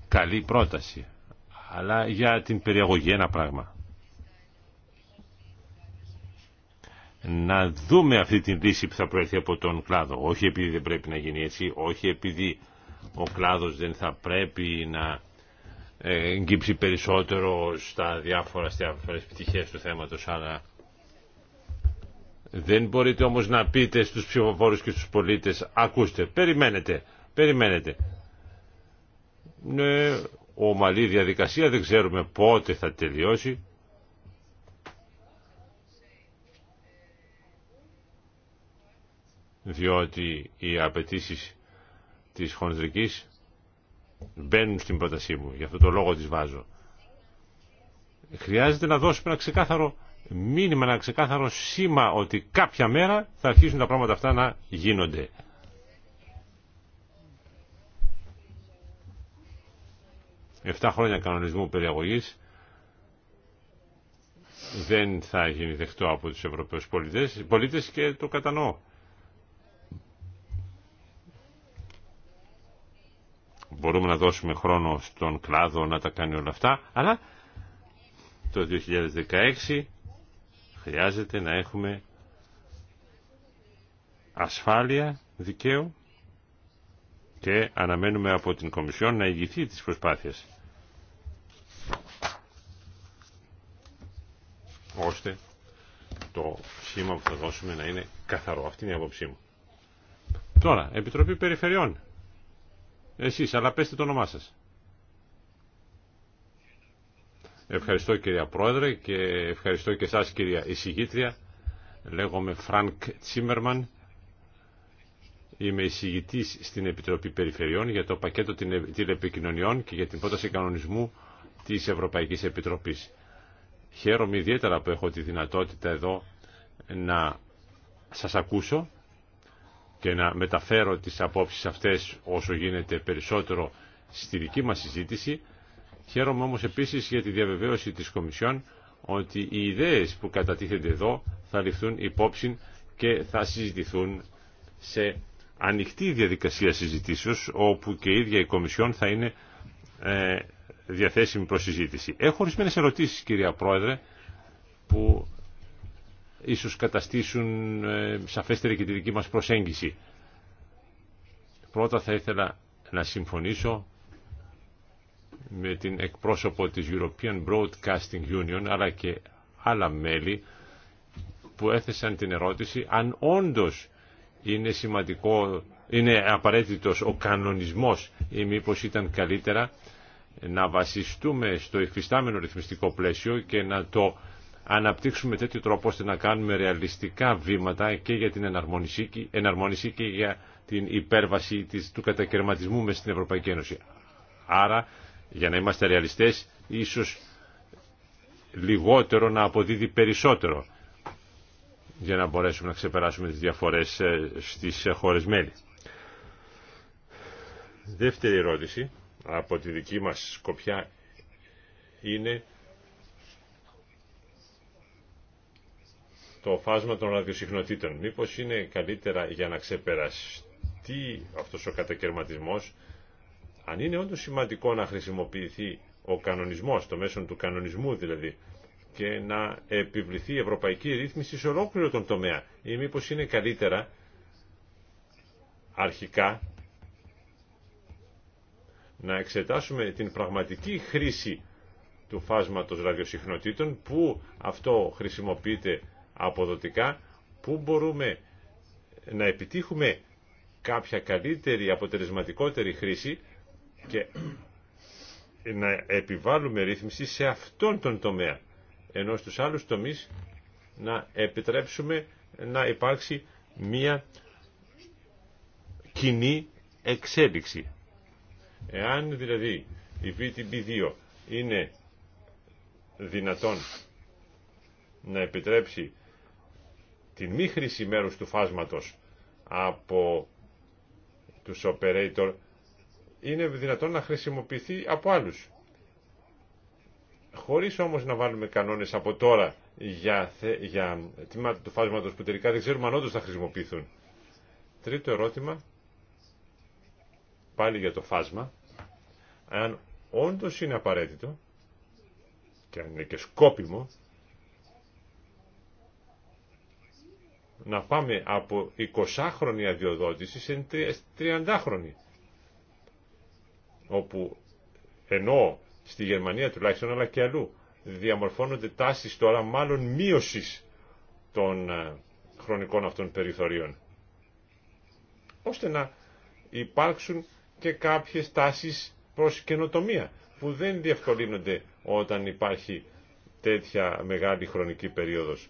καλή πρόταση αλλά για την περιαγωγή ένα πράγμα να δούμε αυτή την λύση που θα προέρχεται από τον κλάδο όχι επειδή δεν πρέπει να γίνει έτσι όχι επειδή ο κλάδος δεν θα πρέπει να εγκύψει περισσότερο στα διάφορα, στις πτυχές του θέματος, αλλά δεν μπορείτε όμως να πείτε στους ψηφοφόρους και στους πολίτες, ακούστε, περιμένετε, περιμένετε. Ναι, ομαλή διαδικασία, δεν ξέρουμε πότε θα τελειώσει. Διότι οι απαιτήσει της χονδρικής μπαίνουν στην πρότασή μου, γι' αυτό το λόγο τις βάζω. Χρειάζεται να δώσουμε ένα ξεκάθαρο μήνυμα, ένα ξεκάθαρο σήμα ότι κάποια μέρα θα αρχίσουν τα πράγματα αυτά να γίνονται. Εφτά χρόνια κανονισμού περιαγωγής δεν θα γίνει δεχτό από τους Ευρωπαίους πολίτες, πολίτες και το κατανοώ. μπορούμε να δώσουμε χρόνο στον κλάδο να τα κάνει όλα αυτά, αλλά το 2016 χρειάζεται να έχουμε ασφάλεια δικαίου και αναμένουμε από την Κομισιόν να ηγηθεί της προσπάθειας ώστε το σχήμα που θα δώσουμε να είναι καθαρό. Αυτή είναι η άποψή μου. Τώρα, Επιτροπή Περιφερειών. Εσείς, αλλά πέστε το όνομά σας. Ευχαριστώ κυρία Πρόεδρε και ευχαριστώ και εσάς κυρία εισηγήτρια. Λέγομαι Φρανκ Τσίμερμαν. Είμαι εισηγητή στην Επιτροπή Περιφερειών για το πακέτο τηλεπικοινωνιών και για την πρόταση κανονισμού της Ευρωπαϊκής Επιτροπής. Χαίρομαι ιδιαίτερα που έχω τη δυνατότητα εδώ να σας ακούσω και να μεταφέρω τις απόψεις αυτές όσο γίνεται περισσότερο στη δική μας συζήτηση. Χαίρομαι όμως επίσης για τη διαβεβαίωση της Κομισιόν ότι οι ιδέες που κατατίθενται εδώ θα ληφθούν υπόψη και θα συζητηθούν σε ανοιχτή διαδικασία συζητήσεως όπου και η ίδια η Κομισιόν θα είναι ε, διαθέσιμη προς συζήτηση. Έχω ορισμένες ερωτήσεις κυρία Πρόεδρε που ίσως καταστήσουν ε, σαφέστερη και τη δική μας προσέγγιση. Πρώτα θα ήθελα να συμφωνήσω με την εκπρόσωπο της European Broadcasting Union αλλά και άλλα μέλη που έθεσαν την ερώτηση αν όντως είναι σημαντικό, είναι απαραίτητος ο κανονισμός ή μήπως ήταν καλύτερα να βασιστούμε στο υφιστάμενο ρυθμιστικό πλαίσιο και να το αναπτύξουμε τέτοιο τρόπο ώστε να κάνουμε ρεαλιστικά βήματα και για την εναρμόνιση και για την υπέρβαση του κατακαιρματισμού μέσα στην Ευρωπαϊκή Ένωση. Άρα, για να είμαστε ρεαλιστές, ίσως λιγότερο να αποδίδει περισσότερο για να μπορέσουμε να ξεπεράσουμε τις διαφορές ε, στις ε, χώρες μέλη. Δεύτερη ερώτηση από τη δική μας σκοπιά είναι το φάσμα των ραδιοσυχνοτήτων. Μήπως είναι καλύτερα για να ξεπεραστεί αυτός ο κατακαιρματισμός, αν είναι όντως σημαντικό να χρησιμοποιηθεί ο κανονισμός, το μέσον του κανονισμού δηλαδή, και να επιβληθεί η ευρωπαϊκή ρύθμιση σε ολόκληρο τον τομέα. Ή μήπως είναι καλύτερα αρχικά να εξετάσουμε την πραγματική χρήση του φάσματος ραδιοσυχνοτήτων που αυτό χρησιμοποιείται αποδοτικά, πού μπορούμε να επιτύχουμε κάποια καλύτερη, αποτελεσματικότερη χρήση και να επιβάλλουμε ρύθμιση σε αυτόν τον τομέα, ενώ στους άλλους τομείς να επιτρέψουμε να υπάρξει μία κοινή εξέλιξη. Εάν δηλαδή η VTB2 είναι δυνατόν να επιτρέψει την μη χρήση μέρους του φάσματος από τους operator είναι δυνατόν να χρησιμοποιηθεί από άλλους. Χωρίς όμως να βάλουμε κανόνες από τώρα για, για τμήματα του φάσματος που τελικά δεν ξέρουμε αν όντως θα χρησιμοποιηθούν. Τρίτο ερώτημα, πάλι για το φάσμα, αν όντως είναι απαραίτητο και αν είναι και σκόπιμο να πάμε από 20χρονη αδειοδότηση σε 30χρονη. Όπου ενώ στη Γερμανία τουλάχιστον αλλά και αλλού διαμορφώνονται τάσεις τώρα μάλλον μείωσης των ε, χρονικών αυτών περιθωρίων. Ώστε να υπάρξουν και κάποιες τάσεις προς καινοτομία που δεν διευκολύνονται όταν υπάρχει τέτοια μεγάλη χρονική περίοδος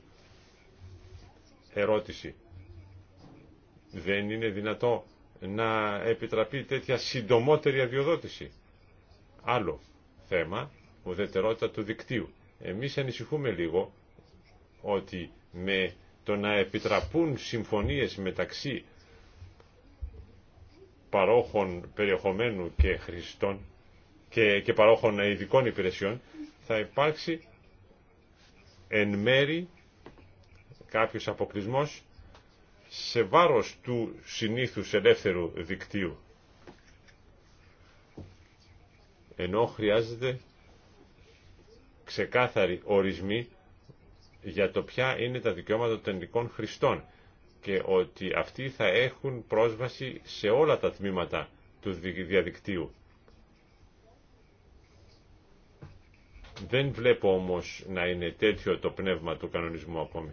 ερώτηση. Δεν είναι δυνατό να επιτραπεί τέτοια συντομότερη αδειοδότηση. Άλλο θέμα, ουδετερότητα του δικτύου. Εμείς ανησυχούμε λίγο ότι με το να επιτραπούν συμφωνίες μεταξύ παρόχων περιεχομένου και χρηστών και, και παρόχων ειδικών υπηρεσιών θα υπάρξει εν μέρη κάποιος αποκλεισμός σε βάρος του συνήθους ελεύθερου δικτύου. Ενώ χρειάζεται ξεκάθαροι ορισμοί για το ποια είναι τα δικαιώματα των ελληνικών χρηστών και ότι αυτοί θα έχουν πρόσβαση σε όλα τα τμήματα του διαδικτύου. Δεν βλέπω όμως να είναι τέτοιο το πνεύμα του κανονισμού ακόμη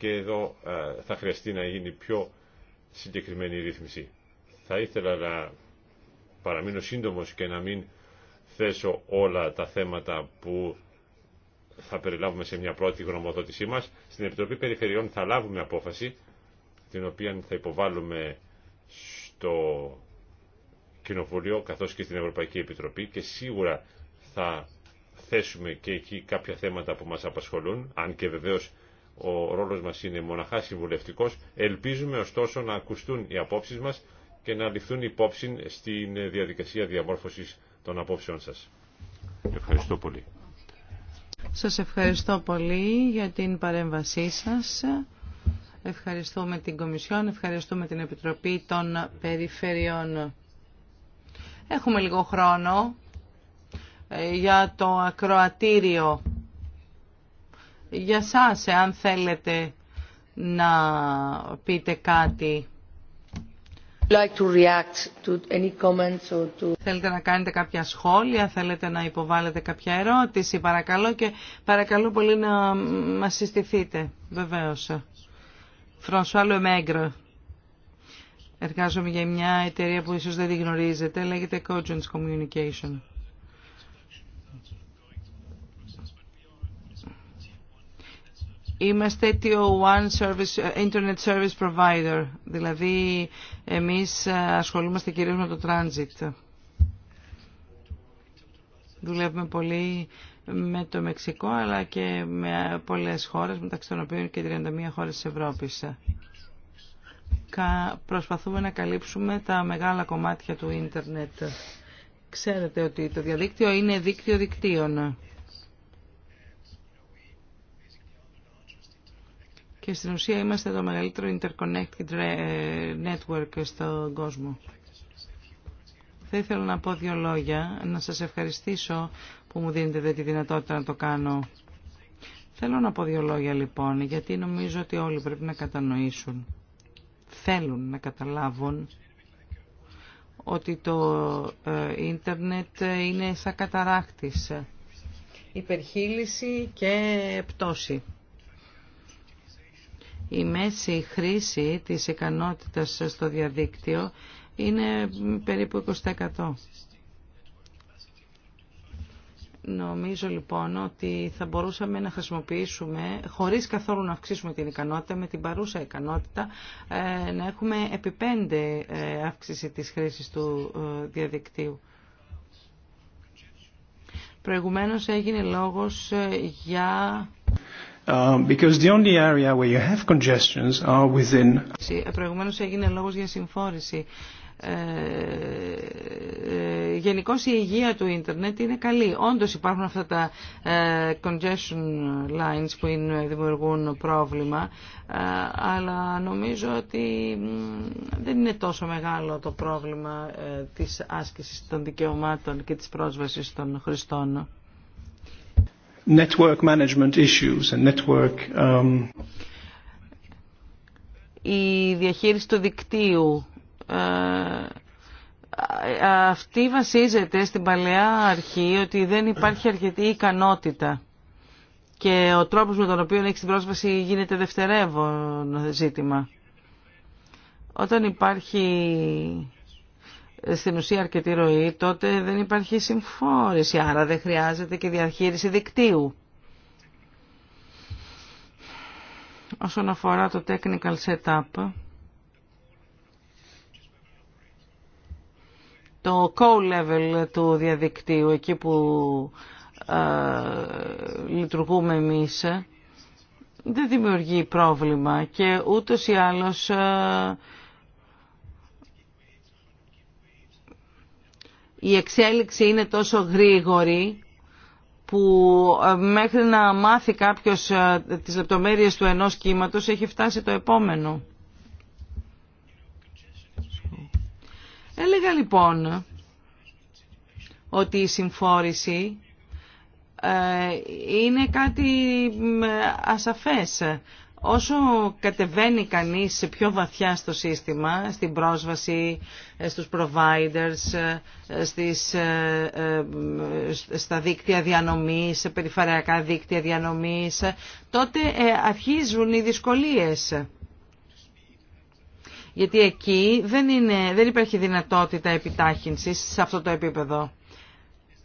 και εδώ ε, θα χρειαστεί να γίνει πιο συγκεκριμένη ρύθμιση. Θα ήθελα να παραμείνω σύντομος και να μην θέσω όλα τα θέματα που θα περιλάβουμε σε μια πρώτη γνωμοδότησή μας. Στην Επιτροπή Περιφερειών θα λάβουμε απόφαση, την οποία θα υποβάλουμε στο Κοινοβούλιο, καθώς και στην Ευρωπαϊκή Επιτροπή και σίγουρα θα θέσουμε και εκεί κάποια θέματα που μας απασχολούν, αν και βεβαίως ο ρόλος μας είναι μοναχά συμβουλευτικός. Ελπίζουμε ωστόσο να ακουστούν οι απόψεις μας και να ληφθούν υπόψη στην διαδικασία διαμόρφωσης των απόψεών σας. Ευχαριστώ πολύ. Σας ευχαριστώ πολύ για την παρέμβασή σας. Ευχαριστούμε την Κομισιόν, ευχαριστούμε την Επιτροπή των Περιφερειών. Έχουμε λίγο χρόνο ε, για το ακροατήριο για σας, εάν θέλετε να πείτε κάτι. Like to react to any comments or Θέλετε να κάνετε κάποια σχόλια, θέλετε να υποβάλλετε κάποια ερώτηση, παρακαλώ και παρακαλώ πολύ να μας συστηθείτε, βεβαίως. Φρανσουά Λεμέγκρο. Εργάζομαι για μια εταιρεία που ίσως δεν τη γνωρίζετε, λέγεται Cogents Communication. Είμαστε TO1 uh, Internet Service Provider, δηλαδή εμείς uh, ασχολούμαστε κυρίως με το transit. Δουλεύουμε πολύ με το Μεξικό αλλά και με πολλές χώρες μεταξύ των οποίων και 31 χώρες της Ευρώπης. Προσπαθούμε να καλύψουμε τα μεγάλα κομμάτια του ίντερνετ. Ξέρετε ότι το διαδίκτυο είναι δίκτυο δικτύων. και στην ουσία είμαστε το μεγαλύτερο interconnected ε, network στον κόσμο. Θα ήθελα να πω δύο λόγια, να σας ευχαριστήσω που μου δίνετε τη δυνατότητα να το κάνω. Θέλω να πω δύο λόγια λοιπόν, γιατί νομίζω ότι όλοι πρέπει να κατανοήσουν, θέλουν να καταλάβουν ότι το ε, ίντερνετ είναι σαν καταράκτης. Υπερχείληση και πτώση η μέση χρήση της ικανότητας στο διαδίκτυο είναι περίπου 20%. Νομίζω λοιπόν ότι θα μπορούσαμε να χρησιμοποιήσουμε, χωρίς καθόλου να αυξήσουμε την ικανότητα, με την παρούσα ικανότητα, ε, να έχουμε επί ε, αύξηση της χρήσης του ε, διαδικτύου. Προηγουμένως έγινε λόγος για Um, because the only area where you have congestions are within. Προηγουμένως έγινε λόγος για συμφόρηση. Ε, ε, Γενικώ η υγεία του ίντερνετ είναι καλή. Όντω υπάρχουν αυτά τα ε, congestion lines που είναι, δημιουργούν πρόβλημα, ε, αλλά νομίζω ότι δεν είναι τόσο μεγάλο το πρόβλημα ε, της άσκησης των δικαιωμάτων και της πρόσβασης των χρηστών network management um, η διαχείριση του δικτύου ε, ε, αυτή βασίζεται στην παλαιά αρχή ότι δεν υπάρχει αρκετή ικανότητα και ο τρόπος με τον οποίο έχει την πρόσβαση γίνεται δευτερεύον ζήτημα. Όταν υπάρχει στην ουσία αρκετή ροή, τότε δεν υπάρχει συμφόρηση, άρα δεν χρειάζεται και διαχείριση δικτύου. Όσον αφορά το technical setup, το co-level του διαδικτύου, εκεί που ε, λειτουργούμε εμείς, δεν δημιουργεί πρόβλημα και ούτως ή άλλως... Ε, η εξέλιξη είναι τόσο γρήγορη που ε, μέχρι να μάθει κάποιος ε, τις λεπτομέρειες του ενός κύματος έχει φτάσει το επόμενο. Έλεγα λοιπόν ότι η συμφόρηση ε, είναι κάτι ασαφές. Όσο κατεβαίνει κανείς πιο βαθιά στο σύστημα, στην πρόσβαση, ε, στους providers, ε, στις, ε, στα δίκτυα διανομής, σε περιφερειακά δίκτυα διανομής, τότε αρχίζουν οι δυσκολίες. Γιατί εκεί δεν, είναι, δεν υπάρχει δυνατότητα επιτάχυνσης σε αυτό το επίπεδο.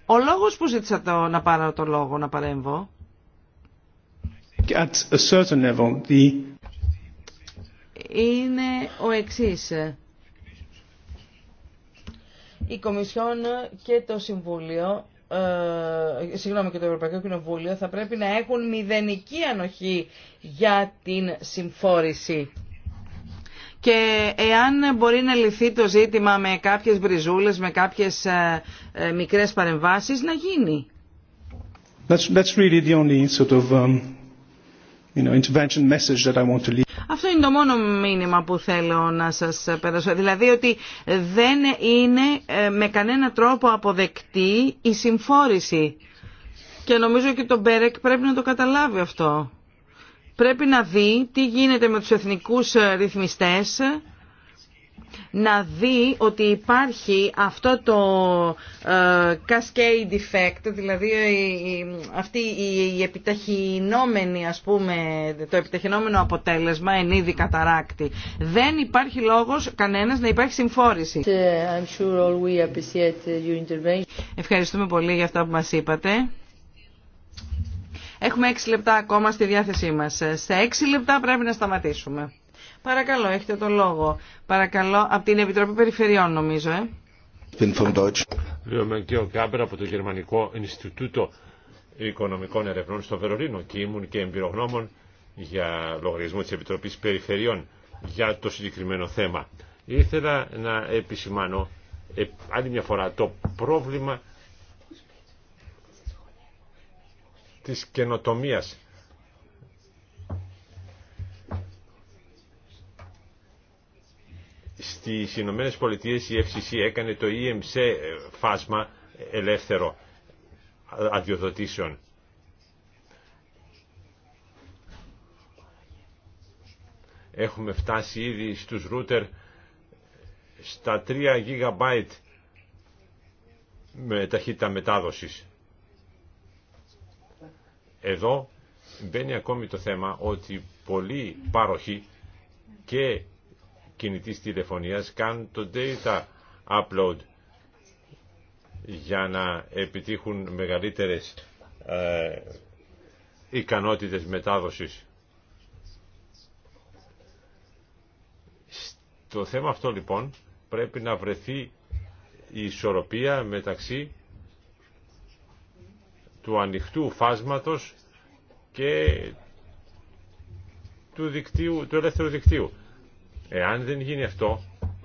Ο λόγος που ζήτησα να πάρω το λόγο να παρέμβω At a certain είναι ο εξής. Η Κομισιόν και το Συμβούλιο, ε, συγγνώμη και το Ευρωπαϊκό Κοινοβούλιο, θα πρέπει να έχουν μηδενική ανοχή για την συμφόρηση. Και εάν μπορεί να λυθεί το ζήτημα με κάποιες μπριζούλες, με κάποιες ε, ε, μικρές παρεμβάσεις, να γίνει. That's, really the only sort of, um, αυτό είναι το μόνο μήνυμα που θέλω να σας περάσω. Δηλαδή ότι δεν είναι ε, με κανένα τρόπο αποδεκτή η συμφόρηση. Και νομίζω και το Μπέρεκ πρέπει να το καταλάβει αυτό. Πρέπει να δει τι γίνεται με τους εθνικούς ε, ρυθμιστές να δει ότι υπάρχει αυτό το ε, cascade effect, δηλαδή αυτή η επιταχυνόμενη, ας πούμε, το επιταχυνόμενο αποτέλεσμα εν είδη καταράκτη. Δεν υπάρχει λόγος κανένας να υπάρχει συμφόρηση. Ευχαριστούμε πολύ για αυτά που μας είπατε. Έχουμε έξι λεπτά ακόμα στη διάθεσή μας. Σε έξι λεπτά πρέπει να σταματήσουμε. Παρακαλώ, έχετε το λόγο. Παρακαλώ, από την Επιτροπή Περιφερειών νομίζω. Ε. Λέω και ο Γκάμπερ από το Γερμανικό Ινστιτούτο Οικονομικών Ερευνών στο Βερολίνο και ήμουν και εμπειρογνώμων για λογαριασμό της Επιτροπής Περιφερειών για το συγκεκριμένο θέμα. Ήθελα να επισημάνω ε, άλλη μια φορά το πρόβλημα της καινοτομίας Στις Ηνωμένε Πολιτείες η FCC έκανε το EMC φάσμα ελεύθερο αδειοδοτήσεων. Έχουμε φτάσει ήδη στους ρούτερ στα 3 GB με ταχύτητα μετάδοσης. Εδώ μπαίνει ακόμη το θέμα ότι πολλοί πάροχοι και κινητής τηλεφωνίας κάνουν το data upload για να επιτύχουν μεγαλύτερες ε, ικανότητες μετάδοσης. Στο θέμα αυτό λοιπόν πρέπει να βρεθεί η ισορροπία μεταξύ του ανοιχτού φάσματος και του, δικτύου, του ελεύθερου δικτύου. Εάν δεν γίνει αυτό,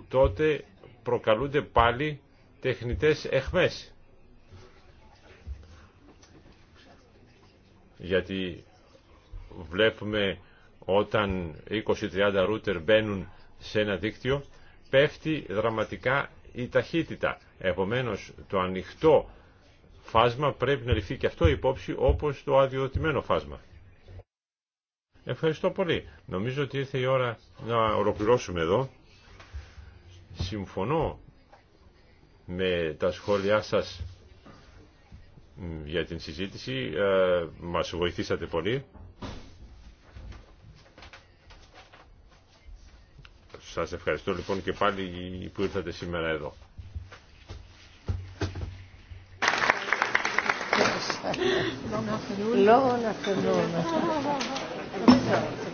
τότε προκαλούνται πάλι τεχνητές εχμές. Γιατί βλέπουμε όταν 20-30 ρούτερ μπαίνουν σε ένα δίκτυο, πέφτει δραματικά η ταχύτητα. Επομένως, το ανοιχτό φάσμα πρέπει να ληφθεί και αυτό υπόψη όπως το αδειοδοτημένο φάσμα. Ευχαριστώ πολύ. Νομίζω ότι ήρθε η ώρα να ολοκληρώσουμε εδώ. Συμφωνώ με τα σχόλιά σας για την συζήτηση. Ε, μας βοηθήσατε πολύ. Σας ευχαριστώ λοιπόν και πάλι που ήρθατε σήμερα εδώ. Long No.